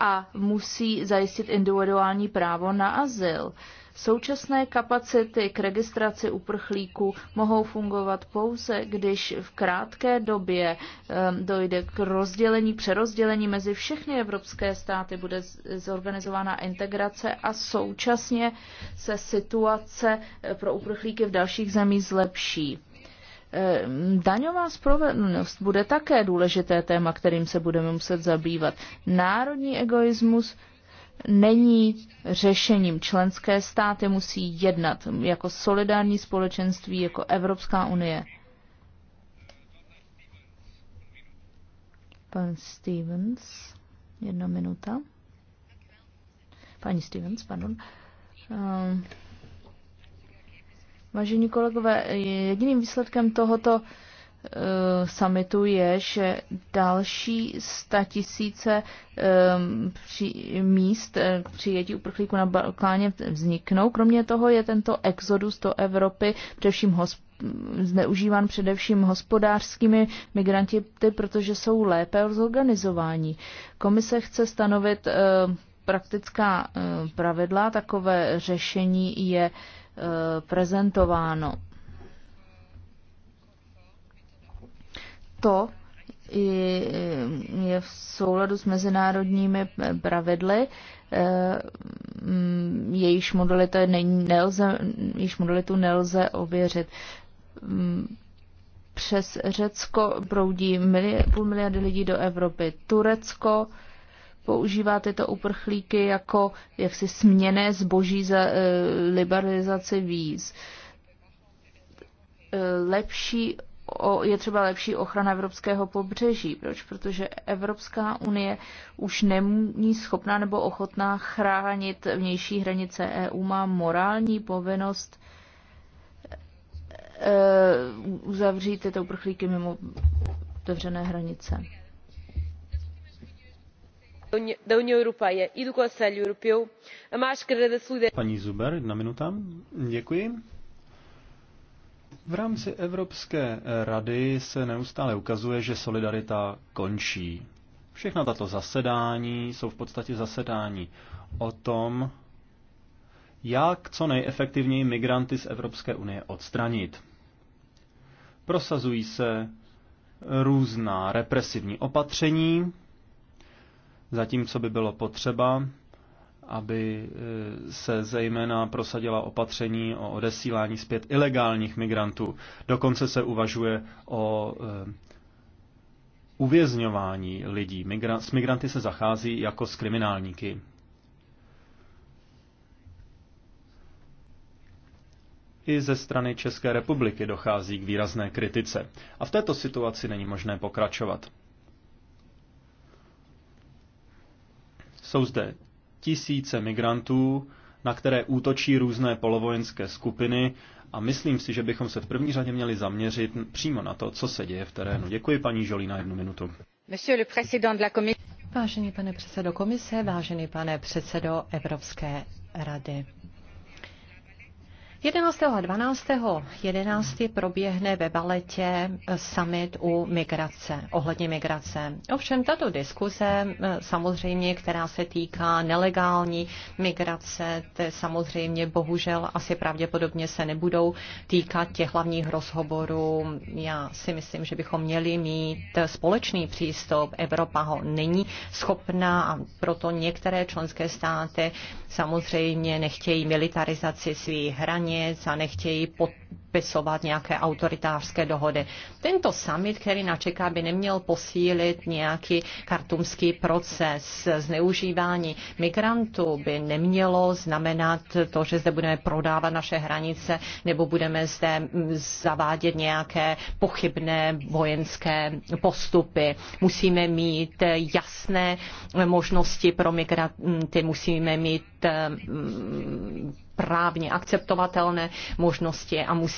a musí zajistit individuální právo na azyl. Současné kapacity k registraci uprchlíků mohou fungovat pouze, když v krátké době ehm, dojde k rozdělení, přerozdělení mezi všechny evropské státy, bude zorganizována integrace a současně se situace eh, pro uprchlíky v dalších zemích zlepší. Eh, daňová spravedlnost bude také důležité téma, kterým se budeme muset zabývat. Národní egoismus není řešením. Členské státy musí jednat jako solidární společenství, jako Evropská unie. Pan Stevens, jedna minuta. Paní Stevens, pardon. Um, Vážení kolegové, jediným výsledkem tohoto eh, summitu je, že další sta tisíce eh, míst eh, přijetí uprchlíků na Balkáně vzniknou. Kromě toho je tento exodus do Evropy především hosp- zneužívan především hospodářskými migranti, protože jsou lépe zorganizováni. Komise chce stanovit praktická pravidla, takové řešení je Eh, prezentováno. To eh, je v souladu s mezinárodními pravidly, eh, mm, jejíž modalita nelze, jejíž modalitu nelze ověřit. Mm, přes Řecko proudí mili, půl miliardy lidí do Evropy. Turecko používá tyto uprchlíky jako jaksi směné zboží za e, liberalizaci víz. E, lepší o, je třeba lepší ochrana evropského pobřeží. Proč? Protože Evropská unie už není schopná nebo ochotná chránit vnější hranice EU. Má morální povinnost e, uzavřít tyto uprchlíky mimo otevřené hranice da União Europeia e do Conselho Europeu, a máscara da solidariedade. V rámci Evropské eh, rady se neustále ukazuje, že solidarita končí. Všechna tato zasedání jsou v podstatě zasedání o tom, jak co nejefektivněji migranty z Evropské unie odstranit. Prosazují se různá represivní opatření, zatímco by bylo potřeba, aby e, se zejména prosadila opatření o odesílání zpět ilegálních migrantů. Dokonce se uvažuje o e, uvězňování lidí. s migranty se zachází jako s kriminálníky. I ze strany České republiky dochází k výrazné kritice. A v této situaci není možné pokračovat. Jsou zde tisíce migrantů, na které útočí různé polovojenské skupiny a myslím si, že bychom se v první řadě měli zaměřit přímo na to, co se děje v terénu. Děkuji paní Žolí na jednu minutu. Vážený pane předsedo komise, vážený pane předsedo Evropské rady. 11. a 12. 11. proběhne ve baletě eh, summit u migrace, ohledně migrace. Ovšem tato diskuze eh, samozřejmě, která se týká nelegální migrace, to samozřejmě bohužel asi pravděpodobně se nebudou týkat těch hlavních rozhovorů. Já si myslím, že bychom měli mít společný přístup. Evropa ho není schopná a proto některé členské státy samozřejmě nechtějí militarizaci svých hraní nic a nechtějí pod podpisovat nějaké autoritářské dohody. Tento summit, který načeká, by neměl posílit nějaký kartumský proces. Zneužívání migrantů by nemělo znamenat to, že zde budeme prodávat naše hranice nebo budeme zde zavádět nějaké pochybné vojenské postupy. Musíme mít jasné možnosti pro migranty, musíme mít eh, právně akceptovatelné možnosti a musíme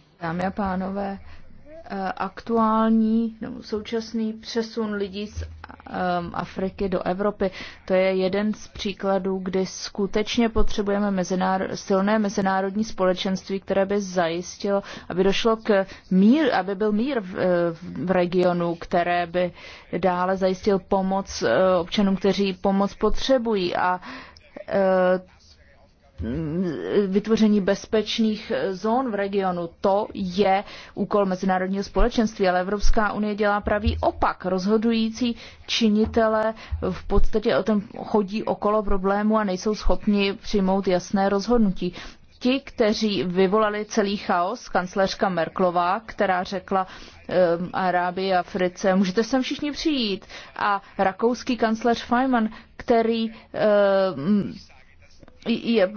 Dámy a pánové, eh, aktuální nebo současný přesun lidí z ehm, Afriky do Evropy, to je jeden z příkladů, kdy skutečně potřebujeme mezinár- silné mezinárodní společenství, které by zajistilo, aby došlo k mír, aby byl mír v, eh, v regionu, které by dále zajistil pomoc eh, občanům, kteří pomoc potřebují a vytvoření bezpečných zón v regionu. To je úkol mezinárodního společenství, ale Evropská unie dělá pravý opak. Rozhodující činitele v podstatě o tom chodí okolo problému a nejsou schopni přijmout jasné rozhodnutí. Ti, kteří vyvolali celý chaos, kancléřka Merklová, která řekla um, Arábii, Africe, můžete sem všichni přijít. A rakouský kancléř Feynman, který um, je,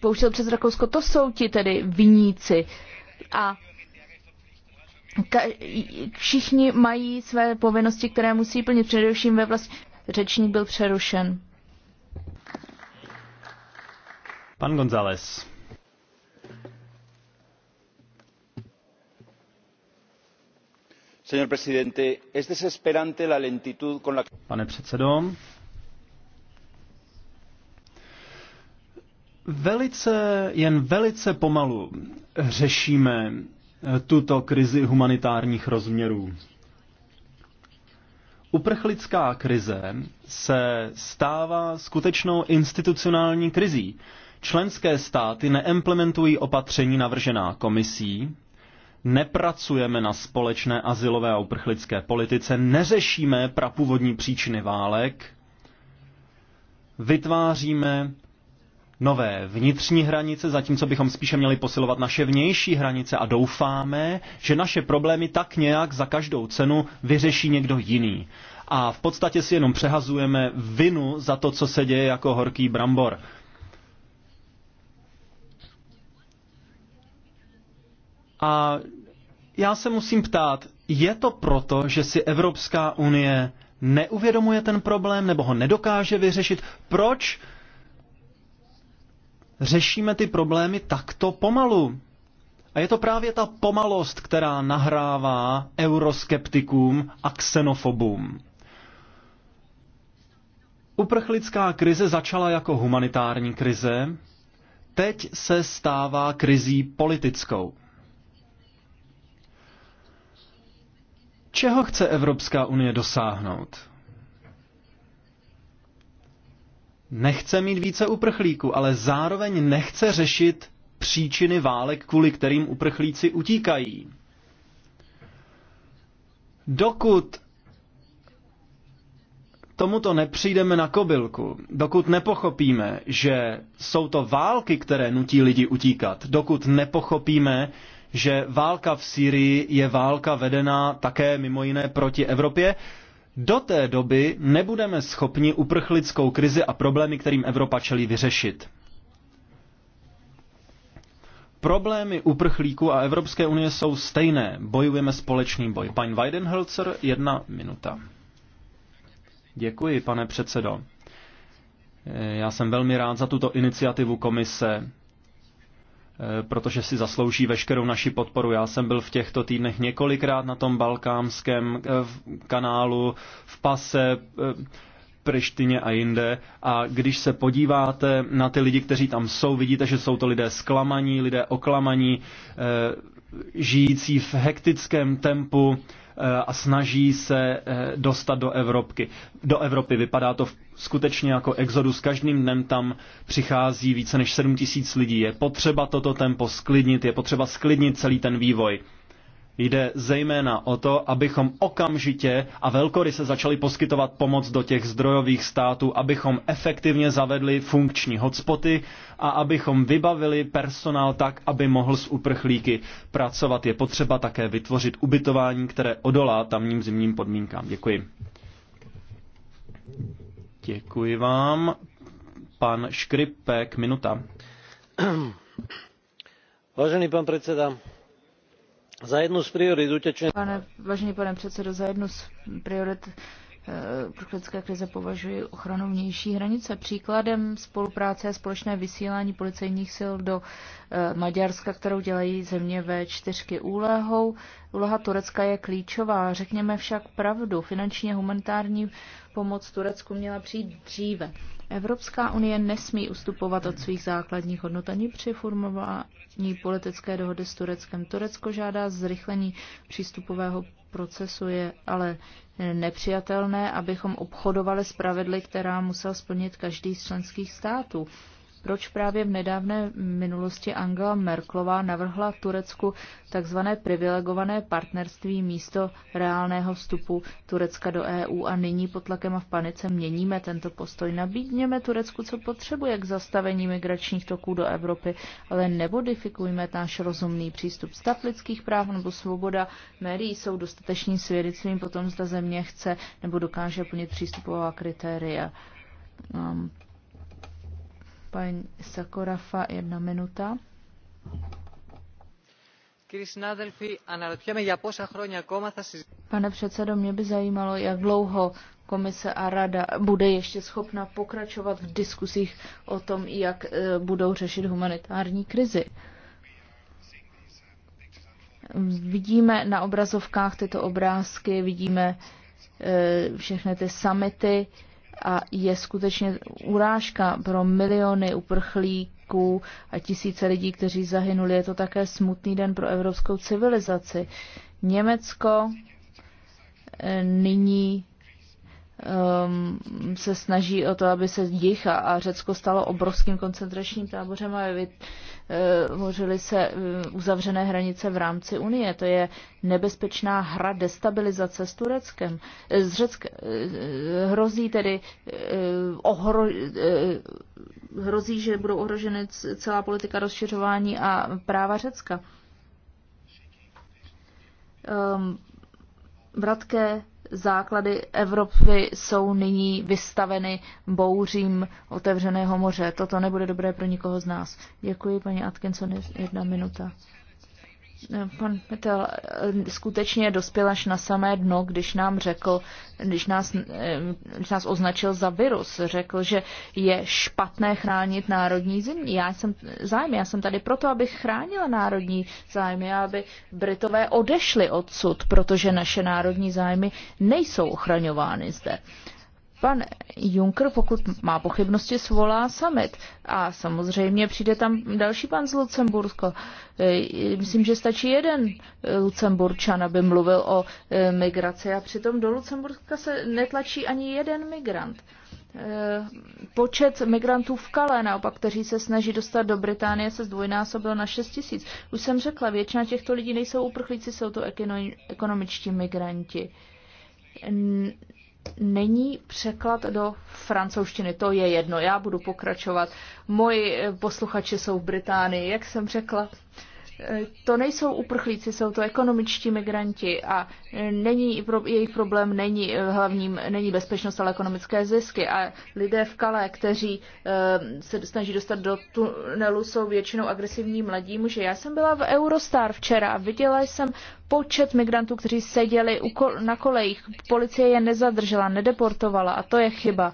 pouštěl přes Rakousko, to jsou ti tedy viníci. A ka- všichni mají své povinnosti, které musí plnit především ve vlastní... Řečník byl přerušen. Pan González. Pane předsedo, velice, jen velice pomalu řešíme eh, tuto krizi humanitárních rozměrů. Uprchlická krize se stává skutečnou institucionální krizí. Členské státy neimplementují opatření navržená komisí, nepracujeme na společné asilové a uprchlické politice, neřešíme prapůvodní příčiny válek, vytváříme nové vnitřní hranice, zatímco bychom spíše měli posilovat naše vnější hranice a doufáme, že naše problémy tak nějak za každou cenu vyřeší někdo jiný. A v podstatě si jenom přehazujeme vinu za to, co se děje jako horký brambor. A já se musím ptát, je to proto, že si Evropská unie neuvědomuje ten problém nebo ho nedokáže vyřešit? Proč řešíme ty problémy takto pomalu. A je to právě ta pomalost, která nahrává euroskeptikům a xenofobům. Uprchlická krize začala jako humanitární krize, teď se stává krizí politickou. Čeho chce Evropská unie dosáhnout? nechce mít více uprchlíků, ale zároveň nechce řešit příčiny válek, kvůli kterým uprchlíci utíkají. Dokud tomuto nepřijdeme na kobylku, dokud nepochopíme, že jsou to války, které nutí lidi utíkat, dokud nepochopíme, že válka v Sýrii je válka vedená také mimo jiné proti Evropě, do té doby nebudeme schopni uprchlickou krizi a problémy, kterým Evropa čelí, vyřešit. Problémy uprchlíků a Evropské unie jsou stejné. Bojujeme společný boj. Pan Weidenhölzer, jedna minuta. Děkuji, pane předsedo. Já jsem velmi rád za tuto iniciativu komise Eh, protože si zaslouží veškerou naši podporu. Já jsem byl v těchto týdnech několikrát na tom balkánském eh, kanálu, v Pase, eh, Prištině a jinde. A když se podíváte na ty lidi, kteří tam jsou, vidíte, že jsou to lidé zklamaní, lidé oklamaní, žijící v hektickém tempu a snaží se dostat do Evropy. Do Evropy vypadá to v skutečně jako exodus. Každým dnem tam přichází více než 7 tisíc lidí. Je potřeba toto tempo sklidnit, je potřeba sklidnit celý ten vývoj. Jde zejména o to, abychom okamžitě a velkory se začali poskytovat pomoc do těch zdrojových států, abychom efektivně zavedli funkční hotspoty a abychom vybavili personál tak, aby mohl s uprchlíky pracovat. Je potřeba také vytvořit ubytování, které odolá tamním zimním podmínkám. Děkuji. Děkuji vám. Pan Škripek, minuta. Vážený pan předseda, za jednu z priorit utečen... Pane, vážený pane předsedo, za jednu z priorit eh, uprchlické krize považuji ochranu vnější hranice. Příkladem spolupráce je společné vysílání policejních sil do eh, Maďarska, kterou dělají země ve čtyřky úlehou. Úloha Turecka je klíčová. Řekněme však pravdu. Finanční a humanitární pomoc Turecku měla přijít dříve. Evropská unie nesmí ustupovat od svých základních hodnot ani při formování politické dohody s Tureckem. Turecko žádá zrychlení přístupového procesu, je ale nepřijatelné, abychom obchodovali s pravidly, která musel splnit každý z členských států proč právě v nedávné minulosti Angela Merklová navrhla Turecku tzv. privilegované partnerství místo reálného vstupu Turecka do EU a nyní pod tlakem a v panice měníme tento postoj. Nabídněme Turecku, co potřebuje k zastavení migračních toků do Evropy, ale nemodifikujme náš rozumný přístup. Stav lidských práv nebo svoboda médií jsou dostatečným svědectvím potom, zda země chce nebo dokáže plnit přístupová kritéria. Um, Paní Sakorafa, jedna minuta. Pane předsedo, mě by zajímalo, jak dlouho komise a rada bude ještě schopna pokračovat v diskusích o tom, jak e, budou řešit humanitární krizi. Vidíme na obrazovkách tyto obrázky, vidíme e, všechny ty samity, a je skutečně urážka pro miliony uprchlíků a tisíce lidí, kteří zahynuli. Je to také smutný den pro evropskou civilizaci. Německo eh, nyní um, se snaží o to, aby se jich a, a Řecko stalo obrovským koncentračním tábořem a vytvořily eh, uh, se uh, uzavřené hranice v rámci Unie. To je nebezpečná hra destabilizace s Tureckem. Eh, z Řecka, uh, hrozí tedy uh, ohro, uh, hrozí, že budou ohroženy celá politika rozšiřování a práva Řecka. Um, Bratké základy Evropy jsou nyní vystaveny bouřím otevřeného moře. Toto nebude dobré pro nikoho z nás. Děkuji, paní Atkinson, jedna minuta. Pan Petel eh, skutečně dospěl až na samé dno, když nám řekl, když nás, eh, když nás označil za virus. Řekl, že je špatné chránit národní zimní. Já jsem, zájmy. Já jsem tady proto, abych chránila národní zájmy, aby Britové odešli odsud, protože naše národní zájmy nejsou ochraňovány zde. Pan Juncker, pokud má pochybnosti, svolá summit. A samozřejmě přijde tam další pan z Lucembursko. E, myslím, že stačí jeden Lucemburčan, aby mluvil o e, migraci a přitom do Lucemburska se netlačí ani jeden migrant. E, počet migrantů v Kale, naopak, kteří se snaží dostat do Británie, se zdvojnásobil na 6 tisíc. Už jsem řekla, většina těchto lidí nejsou uprchlíci, jsou to ekonomičtí migranti není překlad do francouzštiny, to je jedno, já budu pokračovat. Moji eh, posluchači jsou v Británii, jak jsem řekla, to nejsou uprchlíci, jsou to ekonomičtí migranti a není, jejich problém není eh, hlavním, není bezpečnost, ale ekonomické zisky. A lidé v Kale, kteří eh, se snaží dostat do tunelu, jsou většinou agresivní mladí muži. Já jsem byla v Eurostar včera a viděla jsem počet migrantů, kteří seděli na kolejích. Policie je nezadržela, nedeportovala a to je chyba.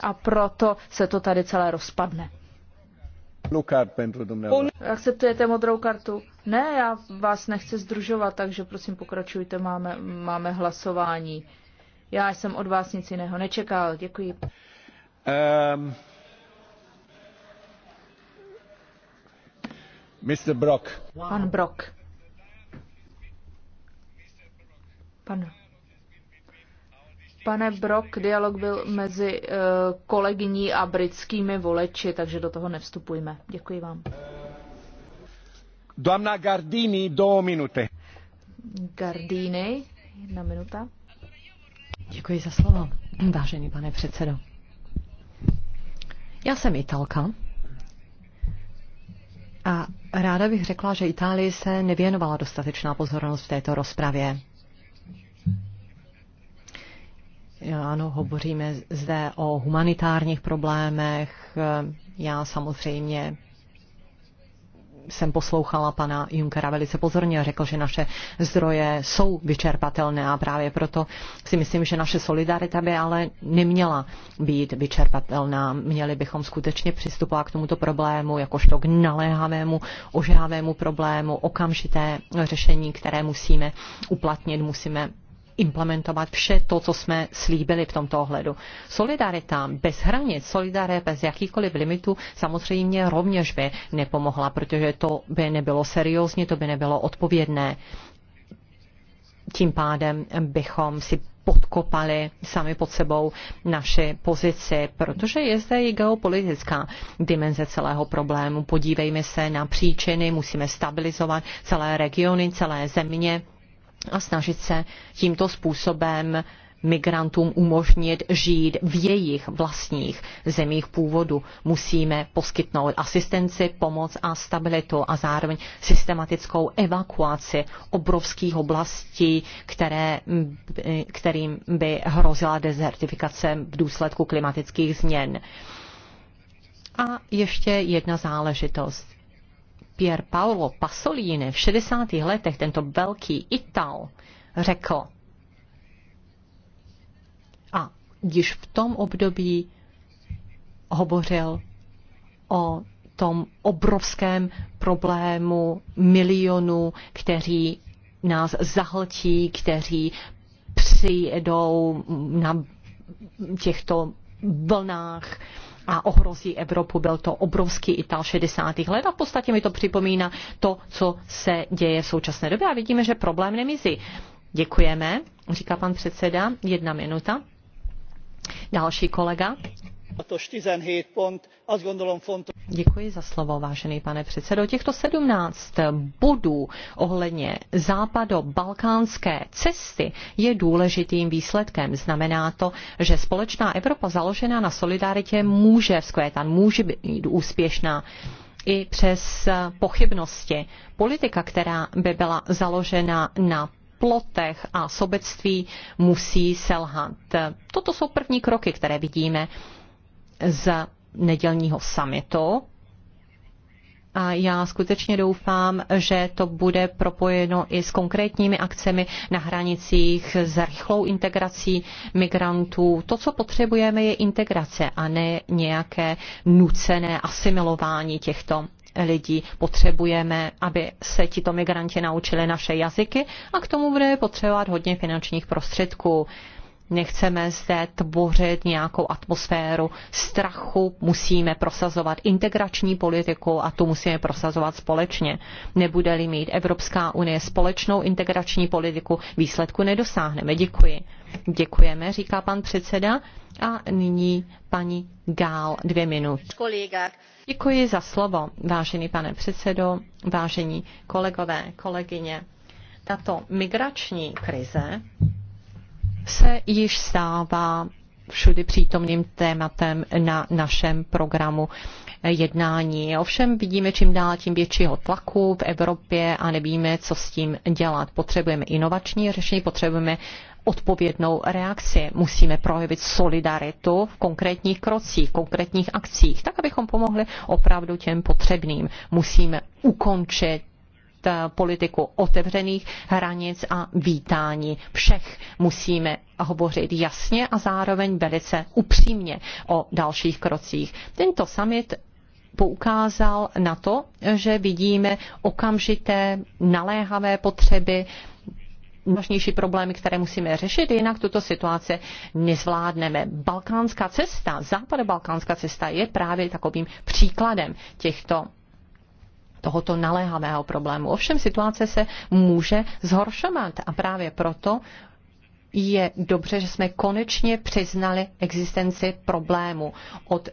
A proto se to tady celé rozpadne. Akceptujete modrou kartu? Ne, já vás nechci združovat, takže prosím pokračujte, máme, máme hlasování. Já jsem od vás nic jiného nečekal, děkuji. Um, ehm, Mr. Brock. Pan Brock. Pan Pane Brok, dialog byl mezi eh, kolegyní a britskými voleči, takže do toho nevstupujme. Děkuji vám. Doamna Gardini, do minuty. Gardini, jedna minuta. Děkuji za slovo, vážený pane předsedo. Já jsem Italka a ráda bych řekla, že Itálii se nevěnovala dostatečná pozornost v této rozpravě. Ano, hovoříme zde o humanitárních problémech. Já samozřejmě jsem poslouchala pana Junkera velice pozorně a řekl, že naše zdroje jsou vyčerpatelné a právě proto si myslím, že naše solidarita by ale neměla být vyčerpatelná. Měli bychom skutečně přistupovat k tomuto problému jakožto k naléhavému, ožávému problému, okamžité řešení, které musíme uplatnit, musíme implementovat vše to, co jsme slíbili v tomto ohledu. Solidarita bez hranic, solidarita bez jakýchkoliv limitů samozřejmě rovněž by nepomohla, protože to by nebylo seriózní, to by nebylo odpovědné. Tím pádem bychom si podkopali sami pod sebou naše pozici, protože je zde i geopolitická dimenze celého problému. Podívejme se na příčiny, musíme stabilizovat celé regiony, celé země a snažit se tímto způsobem migrantům umožnit žít v jejich vlastních zemích původu. Musíme poskytnout asistenci, pomoc a stabilitu a zároveň systematickou evakuaci obrovských oblastí, které, kterým by hrozila dezertifikace v důsledku klimatických změn. A ještě jedna záležitost Pier Paolo Pasolini v 60. letech, tento velký Ital, řekl, a když v tom období hovořil o tom obrovském problému milionů, kteří nás zahltí, kteří přijedou na těchto vlnách a ohrozí Evropu. Byl to obrovský Ital 60. let a v podstatě mi to připomíná to, co se děje v současné době a vidíme, že problém nemizí. Děkujeme, říká pan předseda. Jedna minuta. Další kolega za slovo, vážený pane předsedo. Těchto 17 bodů ohledně západo-balkánské cesty je důležitým výsledkem. Znamená to, že společná Evropa založená na solidaritě může vzkvétat, může být úspěšná i přes pochybnosti. Politika, která by byla založena na plotech a sobectví musí selhat. Toto jsou první kroky, které vidíme z nedělního summitu. A já skutečně doufám, že to bude propojeno i s konkrétními akcemi na hranicích, s rychlou integrací migrantů. To, co potřebujeme, je integrace a ne nějaké nucené asimilování těchto lidí. Potřebujeme, aby se tito migranti naučili naše jazyky a k tomu bude potřebovat hodně finančních prostředků. Nechceme zde tvořit nějakou atmosféru strachu, musíme prosazovat integrační politiku a tu musíme prosazovat společně. Nebude-li mít Evropská unie společnou integrační politiku, výsledku nedosáhneme. Děkuji. Děkujeme, říká pan předseda. A nyní paní Gál, dvě minuty. Děkuji za slovo, vážený pane předsedo, vážení kolegové, kolegyně. Tato migrační krize se již stává všudy přítomným tématem na našem programu jednání. Ovšem vidíme čím dál tím většího tlaku v Evropě a nevíme, co s tím dělat. Potřebujeme inovační řešení, potřebujeme odpovědnou reakci. Musíme projevit solidaritu v konkrétních krocích, konkrétních akcích, tak abychom pomohli opravdu těm potřebným. Musíme ukončit Eh, politiku otevřených hranic a vítání všech. Musíme hovořit jasně a zároveň velice upřímně o dalších krocích. Tento summit poukázal na to, že vidíme okamžité naléhavé potřeby nejvážnější problémy, které musíme řešit, jinak tuto situaci nezvládneme. Balkánská cesta, západobalkánská cesta je právě takovým příkladem těchto tohoto naléhavého problému. Ovšem situace se může zhoršovat a právě proto je dobře, že jsme konečně přiznali existenci problému. Od,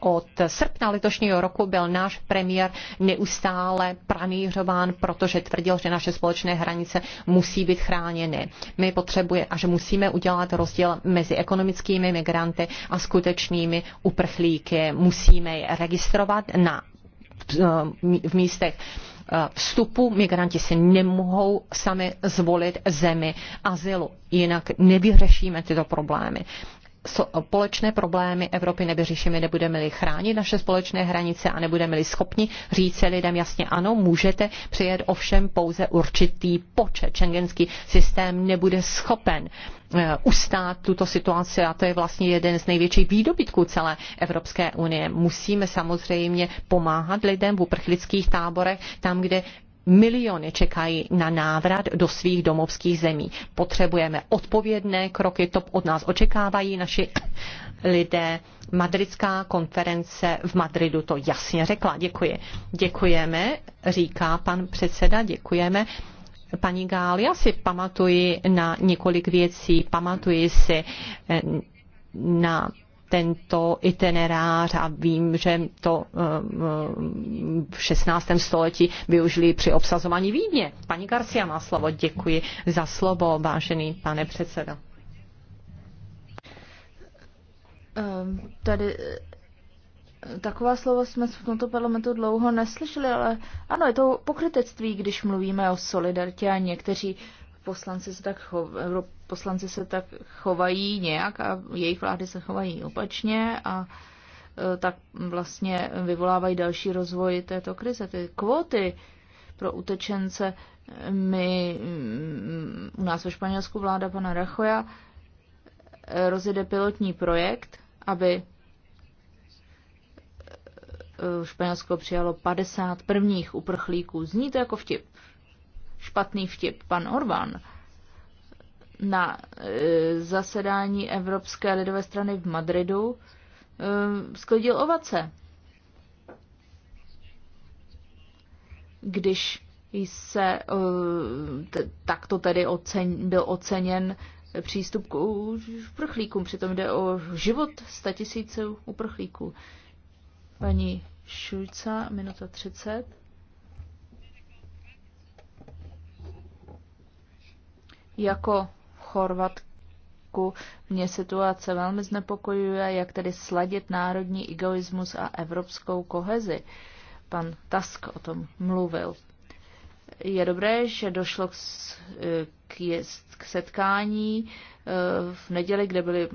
od srpna letošního roku byl náš premiér neustále pranířován, protože tvrdil, že naše společné hranice musí být chráněny. My potřebujeme a že musíme udělat rozdíl mezi ekonomickými migranty a skutečnými uprchlíky. Musíme je registrovat na Eh, v místech eh, vstupu. Migranti si nemohou sami zvolit zemi azylu, jinak nevyřešíme tyto problémy společné problémy Evropy nevyřešíme, nebudeme-li chránit naše společné hranice a nebudeme-li schopni říct se lidem jasně ano, můžete přijet ovšem pouze určitý počet. Schengenský systém nebude schopen eh, ustát tuto situaci a to je vlastně jeden z největších výdobytků celé Evropské unie. Musíme samozřejmě pomáhat lidem v uprchlických táborech, tam, kde miliony čekají na návrat do svých domovských zemí. Potřebujeme odpovědné kroky, to od nás očekávají naši lidé. Madridská konference v Madridu to jasně řekla. Děkuji. Děkujeme, říká pan předseda, děkujeme. Paní Gál, já si pamatuji na několik věcí, pamatuji si eh, na tento itinerář a vím, že to eh, v 16. století využili při obsazování Vídně. Paní Garcia má slovo. Děkuji za slovo, vážený pane předseda. Ehm, tady eh, taková slova jsme v tomto parlamentu dlouho neslyšeli, ale ano, je to pokrytectví, když mluvíme o solidaritě a někteří poslanci se tak poslanci se tak chovají nějak a jejich vlády se chovají opačně a e, tak vlastně vyvolávají další rozvoj této krize. Ty kvóty pro utečence my, mm, u nás ve Španělsku vláda pana Rachoja e, rozjede pilotní projekt, aby e, Španělsko přijalo 50 prvních uprchlíků. Zní to jako vtip. Špatný vtip. Pan Orbán na e, zasedání Evropské lidové strany v Madridu e, sklidil ovace. Když se e, takto tedy oceň, byl oceněn přístup k uprchlíkům, přitom jde o život statisíce uprchlíků. Paní Šulca, minuta 30. Jako Chorvatsku mě situace velmi znepokojuje, jak tedy sladit národní egoismus a evropskou kohezi. Pan Tusk o tom mluvil. Je dobré, že došlo k, k, k setkání eh, v neděli, kde byly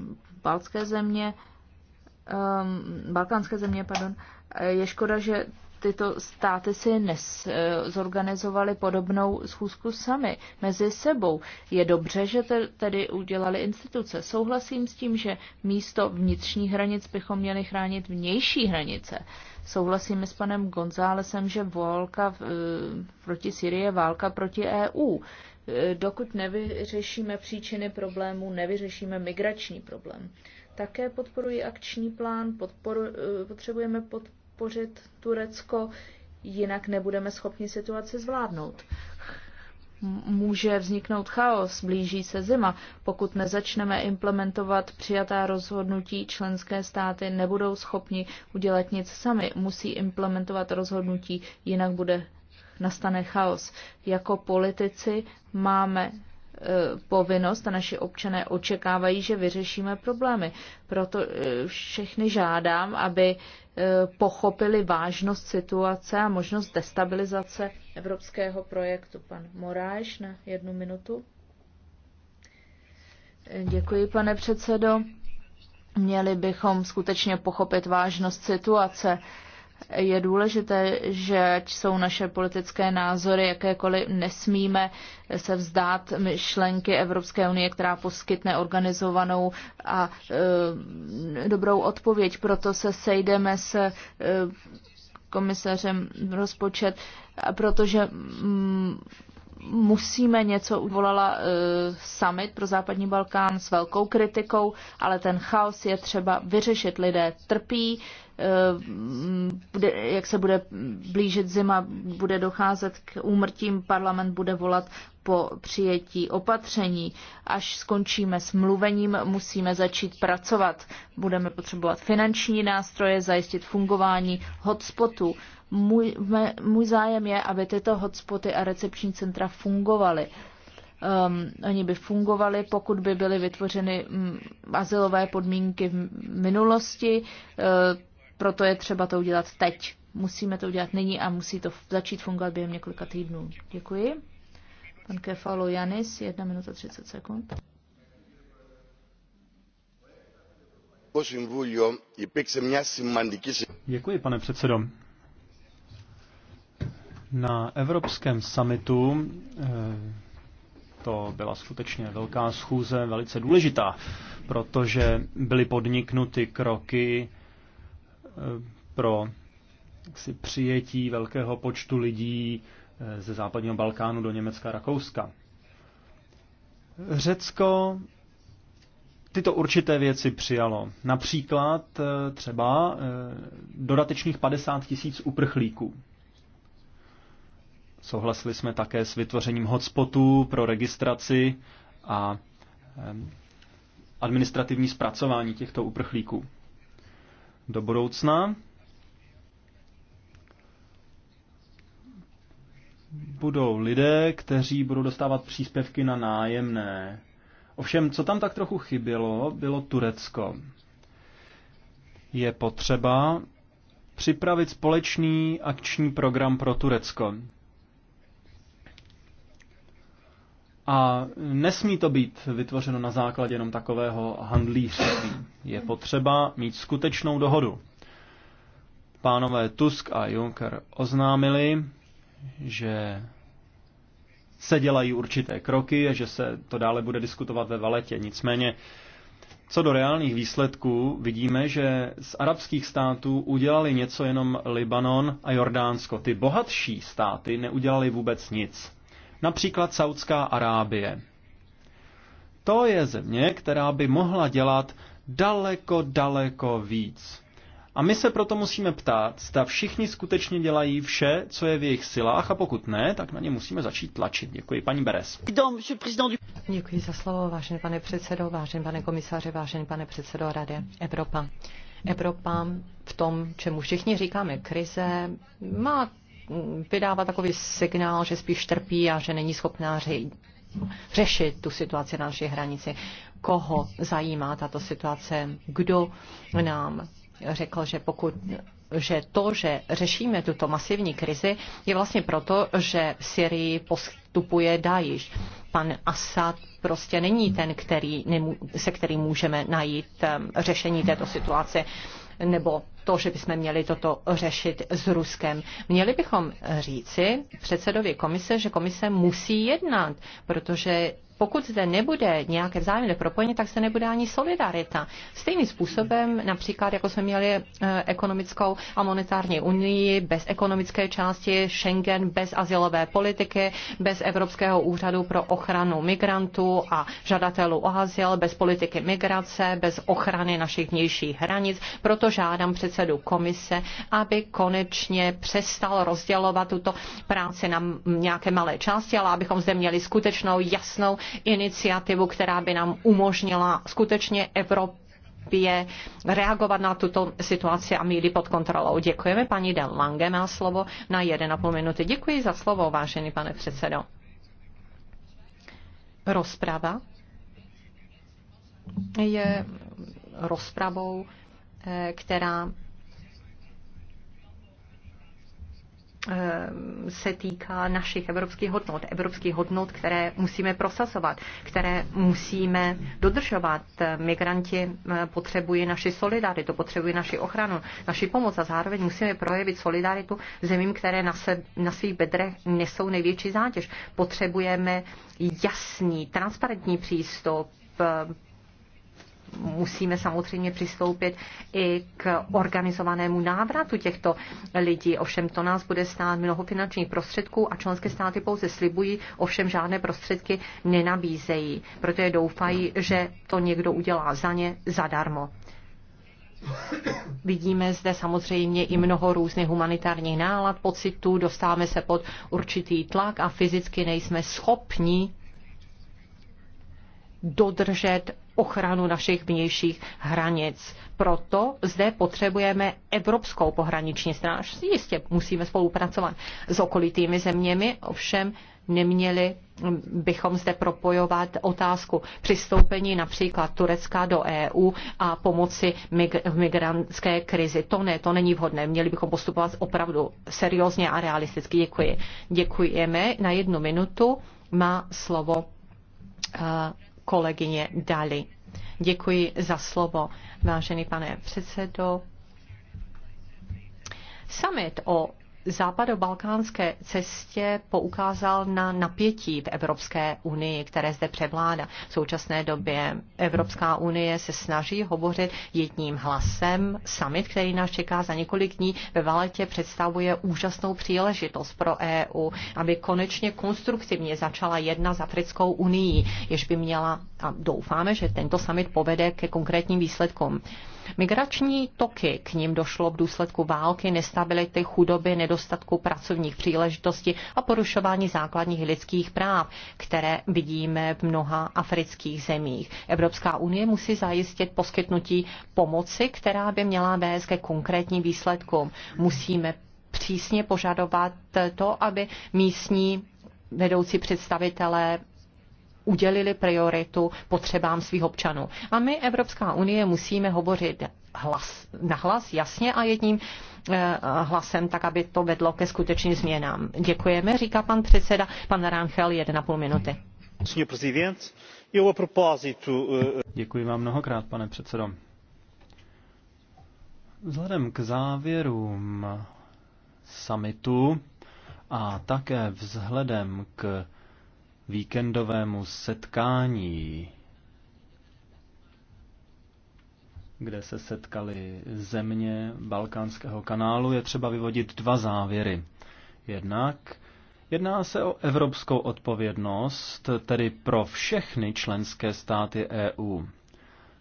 balské země, um, balkánské země, pardon. Eh, je škoda, že tyto státy si nezorganizovaly eh, podobnou schůzku sami mezi sebou. Je dobře, že tedy udělali instituce. Souhlasím s tím, že místo vnitřních hranic bychom měli chránit vnější hranice. Souhlasím s panem Gonzálesem, že válka eh, proti Syrii je válka proti EU. Eh, dokud nevyřešíme příčiny problémů, nevyřešíme migrační problém. Také podporuji akční plán, podporu, potřebujeme podporu podpořit Turecko, jinak nebudeme schopni situaci zvládnout. Může vzniknout chaos, blíží se zima. Pokud nezačneme implementovat přijatá rozhodnutí, členské státy nebudou schopni udělat nic sami. Musí implementovat rozhodnutí, jinak bude nastane chaos. Jako politici máme Eh, povinnost a naši občané očekávají, že vyřešíme problémy. Proto eh, všechny žádám, aby eh, pochopili vážnost situace a možnost destabilizace evropského projektu. Pan Moráš na jednu minutu. Děkuji, pane předsedo. Měli bychom skutečně pochopit vážnost situace je důležité, že ať jsou naše politické názory jakékoliv, nesmíme se vzdát myšlenky Evropské unie, která poskytne organizovanou a e, dobrou odpověď. Proto se sejdeme s e, komisařem rozpočet, protože musíme něco udělala uh, eh, summit pro západní Balkán s velkou kritikou, ale ten chaos je třeba vyřešit. Lidé trpí, uh, jak se bude blížit zima, bude docházet k úmrtím, parlament bude volat po přijetí opatření. Až skončíme s mluvením, musíme začít pracovat. Budeme potřebovat finanční nástroje, zajistit fungování hotspotů můj, mé, můj zájem je, aby tyto hotspoty a recepční centra fungovaly. Um, oni by fungovaly, pokud by byly vytvořeny um, azylové podmínky v minulosti, uh, proto je třeba to udělat teď. Musíme to udělat nyní a musí to začít fungovat během několika týdnů. Děkuji. Pan Kefalo Janis, 1 minuta 30 sekund. Děkuji, pane předsedo. Na Evropském summitu eh, to byla skutečně velká schůze, velice důležitá, protože byly podniknuty kroky eh, pro si přijetí velkého počtu lidí eh, ze západního Balkánu do Německa a Rakouska. Řecko tyto určité věci přijalo. Například třeba dodatečných 50 tisíc uprchlíků. Souhlasili jsme také s vytvořením hotspotů pro registraci a administrativní zpracování těchto uprchlíků. Do budoucna budou lidé, kteří budou dostávat příspěvky na nájemné. Ovšem, co tam tak trochu chybělo, bylo Turecko. Je potřeba připravit společný akční program pro Turecko. A nesmí to být vytvořeno na základě jenom takového handlířství. Je potřeba mít skutečnou dohodu. Pánové Tusk a Juncker oznámili, že se dělají určité kroky a že se to dále bude diskutovat ve Valetě. Nicméně, co do reálných výsledků, vidíme, že z arabských států udělali něco jenom Libanon a Jordánsko. Ty bohatší státy neudělali vůbec nic například Saudská Arábie. To je země, která by mohla dělat daleko, daleko víc. A my se proto musíme ptát, zda všichni skutečně dělají vše, co je v jejich silách a pokud ne, tak na ně musíme začít tlačit. Děkuji, paní Beres. Děkuji za slovo, vážený pane předsedo, vážený pane komisaře, vážený pane předsedo Rady Evropa. Evropa v tom, čemu všichni říkáme krize, má Mm, vydává takový signál, že spíš trpí a že není schopná ře- řešit tu situaci na naší hranici. Koho zajímá tato situace? Kdo nám řekl, že pokud že to, že řešíme tuto masivní krizi, je vlastně proto, že v Syrii postupuje Daesh. Pan Assad prostě není ten, který, se kterým můžeme najít řešení této situace nebo to, že bychom měli toto řešit s Ruskem. Měli bychom říci předsedovi komise, že komise musí jednat, protože pokud zde nebude nějaké vzájemné propojení, tak se nebude ani solidarita. Stejným způsobem, například jako jsme měli eh, ekonomickou a monetární unii, bez ekonomické části Schengen, bez asilové politiky, bez Evropského úřadu pro ochranu migrantů a žadatelů o azyl, bez politiky migrace, bez ochrany našich vnějších hranic. Proto žádám předsedu komise, aby konečně přestal rozdělovat tuto práci na nějaké malé části, ale abychom zde měli skutečnou jasnou iniciativu, která by nám umožnila skutečně Evropě reagovat na tuto situaci a mít pod kontrolou. Děkujeme. Paní Del Lange má slovo na 1,5 minuty. Děkuji za slovo, vážený pane předsedo. Rozprava je rozpravou, eh, která Eh, se týká našich evropských hodnot, evropských hodnot, které musíme prosazovat, které musíme dodržovat. Migranti eh, potřebují naši solidaritu, potřebují naši ochranu, naši pomoc a zároveň musíme projevit solidaritu zemím, které na, se, na svých bedrech nesou největší zátěž. Potřebujeme jasný, transparentní přístup, eh, musíme samozřejmě přistoupit i k organizovanému návratu těchto lidí. Ovšem to nás bude stát mnoho finančních prostředků a členské státy pouze slibují, ovšem žádné prostředky nenabízejí. Proto je doufají, že to někdo udělá za ně zadarmo. Vidíme zde samozřejmě i mnoho různých humanitárních nálad, pocitů, dostáváme se pod určitý tlak a fyzicky nejsme schopni dodržet ochranu našich vnějších hranic. Proto zde potřebujeme Evropskou pohraniční stráž. Jistě musíme spolupracovat s okolitými zeměmi, ovšem neměli bychom zde propojovat otázku přistoupení například Turecka do EU a pomoci v migrantské krizi. To ne, to není vhodné. Měli bychom postupovat opravdu seriózně a realisticky. Děkuji. Děkujeme. Na jednu minutu má slovo eh, kolegyně Dali. Děkuji za slovo, vážený pane předsedo. Summit o západobalkánské cestě poukázal na napětí v Evropské unii, které zde převládá. V současné době Evropská unie se snaží hovořit jedním hlasem. Summit, který nás čeká za několik dní ve Valetě, představuje úžasnou příležitost pro EU, aby konečně konstruktivně začala jedna s Africkou unii, jež by měla, a doufáme, že tento summit povede ke konkrétním výsledkům. Migrační toky k ním došlo v důsledku války, nestability, chudoby, nedostatku pracovních příležitostí a porušování základních lidských práv, které vidíme v mnoha afrických zemích. Evropská unie musí zajistit poskytnutí pomoci, která by měla vést ke konkrétním výsledkům. Musíme přísně požadovat to, aby místní vedoucí představitelé udělili prioritu potřebám svých občanů. A my, Evropská unie, musíme hovořit hlas, hlas jasně a jedním eh, hlasem, tak aby to vedlo ke skutečným změnám. Děkujeme, říká pan předseda, pan Ranchel, půl minuty. Eh, Děkuji vám mnohokrát, pane předsedo. Vzhledem k závěrům summitu a také vzhledem k víkendovému setkání, kde se setkali země Balkánského kanálu, je třeba vyvodit dva závěry. Jednak jedná se o evropskou odpovědnost, tedy pro všechny členské státy EU.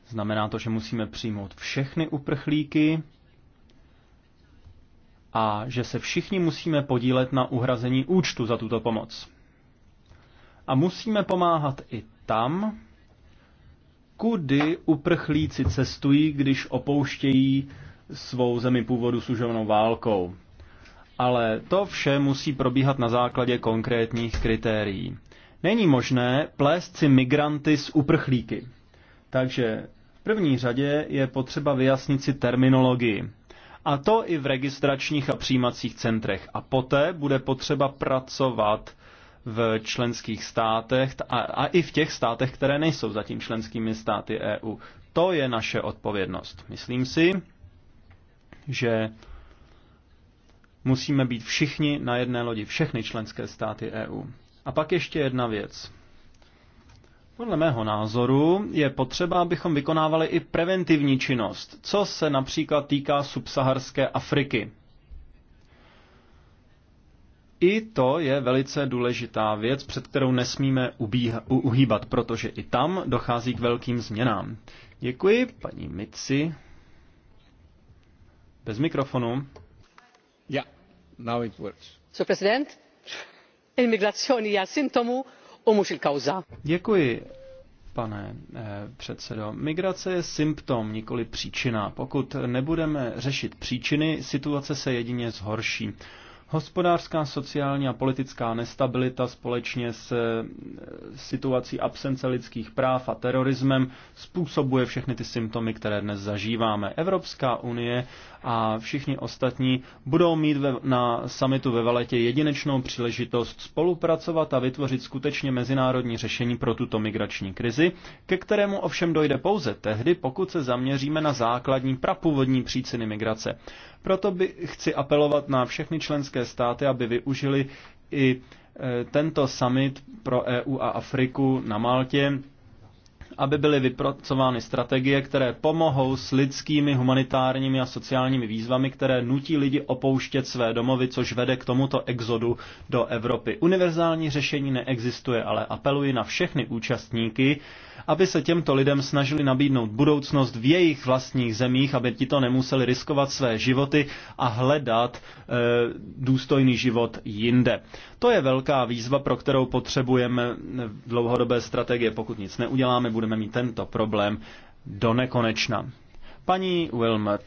Znamená to, že musíme přijmout všechny uprchlíky, a že se všichni musíme podílet na uhrazení účtu za tuto pomoc. A musíme pomáhat i tam, kudy uprchlíci cestují, když opouštějí svou zemi původu služovnou válkou. Ale to vše musí probíhat na základě konkrétních kritérií. Není možné plést si migranty z uprchlíky. Takže v první řadě je potřeba vyjasnit si terminologii. A to i v registračních a přijímacích centrech. A poté bude potřeba pracovat v členských státech a, a i v těch státech, které nejsou zatím členskými státy EU. To je naše odpovědnost. Myslím si, že musíme být všichni na jedné lodi, všechny členské státy EU. A pak ještě jedna věc. Podle mého názoru je potřeba, abychom vykonávali i preventivní činnost, co se například týká subsaharské Afriky. I to je velice důležitá věc, před kterou nesmíme ubíha, uhýbat, protože i tam dochází k velkým změnám. Děkuji, paní Mici. Bez mikrofonu. Ja, now it works. So, president, imigrazioni je symptomu, umusil kauza. Děkuji, pane eh, předsedo. Migrace je symptom, nikoli příčina. Pokud nebudeme řešit příčiny, situace se jedině zhorší. Hospodářská, sociální a politická nestabilita společně s e, situací absence lidských práv a terorismem způsobuje všechny ty symptomy, které dnes zažíváme. Evropská unie a všichni ostatní budou mít ve, na samitu ve Valetě jedinečnou příležitost spolupracovat a vytvořit skutečně mezinárodní řešení pro tuto migrační krizi, ke kterému ovšem dojde pouze tehdy, pokud se zaměříme na základní prapůvodní příčiny migrace. Proto by chci apelovat na všechny členské státy, aby využili i e, tento summit pro EU a Afriku na Maltě aby byly vypracovány strategie, které pomohou s lidskými, humanitárními a sociálními výzvami, které nutí lidi opouštět své domovy, což vede k tomuto exodu do Evropy. Univerzální řešení neexistuje, ale apeluji na všechny účastníky, aby se těmto lidem snažili nabídnout budoucnost v jejich vlastních zemích, aby ti to nemuseli riskovat své životy a hledat e, důstojný život jinde. To je velká výzva, pro kterou potřebujeme eh, dlouhodobé strategie. Pokud nic neuděláme, budeme mít tento problém do nekonečna. Paní Wilmot,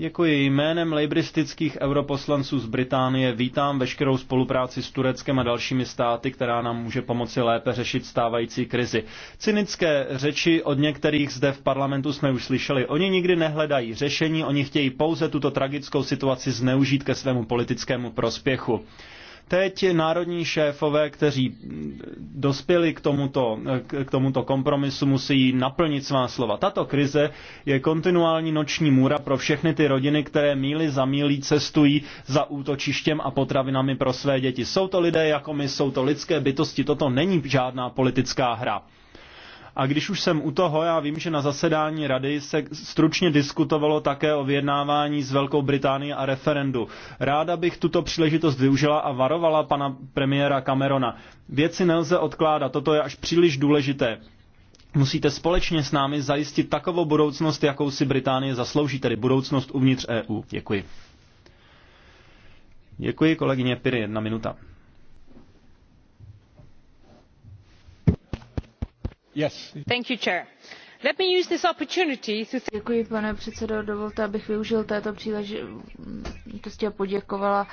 Děkuji. Jménem lejbristických europoslanců z Británie vítám veškerou spolupráci s Tureckem a dalšími státy, která nám může pomoci lépe řešit stávající krizi. Cynické řeči od některých zde v parlamentu jsme už slyšeli. Oni nikdy nehledají řešení, oni chtějí pouze tuto tragickou situaci zneužít ke svému politickému prospěchu. Teď národní šéfové, kteří dospěli k tomuto, k tomuto kompromisu, musí naplnit svá slova. Tato krize je kontinuální noční můra pro všechny ty rodiny, které míly za mílí cestují za útočištěm a potravinami pro své děti. Jsou to lidé jako my, jsou to lidské bytosti, toto není žádná politická hra. A když už jsem u toho, já vím, že na zasedání rady se stručně diskutovalo také o vyjednávání s Velkou Británií a referendu. Ráda bych tuto příležitost využila a varovala pana premiéra Camerona. Věci nelze odkládat, toto je až příliš důležité. Musíte společně s námi zajistit takovou budoucnost, jakou si Británie zaslouží, tedy budoucnost uvnitř EU. Děkuji. Děkuji, kolegyně Piry, jedna minuta. Děkuji, pane předsedající. Dovolte, abych využil této příležitosti a poděkovala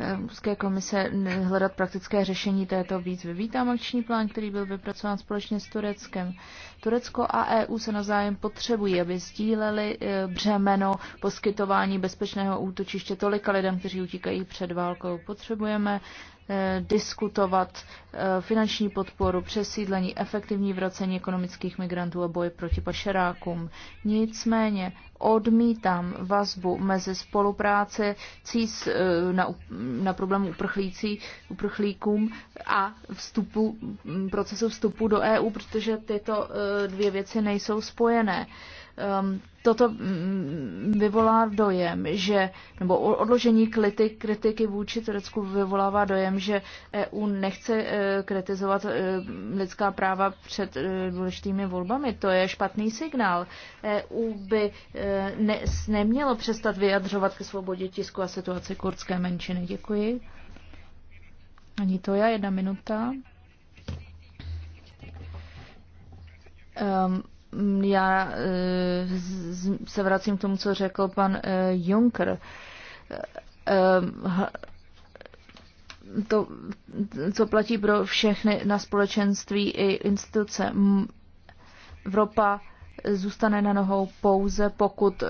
eh, Evropské komise hledat praktické řešení této výzvy. Vítám akční plán, který byl vypracován společně s Tureckem. Turecko a EU se navzájem potřebují, aby sdílely eh, břemeno poskytování bezpečného útočiště tolika lidem, kteří utíkají před válkou. Potřebujeme Eh, diskutovat eh, finanční podporu, přesídlení, efektivní vracení ekonomických migrantů a boj proti pašerákům. Nicméně odmítám vazbu mezi spolupráce CIS eh, na, na problému uprchlící, uprchlíkům a vstupu, mm, procesu vstupu do EU, protože tyto dvě věci nejsou spojené um, toto mm, vyvolá dojem, že, nebo odložení kritik kritiky vůči Turecku vyvolává dojem, že EU nechce eh, kritizovat eh, lidská práva před eh, důležitými volbami. To je špatný signál. EU by ne, nemělo přestat vyjadřovat ke svobodě tisku a situaci kurdské menšiny. Děkuji. Ani to já, jedna minuta. Um, já eh, se vracím k tomu, co řekl pan eh, Juncker. Eh, to, co platí pro všechny na společenství i instituce. Evropa zůstane na nohou pouze, pokud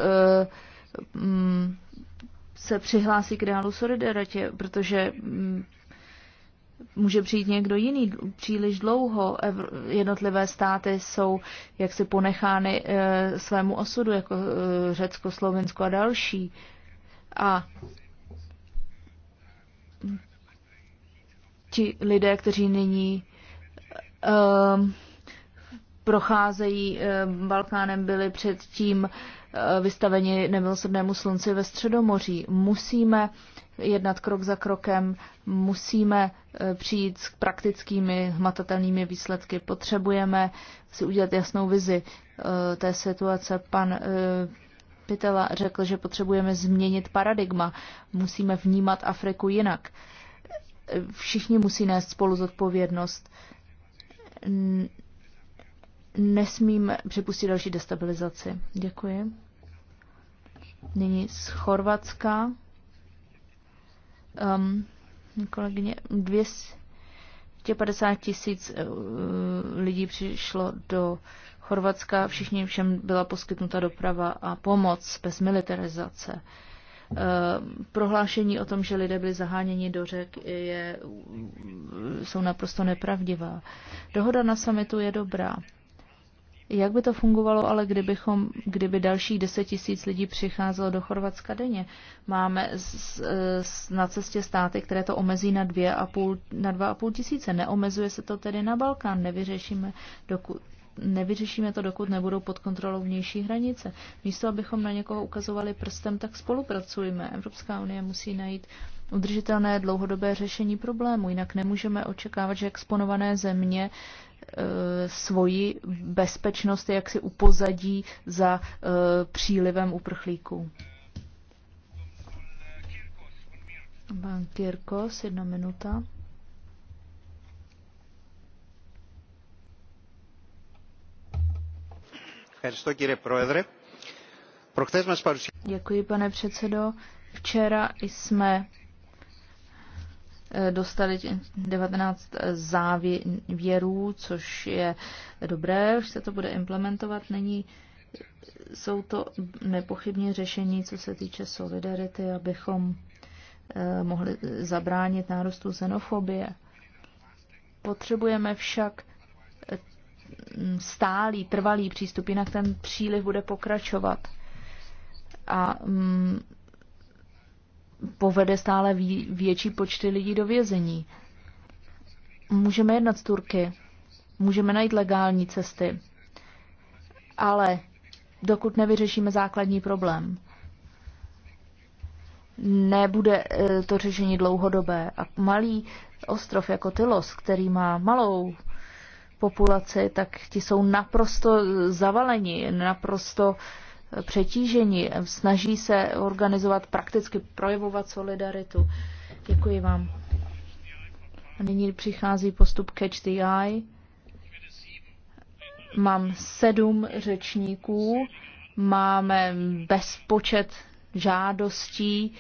se přihlásí k reálu solidaritě, protože může přijít někdo jiný příliš dlouho. Jednotlivé státy jsou jaksi ponechány eh, svému osudu, jako eh, Řecko, Slovensko, a další. A ti lidé, kteří nyní ehm, procházejí ehm, Balkánem, byli předtím eh, vystaveni nemilosrdnému slunci ve Středomoří. Musíme jednat krok za krokem, musíme e, přijít s praktickými hmatatelnými výsledky. Potřebujeme si udělat jasnou vizi e, té situace. Pan e, Pitela řekl, že potřebujeme změnit paradigma. Musíme vnímat Afriku jinak. Všichni musí nést spolu zodpovědnost. Nesmíme připustit další destabilizaci. Děkuji. Nyní z Chorvatska um, kolegyně, 250 tisíc eh, lidí přišlo do Chorvatska, všichni všem byla poskytnuta doprava a pomoc bez militarizace. Eh, prohlášení o tom, že lidé byli zaháněni do řek, je, jsou naprosto nepravdivá. Dohoda na samitu je dobrá. Jak by to fungovalo, ale kdybychom, kdyby dalších 10 tisíc lidí přicházelo do Chorvatska denně? Máme z, z, na cestě státy, které to omezí na, dvě a půl, na dva a půl tisíce. Neomezuje se to tedy na Balkán. Nevyřešíme, dokud, nevyřešíme to, dokud nebudou pod kontrolou vnější hranice. Místo, abychom na někoho ukazovali prstem, tak spolupracujeme. Evropská unie musí najít udržitelné dlouhodobé řešení problému. Jinak nemůžeme očekávat, že exponované země Eh, svoji bezpečnost jak si upozadí za eh, přílivem uprchlíků. Pan Kirkos, jedna minuta. Děkuji, pane předsedo. Včera jsme dostali 19 závěrů, což je dobré, už se to bude implementovat. Není, jsou to nepochybně řešení, co se týče solidarity, abychom eh, mohli zabránit nárostu xenofobie. Potřebujeme však eh, stálý, trvalý přístup, jinak ten příliv bude pokračovat. A mm, povede stále větší počty lidí do vězení. Můžeme jednat s Turky, můžeme najít legální cesty, ale dokud nevyřešíme základní problém, nebude e, to řešení dlouhodobé. A malý ostrov jako Tylos, který má malou populaci, tak ti jsou naprosto zavaleni, naprosto uh, přetížení, snaží se organizovat, prakticky projevovat solidaritu. Děkuji vám. A nyní přichází postup Catch the Eye. Mám sedm řečníků, máme bezpočet žádostí,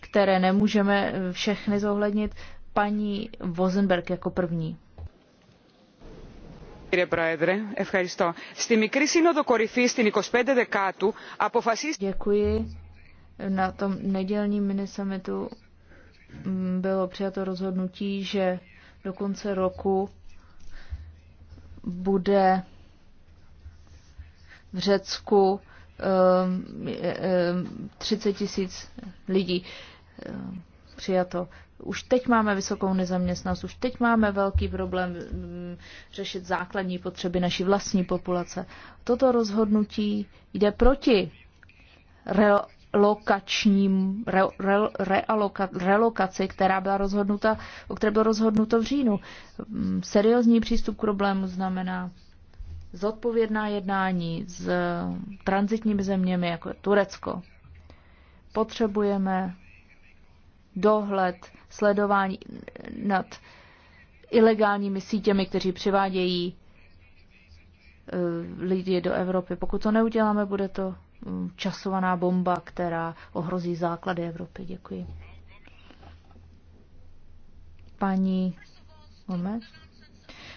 které nemůžeme všechny zohlednit. Paní Vozenberg jako první. Κύριε Πρόεδρε, ευχαριστώ. Στη μικρή σύνοδο κορυφή στην 25 Δεκάτου αποφασίστηκε. Děkuji. Na tom nedělním minisummitu mm, bylo přijato rozhodnutí, že do konce roku bude v Řecku 30 ehm, ehm, tisíc lidí ehm, přijato. Už teď máme vysokou nezaměstnanost, už teď máme velký problém mm, řešit základní potřeby naší vlastní populace. Toto rozhodnutí jde proti relokačním, re, re, realoka, relokaci, která byla rozhodnuta, o které bylo rozhodnuto v říjnu. Mm, seriózní přístup k problému znamená zodpovědná jednání s transitními zeměmi, jako je Turecko. Potřebujeme dohled sledování nad ilegálními sítěmi, kteří přivádějí eh, lidi do Evropy. Pokud to neuděláme, bude to mm, časovaná bomba, která ohrozí základy Evropy. Děkuji. Paní Moment.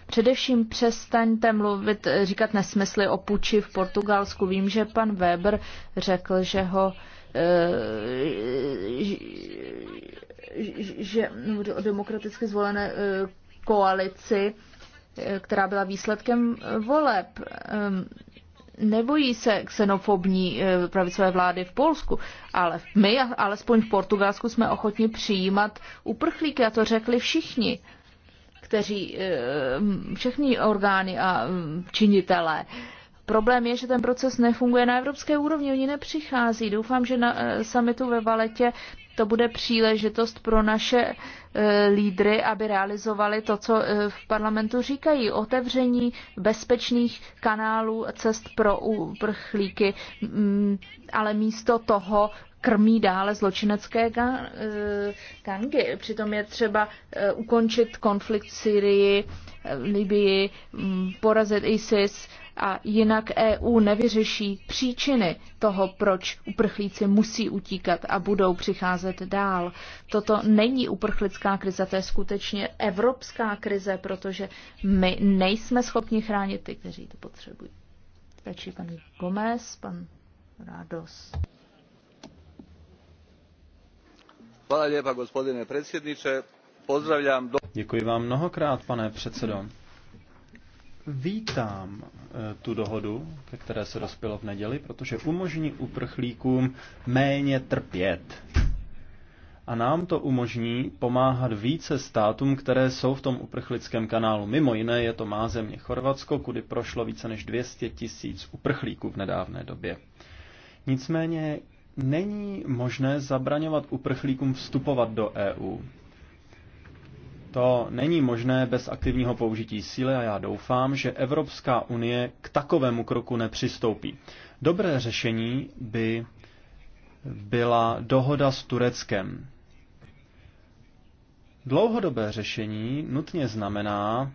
Především přestaňte mluvit, eh, říkat nesmysly o puči v Portugalsku. Vím, že pan Weber řekl, že ho uh, Eh, že o demokraticky zvolené eh, koalici, eh, která byla výsledkem voleb. Ehm, nebojí se xenofobní pravicové vlády v Polsku, ale my, alespoň v Portugalsku, jsme ochotni přijímat uprchlíky, a to řekli všichni kteří, všechny orgány a činitelé Problém je, že ten proces nefunguje na evropské úrovni, oni nepřichází. Doufám, že na eh, summitu ve Valetě to bude příležitost pro naše eh, lídry, aby realizovali to, co eh, v parlamentu říkají. Otevření bezpečných kanálů cest pro uprchlíky, mm, ale místo toho krmí dále zločinecké gangy. Přitom je třeba ukončit konflikt v Syrii, Libii, mm, porazit ISIS, a jinak EU nevyřeší příčiny toho, proč uprchlíci musí utíkat a budou přicházet dál. Toto není uprchlická krize, to je skutečně evropská krize, protože my nejsme schopni chránit ty, kteří to potřebují. Stačí pan Gomez, pan Rados. Děkuji vám mnohokrát, pane předsedo. Vítám eh, tu dohodu, ke které se rozpělo v neděli, protože umožní uprchlíkům méně trpět. A nám to umožní pomáhat více státům, které jsou v tom uprchlickém kanálu. Mimo jiné je to má země Chorvatsko, kudy prošlo více než 200 tisíc uprchlíků v nedávné době. Nicméně není možné zabraňovat uprchlíkům vstupovat do EU. To není možné bez aktivního použití síly a já doufám, že Evropská unie k takovému kroku nepřistoupí. Dobré řešení by byla dohoda s Tureckem. Dlouhodobé řešení nutně znamená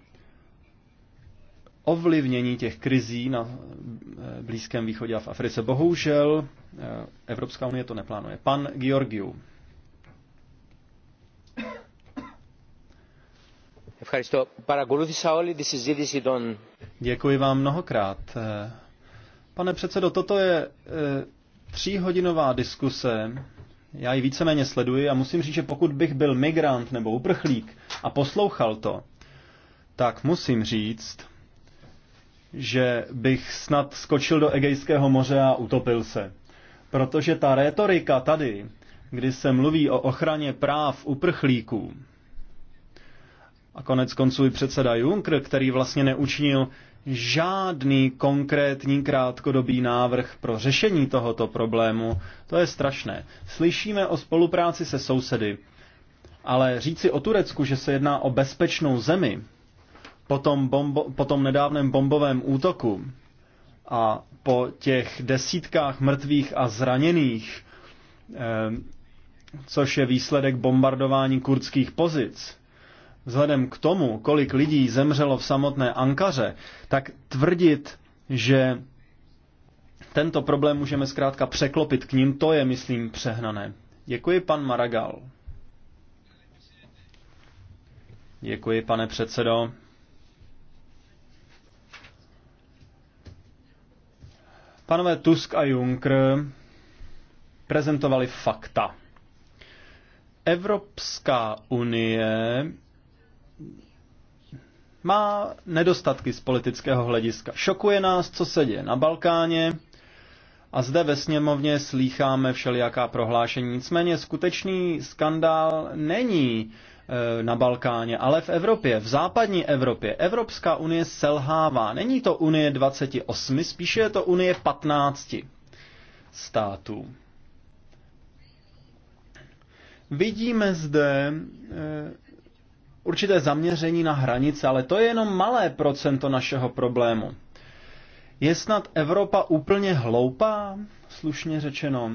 ovlivnění těch krizí na Blízkém východě a v Africe. Bohužel eh, Evropská unie to neplánuje. Pan Georgiou. Děkuji vám mnohokrát. Pane předsedo, toto je tříhodinová diskuse. Já ji víceméně sleduji a musím říct, že pokud bych byl migrant nebo uprchlík a poslouchal to, tak musím říct, že bych snad skočil do Egejského moře a utopil se. Protože ta rétorika tady, kdy se mluví o ochraně práv uprchlíků, a konec konců i předseda Juncker, který vlastně neučinil žádný konkrétní krátkodobý návrh pro řešení tohoto problému, to je strašné. Slyšíme o spolupráci se sousedy, ale říci o Turecku, že se jedná o bezpečnou zemi, po tom, bombo, po tom nedávném bombovém útoku a po těch desítkách mrtvých a zraněných, eh, což je výsledek bombardování kurdských pozic, vzhledem k tomu, kolik lidí zemřelo v samotné Ankaře, tak tvrdit, že tento problém můžeme zkrátka překlopit k ním, to je, myslím, přehnané. Děkuji, pan Maragal. Děkuji, pane předsedo. Panové Tusk a Juncker prezentovali fakta. Evropská unie má nedostatky z politického hlediska. Šokuje nás, co se děje na Balkáně a zde ve sněmovně slýcháme všelijaká prohlášení. Nicméně skutečný skandál není e, na Balkáně, ale v Evropě, v západní Evropě. Evropská unie selhává. Není to unie 28, spíše je to unie 15 států. Vidíme zde e, určité zaměření na hranice, ale to je jenom malé procento našeho problému. Je snad Evropa úplně hloupá, slušně řečeno?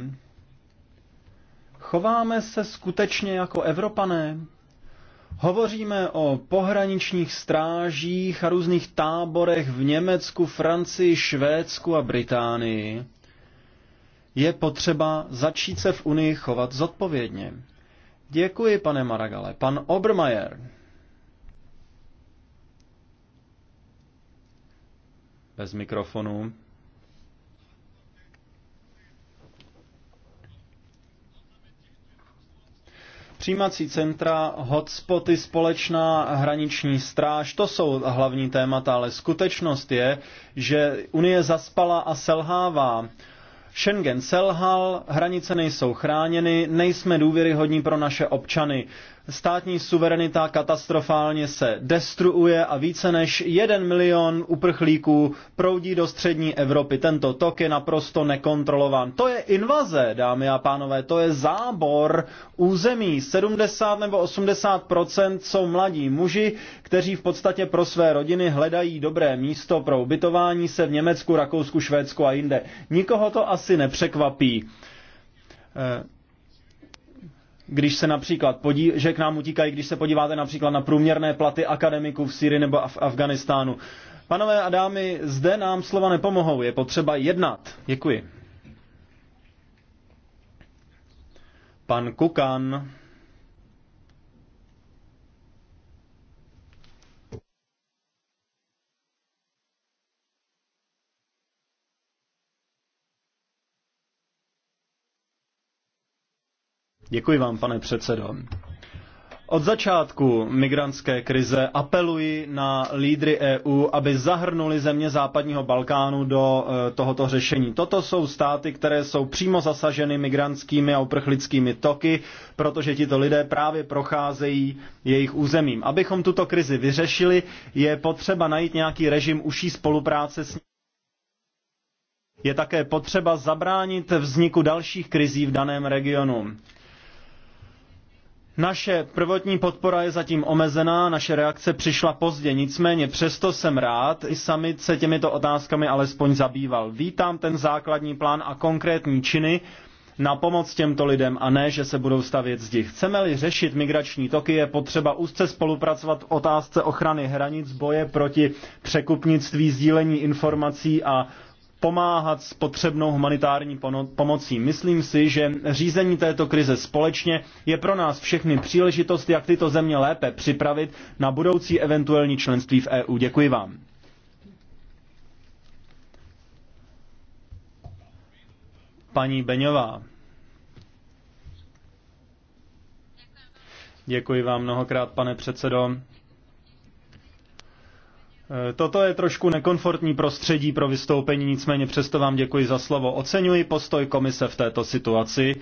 Chováme se skutečně jako Evropané? Hovoříme o pohraničních strážích a různých táborech v Německu, Francii, Švédsku a Británii. Je potřeba začít se v Unii chovat zodpovědně. Děkuji, pane Maragale. Pan Obermajer. bez mikrofonu. Přijímací centra, hotspoty, společná hraniční stráž, to jsou hlavní témata, ale skutečnost je, že Unie zaspala a selhává. Schengen selhal, hranice nejsou chráněny, nejsme důvěryhodní pro naše občany. Státní suverenita katastrofálně se destruuje a více než jeden milion uprchlíků proudí do střední Evropy. Tento tok je naprosto nekontrolován. To je invaze, dámy a pánové, to je zábor území. 70 nebo 80 jsou mladí muži, kteří v podstatě pro své rodiny hledají dobré místo pro ubytování se v Německu, Rakousku, Švédsku a jinde. Nikoho to asi nepřekvapí. Eh, když se například podí, že k nám utíkají, když se podíváte například na průměrné platy akademiků v Syrii nebo v Afganistánu. Panové a dámy, zde nám slova nepomohou, je potřeba jednat. Děkuji. Pan Kukan. Děkuji vám, pane předsedo. Od začátku migrantské krize apeluji na lídry EU, aby zahrnuli země západního Balkánu do e, tohoto řešení. Toto jsou státy, které jsou přímo zasaženy migrantskými a uprchlickými toky, protože tito lidé právě procházejí jejich územím. Abychom tuto krizi vyřešili, je potřeba najít nějaký režim užší spolupráce s je také potřeba zabránit vzniku dalších krizí v daném regionu. Naše prvotní podpora je zatím omezená, naše reakce přišla pozdě, nicméně přesto jsem rád, i summit se těmito otázkami alespoň zabýval. Vítám ten základní plán a konkrétní činy na pomoc těmto lidem a ne, že se budou stavět zdi. Chceme-li řešit migrační toky, je potřeba úzce spolupracovat v otázce ochrany hranic, boje proti překupnictví, sdílení informací a pomáhat s potřebnou humanitární pomocí. Myslím si, že řízení této krize společně je pro nás všechny příležitost, jak tyto země lépe připravit na budoucí eventuální členství v EU. Děkuji vám. Paní Beňová. Děkuji vám mnohokrát, pane předsedo. Eh, toto je trošku nekomfortní prostředí pro vystoupení, nicméně přesto vám děkuji za slovo. Oceňuji postoj komise v této situaci,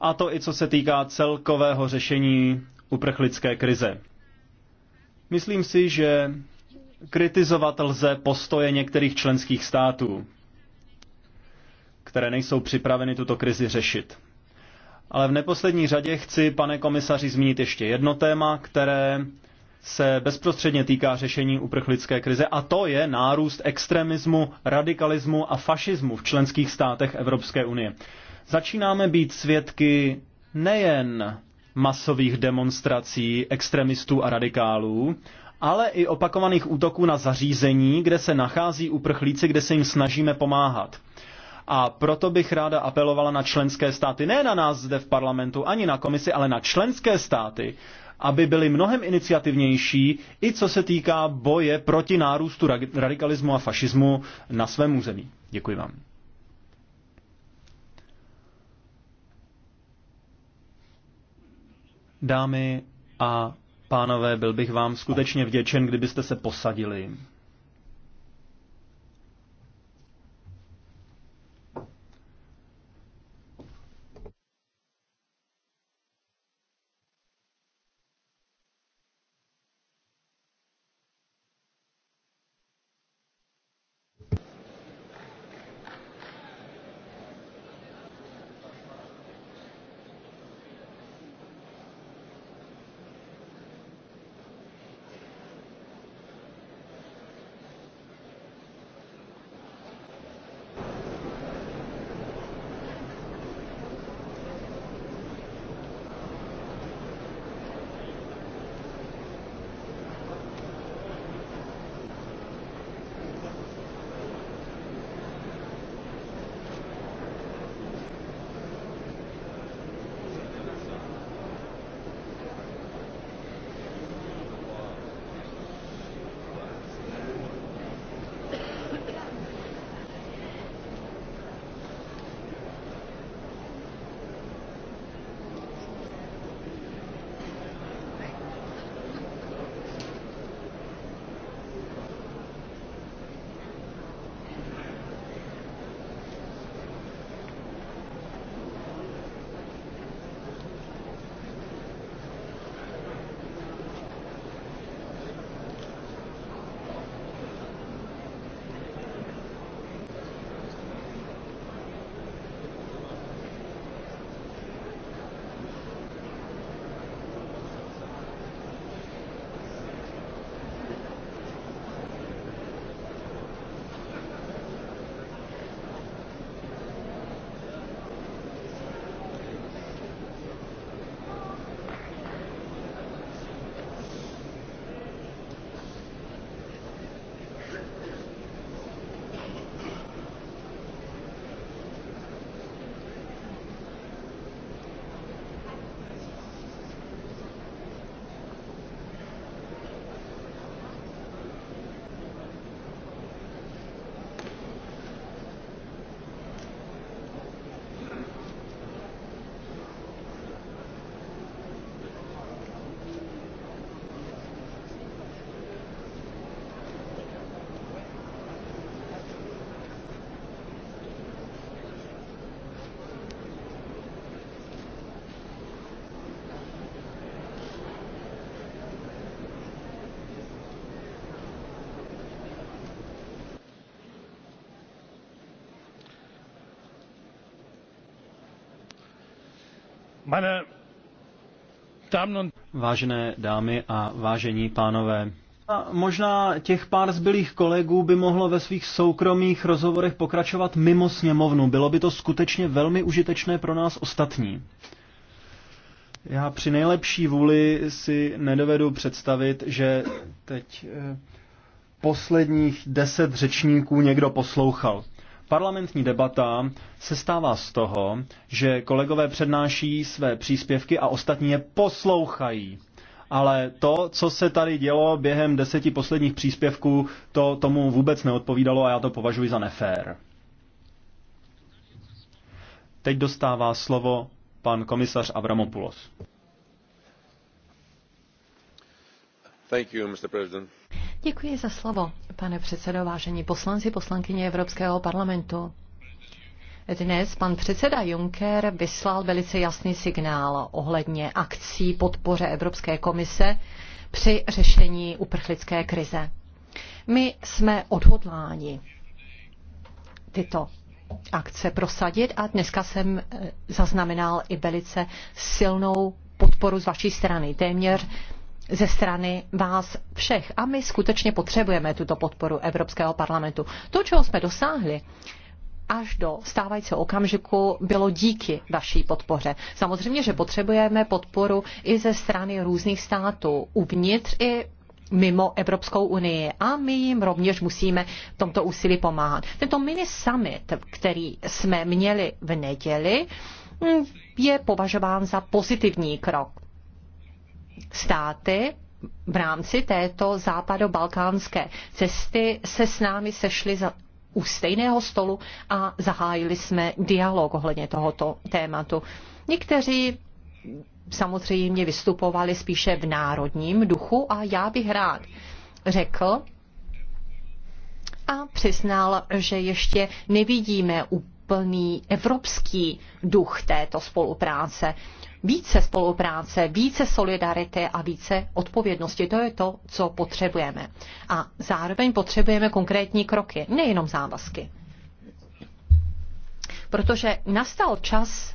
a to i co se týká celkového řešení uprchlické krize. Myslím si, že kritizovat lze postoje některých členských států, které nejsou připraveny tuto krizi řešit. Ale v neposlední řadě chci, pane komisaři, zmínit ještě jedno téma, které se bezprostředně týká řešení uprchlické krize a to je nárůst extremismu, radikalismu a fašismu v členských státech Evropské unie. Začínáme být svědky nejen masových demonstrací extremistů a radikálů, ale i opakovaných útoků na zařízení, kde se nachází uprchlíci, kde se jim snažíme pomáhat. A proto bych ráda apelovala na členské státy, ne na nás zde v parlamentu, ani na komisi, ale na členské státy, aby byli mnohem iniciativnější, i co se týká boje proti nárůstu radikalismu a fašismu na svém území. Děkuji vám. Dámy a pánové, byl bych vám skutečně vděčen, kdybyste se posadili. Vážené dámy a vážení pánové, a možná těch pár zbylých kolegů by mohlo ve svých soukromých rozhovorech pokračovat mimo sněmovnu. Bylo by to skutečně velmi užitečné pro nás ostatní. Já při nejlepší vůli si nedovedu představit, že teď eh, posledních deset řečníků někdo poslouchal. Parlamentní debata se stává z toho, že kolegové přednáší své příspěvky a ostatní je poslouchají. Ale to, co se tady dělo během deseti posledních příspěvků, to tomu vůbec neodpovídalo a já to považuji za nefér. Teď dostává slovo pan komisař Avramopoulos. Thank you, Mr. President. Děkuji za slovo, pane předsedo, vážení poslanci, poslankyně Evropského parlamentu. Dnes pan předseda Juncker vyslal velice jasný signál ohledně akcí podpoře Evropské komise při řešení uprchlické krize. My jsme odhodláni tyto akce prosadit a dneska jsem eh, zaznamenal i velice silnou podporu z vaší strany. Téměř ze strany vás všech. A my skutečně potřebujeme tuto podporu Evropského parlamentu. To, čeho jsme dosáhli, až do stávajícího okamžiku bylo díky vaší podpoře. Samozřejmě, že potřebujeme podporu i ze strany různých států, uvnitř i mimo Evropskou unii a my jim rovněž musíme v tomto úsilí pomáhat. Tento mini summit, který jsme měli v neděli, je považován za pozitivní krok státy v rámci této západobalkánské cesty se s námi sešli za, u stejného stolu a zahájili jsme dialog ohledně tohoto tématu. Někteří samozřejmě vystupovali spíše v národním duchu a já bych rád řekl a přiznal, že ještě nevidíme úplný evropský duch této spolupráce více spolupráce, více solidarity a více odpovědnosti. To je to, co potřebujeme. A zároveň potřebujeme konkrétní kroky, nejenom závazky. Protože nastal čas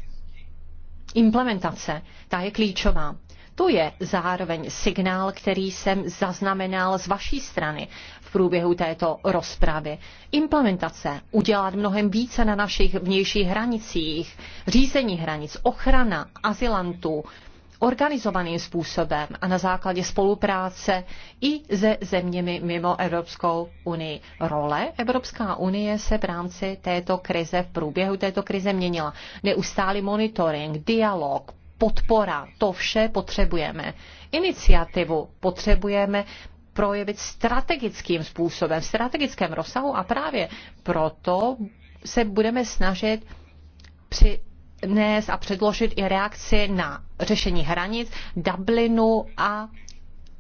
implementace, ta je klíčová. To je zároveň signál, který jsem zaznamenal z vaší strany v průběhu této rozpravy. Implementace, udělat mnohem více na našich vnějších hranicích, řízení hranic, ochrana azylantů, organizovaným způsobem a na základě spolupráce i se zeměmi mimo Evropskou unii. Role Evropská unie se v rámci této krize, v průběhu této krize měnila. Neustálý monitoring, dialog, podpora, to vše potřebujeme. Iniciativu potřebujeme projevit strategickým způsobem, v strategickém rozsahu a právě proto se budeme snažit přinést a předložit i reakci na řešení hranic Dublinu a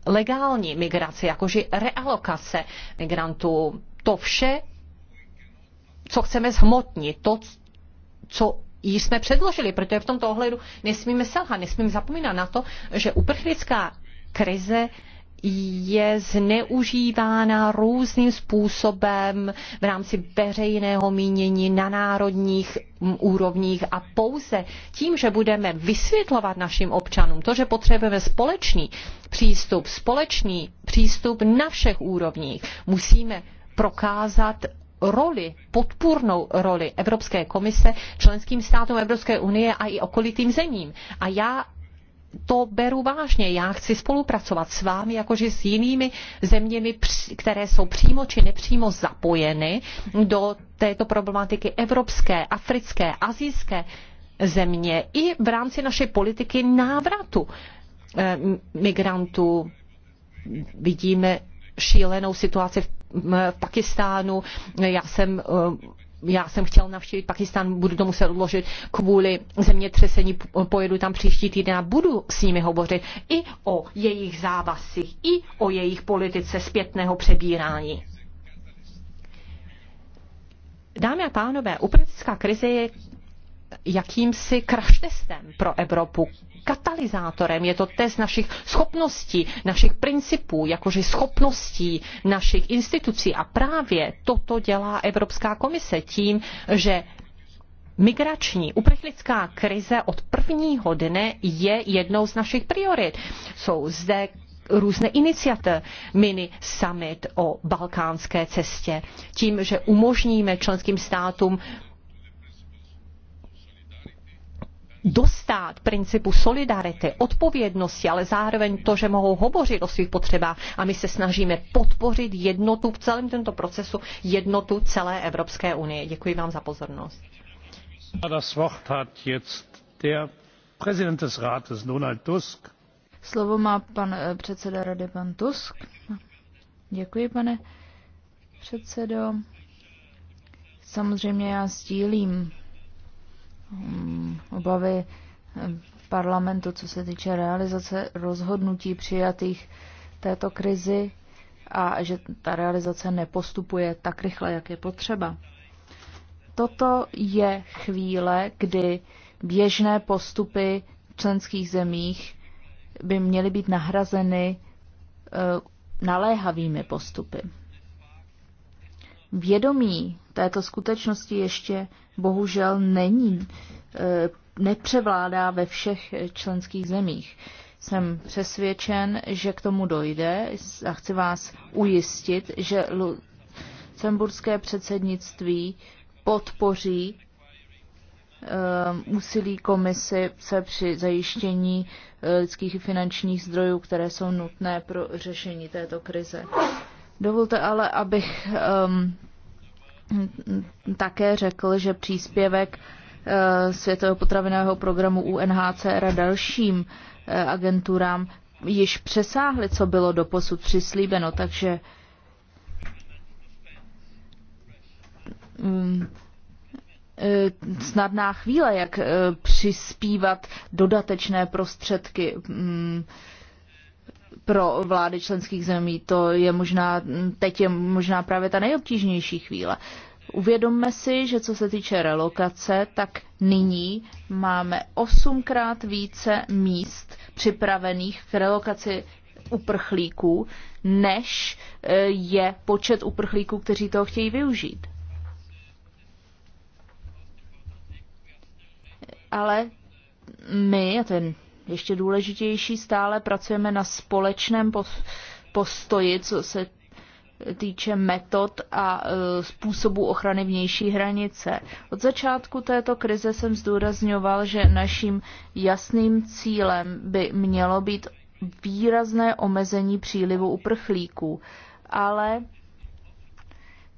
legální migraci, jakože realokace migrantů. To vše, co chceme zhmotnit, to, co ji jsme předložili, protože v tomto ohledu nesmíme selhat, nesmíme zapomínat na to, že uprchlická krize je zneužívána různým způsobem v rámci veřejného mínění na národních úrovních a pouze tím, že budeme vysvětlovat našim občanům to, že potřebujeme společný přístup, společný přístup na všech úrovních, musíme prokázat roli, podpůrnou roli Evropské komise, členským státům Evropské unie a i okolitým zemím. A já to beru vážně. Já chci spolupracovat s vámi, jakože s jinými zeměmi, které jsou přímo či nepřímo zapojeny do této problematiky evropské, africké, azijské země i v rámci naší politiky návratu eh, migrantů. Vidíme šílenou situaci v Pakistánu. Já jsem eh, já jsem chtěl navštívit Pakistan, budu to muset odložit kvůli zemětřesení, pojedu tam příští týden a budu s nimi hovořit i o jejich závazcích, i o jejich politice zpětného přebírání. Dámy a pánové, uprchlická krize je jakýmsi kraštestem pro Evropu, katalyzátorem, je to test našich schopností, našich principů, jakože schopností našich institucí. A právě toto dělá Evropská komise tím, že Migrační uprchlická krize od prvního dne je jednou z našich priorit. Jsou zde různé iniciativy, mini summit o balkánské cestě, tím, že umožníme členským státům dostat principu solidarity, odpovědnosti, ale zároveň to, že mohou hovořit o svých potřebách a my se snažíme podpořit jednotu v celém tomto procesu, jednotu celé Evropské unie. Děkuji vám za pozornost. Slovo má pan eh, předseda rady, pan Tusk. Děkuji, pane předsedo. Samozřejmě já sdílím Mm, obavy eh, parlamentu, co se týče realizace rozhodnutí přijatých této krizi a že ta realizace nepostupuje tak rychle, jak je potřeba. Toto je chvíle, kdy běžné postupy v členských zemích by měly být nahrazeny eh, naléhavými postupy. Vědomí této skutečnosti ještě bohužel není, e, nepřevládá ve všech členských zemích. Jsem přesvědčen, že k tomu dojde a chci vás ujistit, že lucemburské předsednictví podpoří e, úsilí komisy se při zajištění e, lidských i finančních zdrojů, které jsou nutné pro řešení této krize. Dovolte ale, abych um, také řekl, že příspěvek uh, Světového potravinového programu UNHCR a dalším uh, agenturám již přesáhly, co bylo doposud přislíbeno, takže um, uh, snadná chvíle, jak uh, přispívat dodatečné prostředky um, pro vlády členských zemí. To je možná, teď je možná právě ta nejobtížnější chvíle. Uvědomme si, že co se týče relokace, tak nyní máme osmkrát více míst připravených k relokaci uprchlíků, než e, je počet uprchlíků, kteří toho chtějí využít. Ale my, a to je ještě důležitější, stále pracujeme na společném postoji, co se týče metod a e, způsobu ochrany vnější hranice. Od začátku této krize jsem zdůrazňoval, že naším jasným cílem by mělo být výrazné omezení přílivu uprchlíků, ale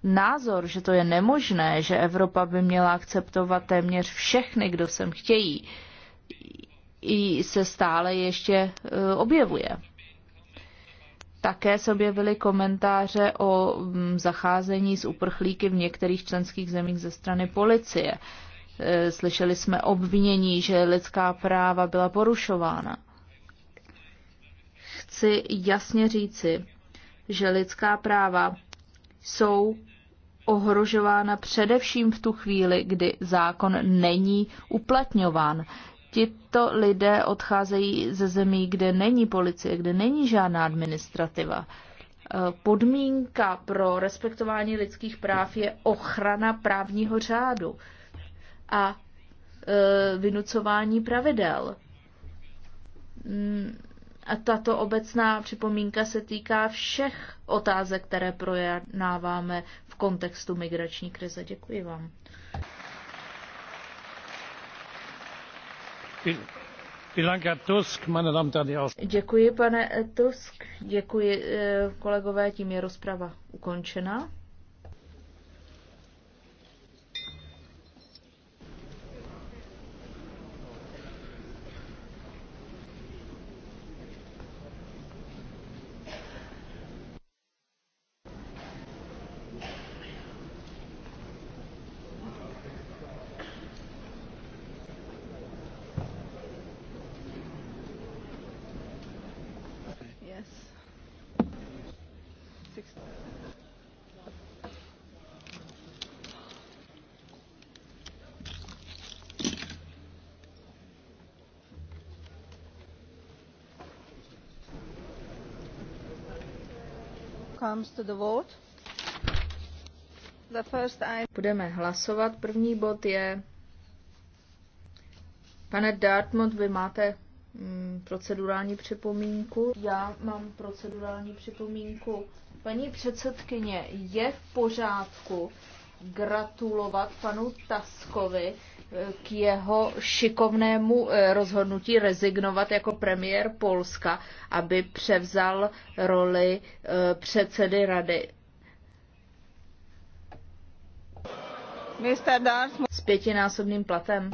názor, že to je nemožné, že Evropa by měla akceptovat téměř všechny, kdo sem chtějí, i se stále ještě e, objevuje. Také se objevily komentáře o zacházení s uprchlíky v některých členských zemích ze strany policie. E, slyšeli jsme obvinění, že lidská práva byla porušována. Chci jasně říci, že lidská práva jsou ohrožována především v tu chvíli, kdy zákon není uplatňován tito lidé odcházejí ze zemí, kde není policie, kde není žádná administrativa. E, podmínka pro respektování lidských práv je ochrana právního řádu a e, vynucování pravidel. Mm, a tato obecná připomínka se týká všech otázek, které projednáváme v kontextu migrační krize. Děkuji vám. Děkuji, pane Tusk. Děkuji, eh, kolegové. Tím je rozprava ukončena. Budeme hlasovat. První bod je... Pane Dartmouth, vy máte mm, procedurální připomínku. Já mám procedurální připomínku. Paní předsedkyně, je v pořádku, gratulovat panu Taskovi eh, k jeho šikovnému eh, rozhodnutí rezignovat jako premiér Polska, aby převzal roli eh, předsedy rady. S pětinásobným platem.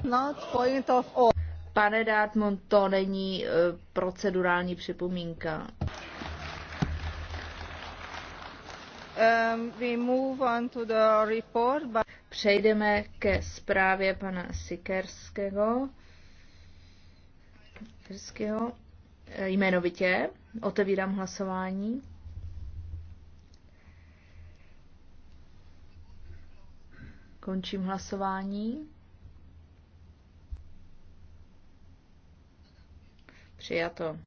Pane Dartmund, to není procedurální připomínka. Um, Přejdeme ke zprávě pana Sikerského. Sikerského. E, jmenovitě otevírám hlasování. Končím hlasování. Přijato.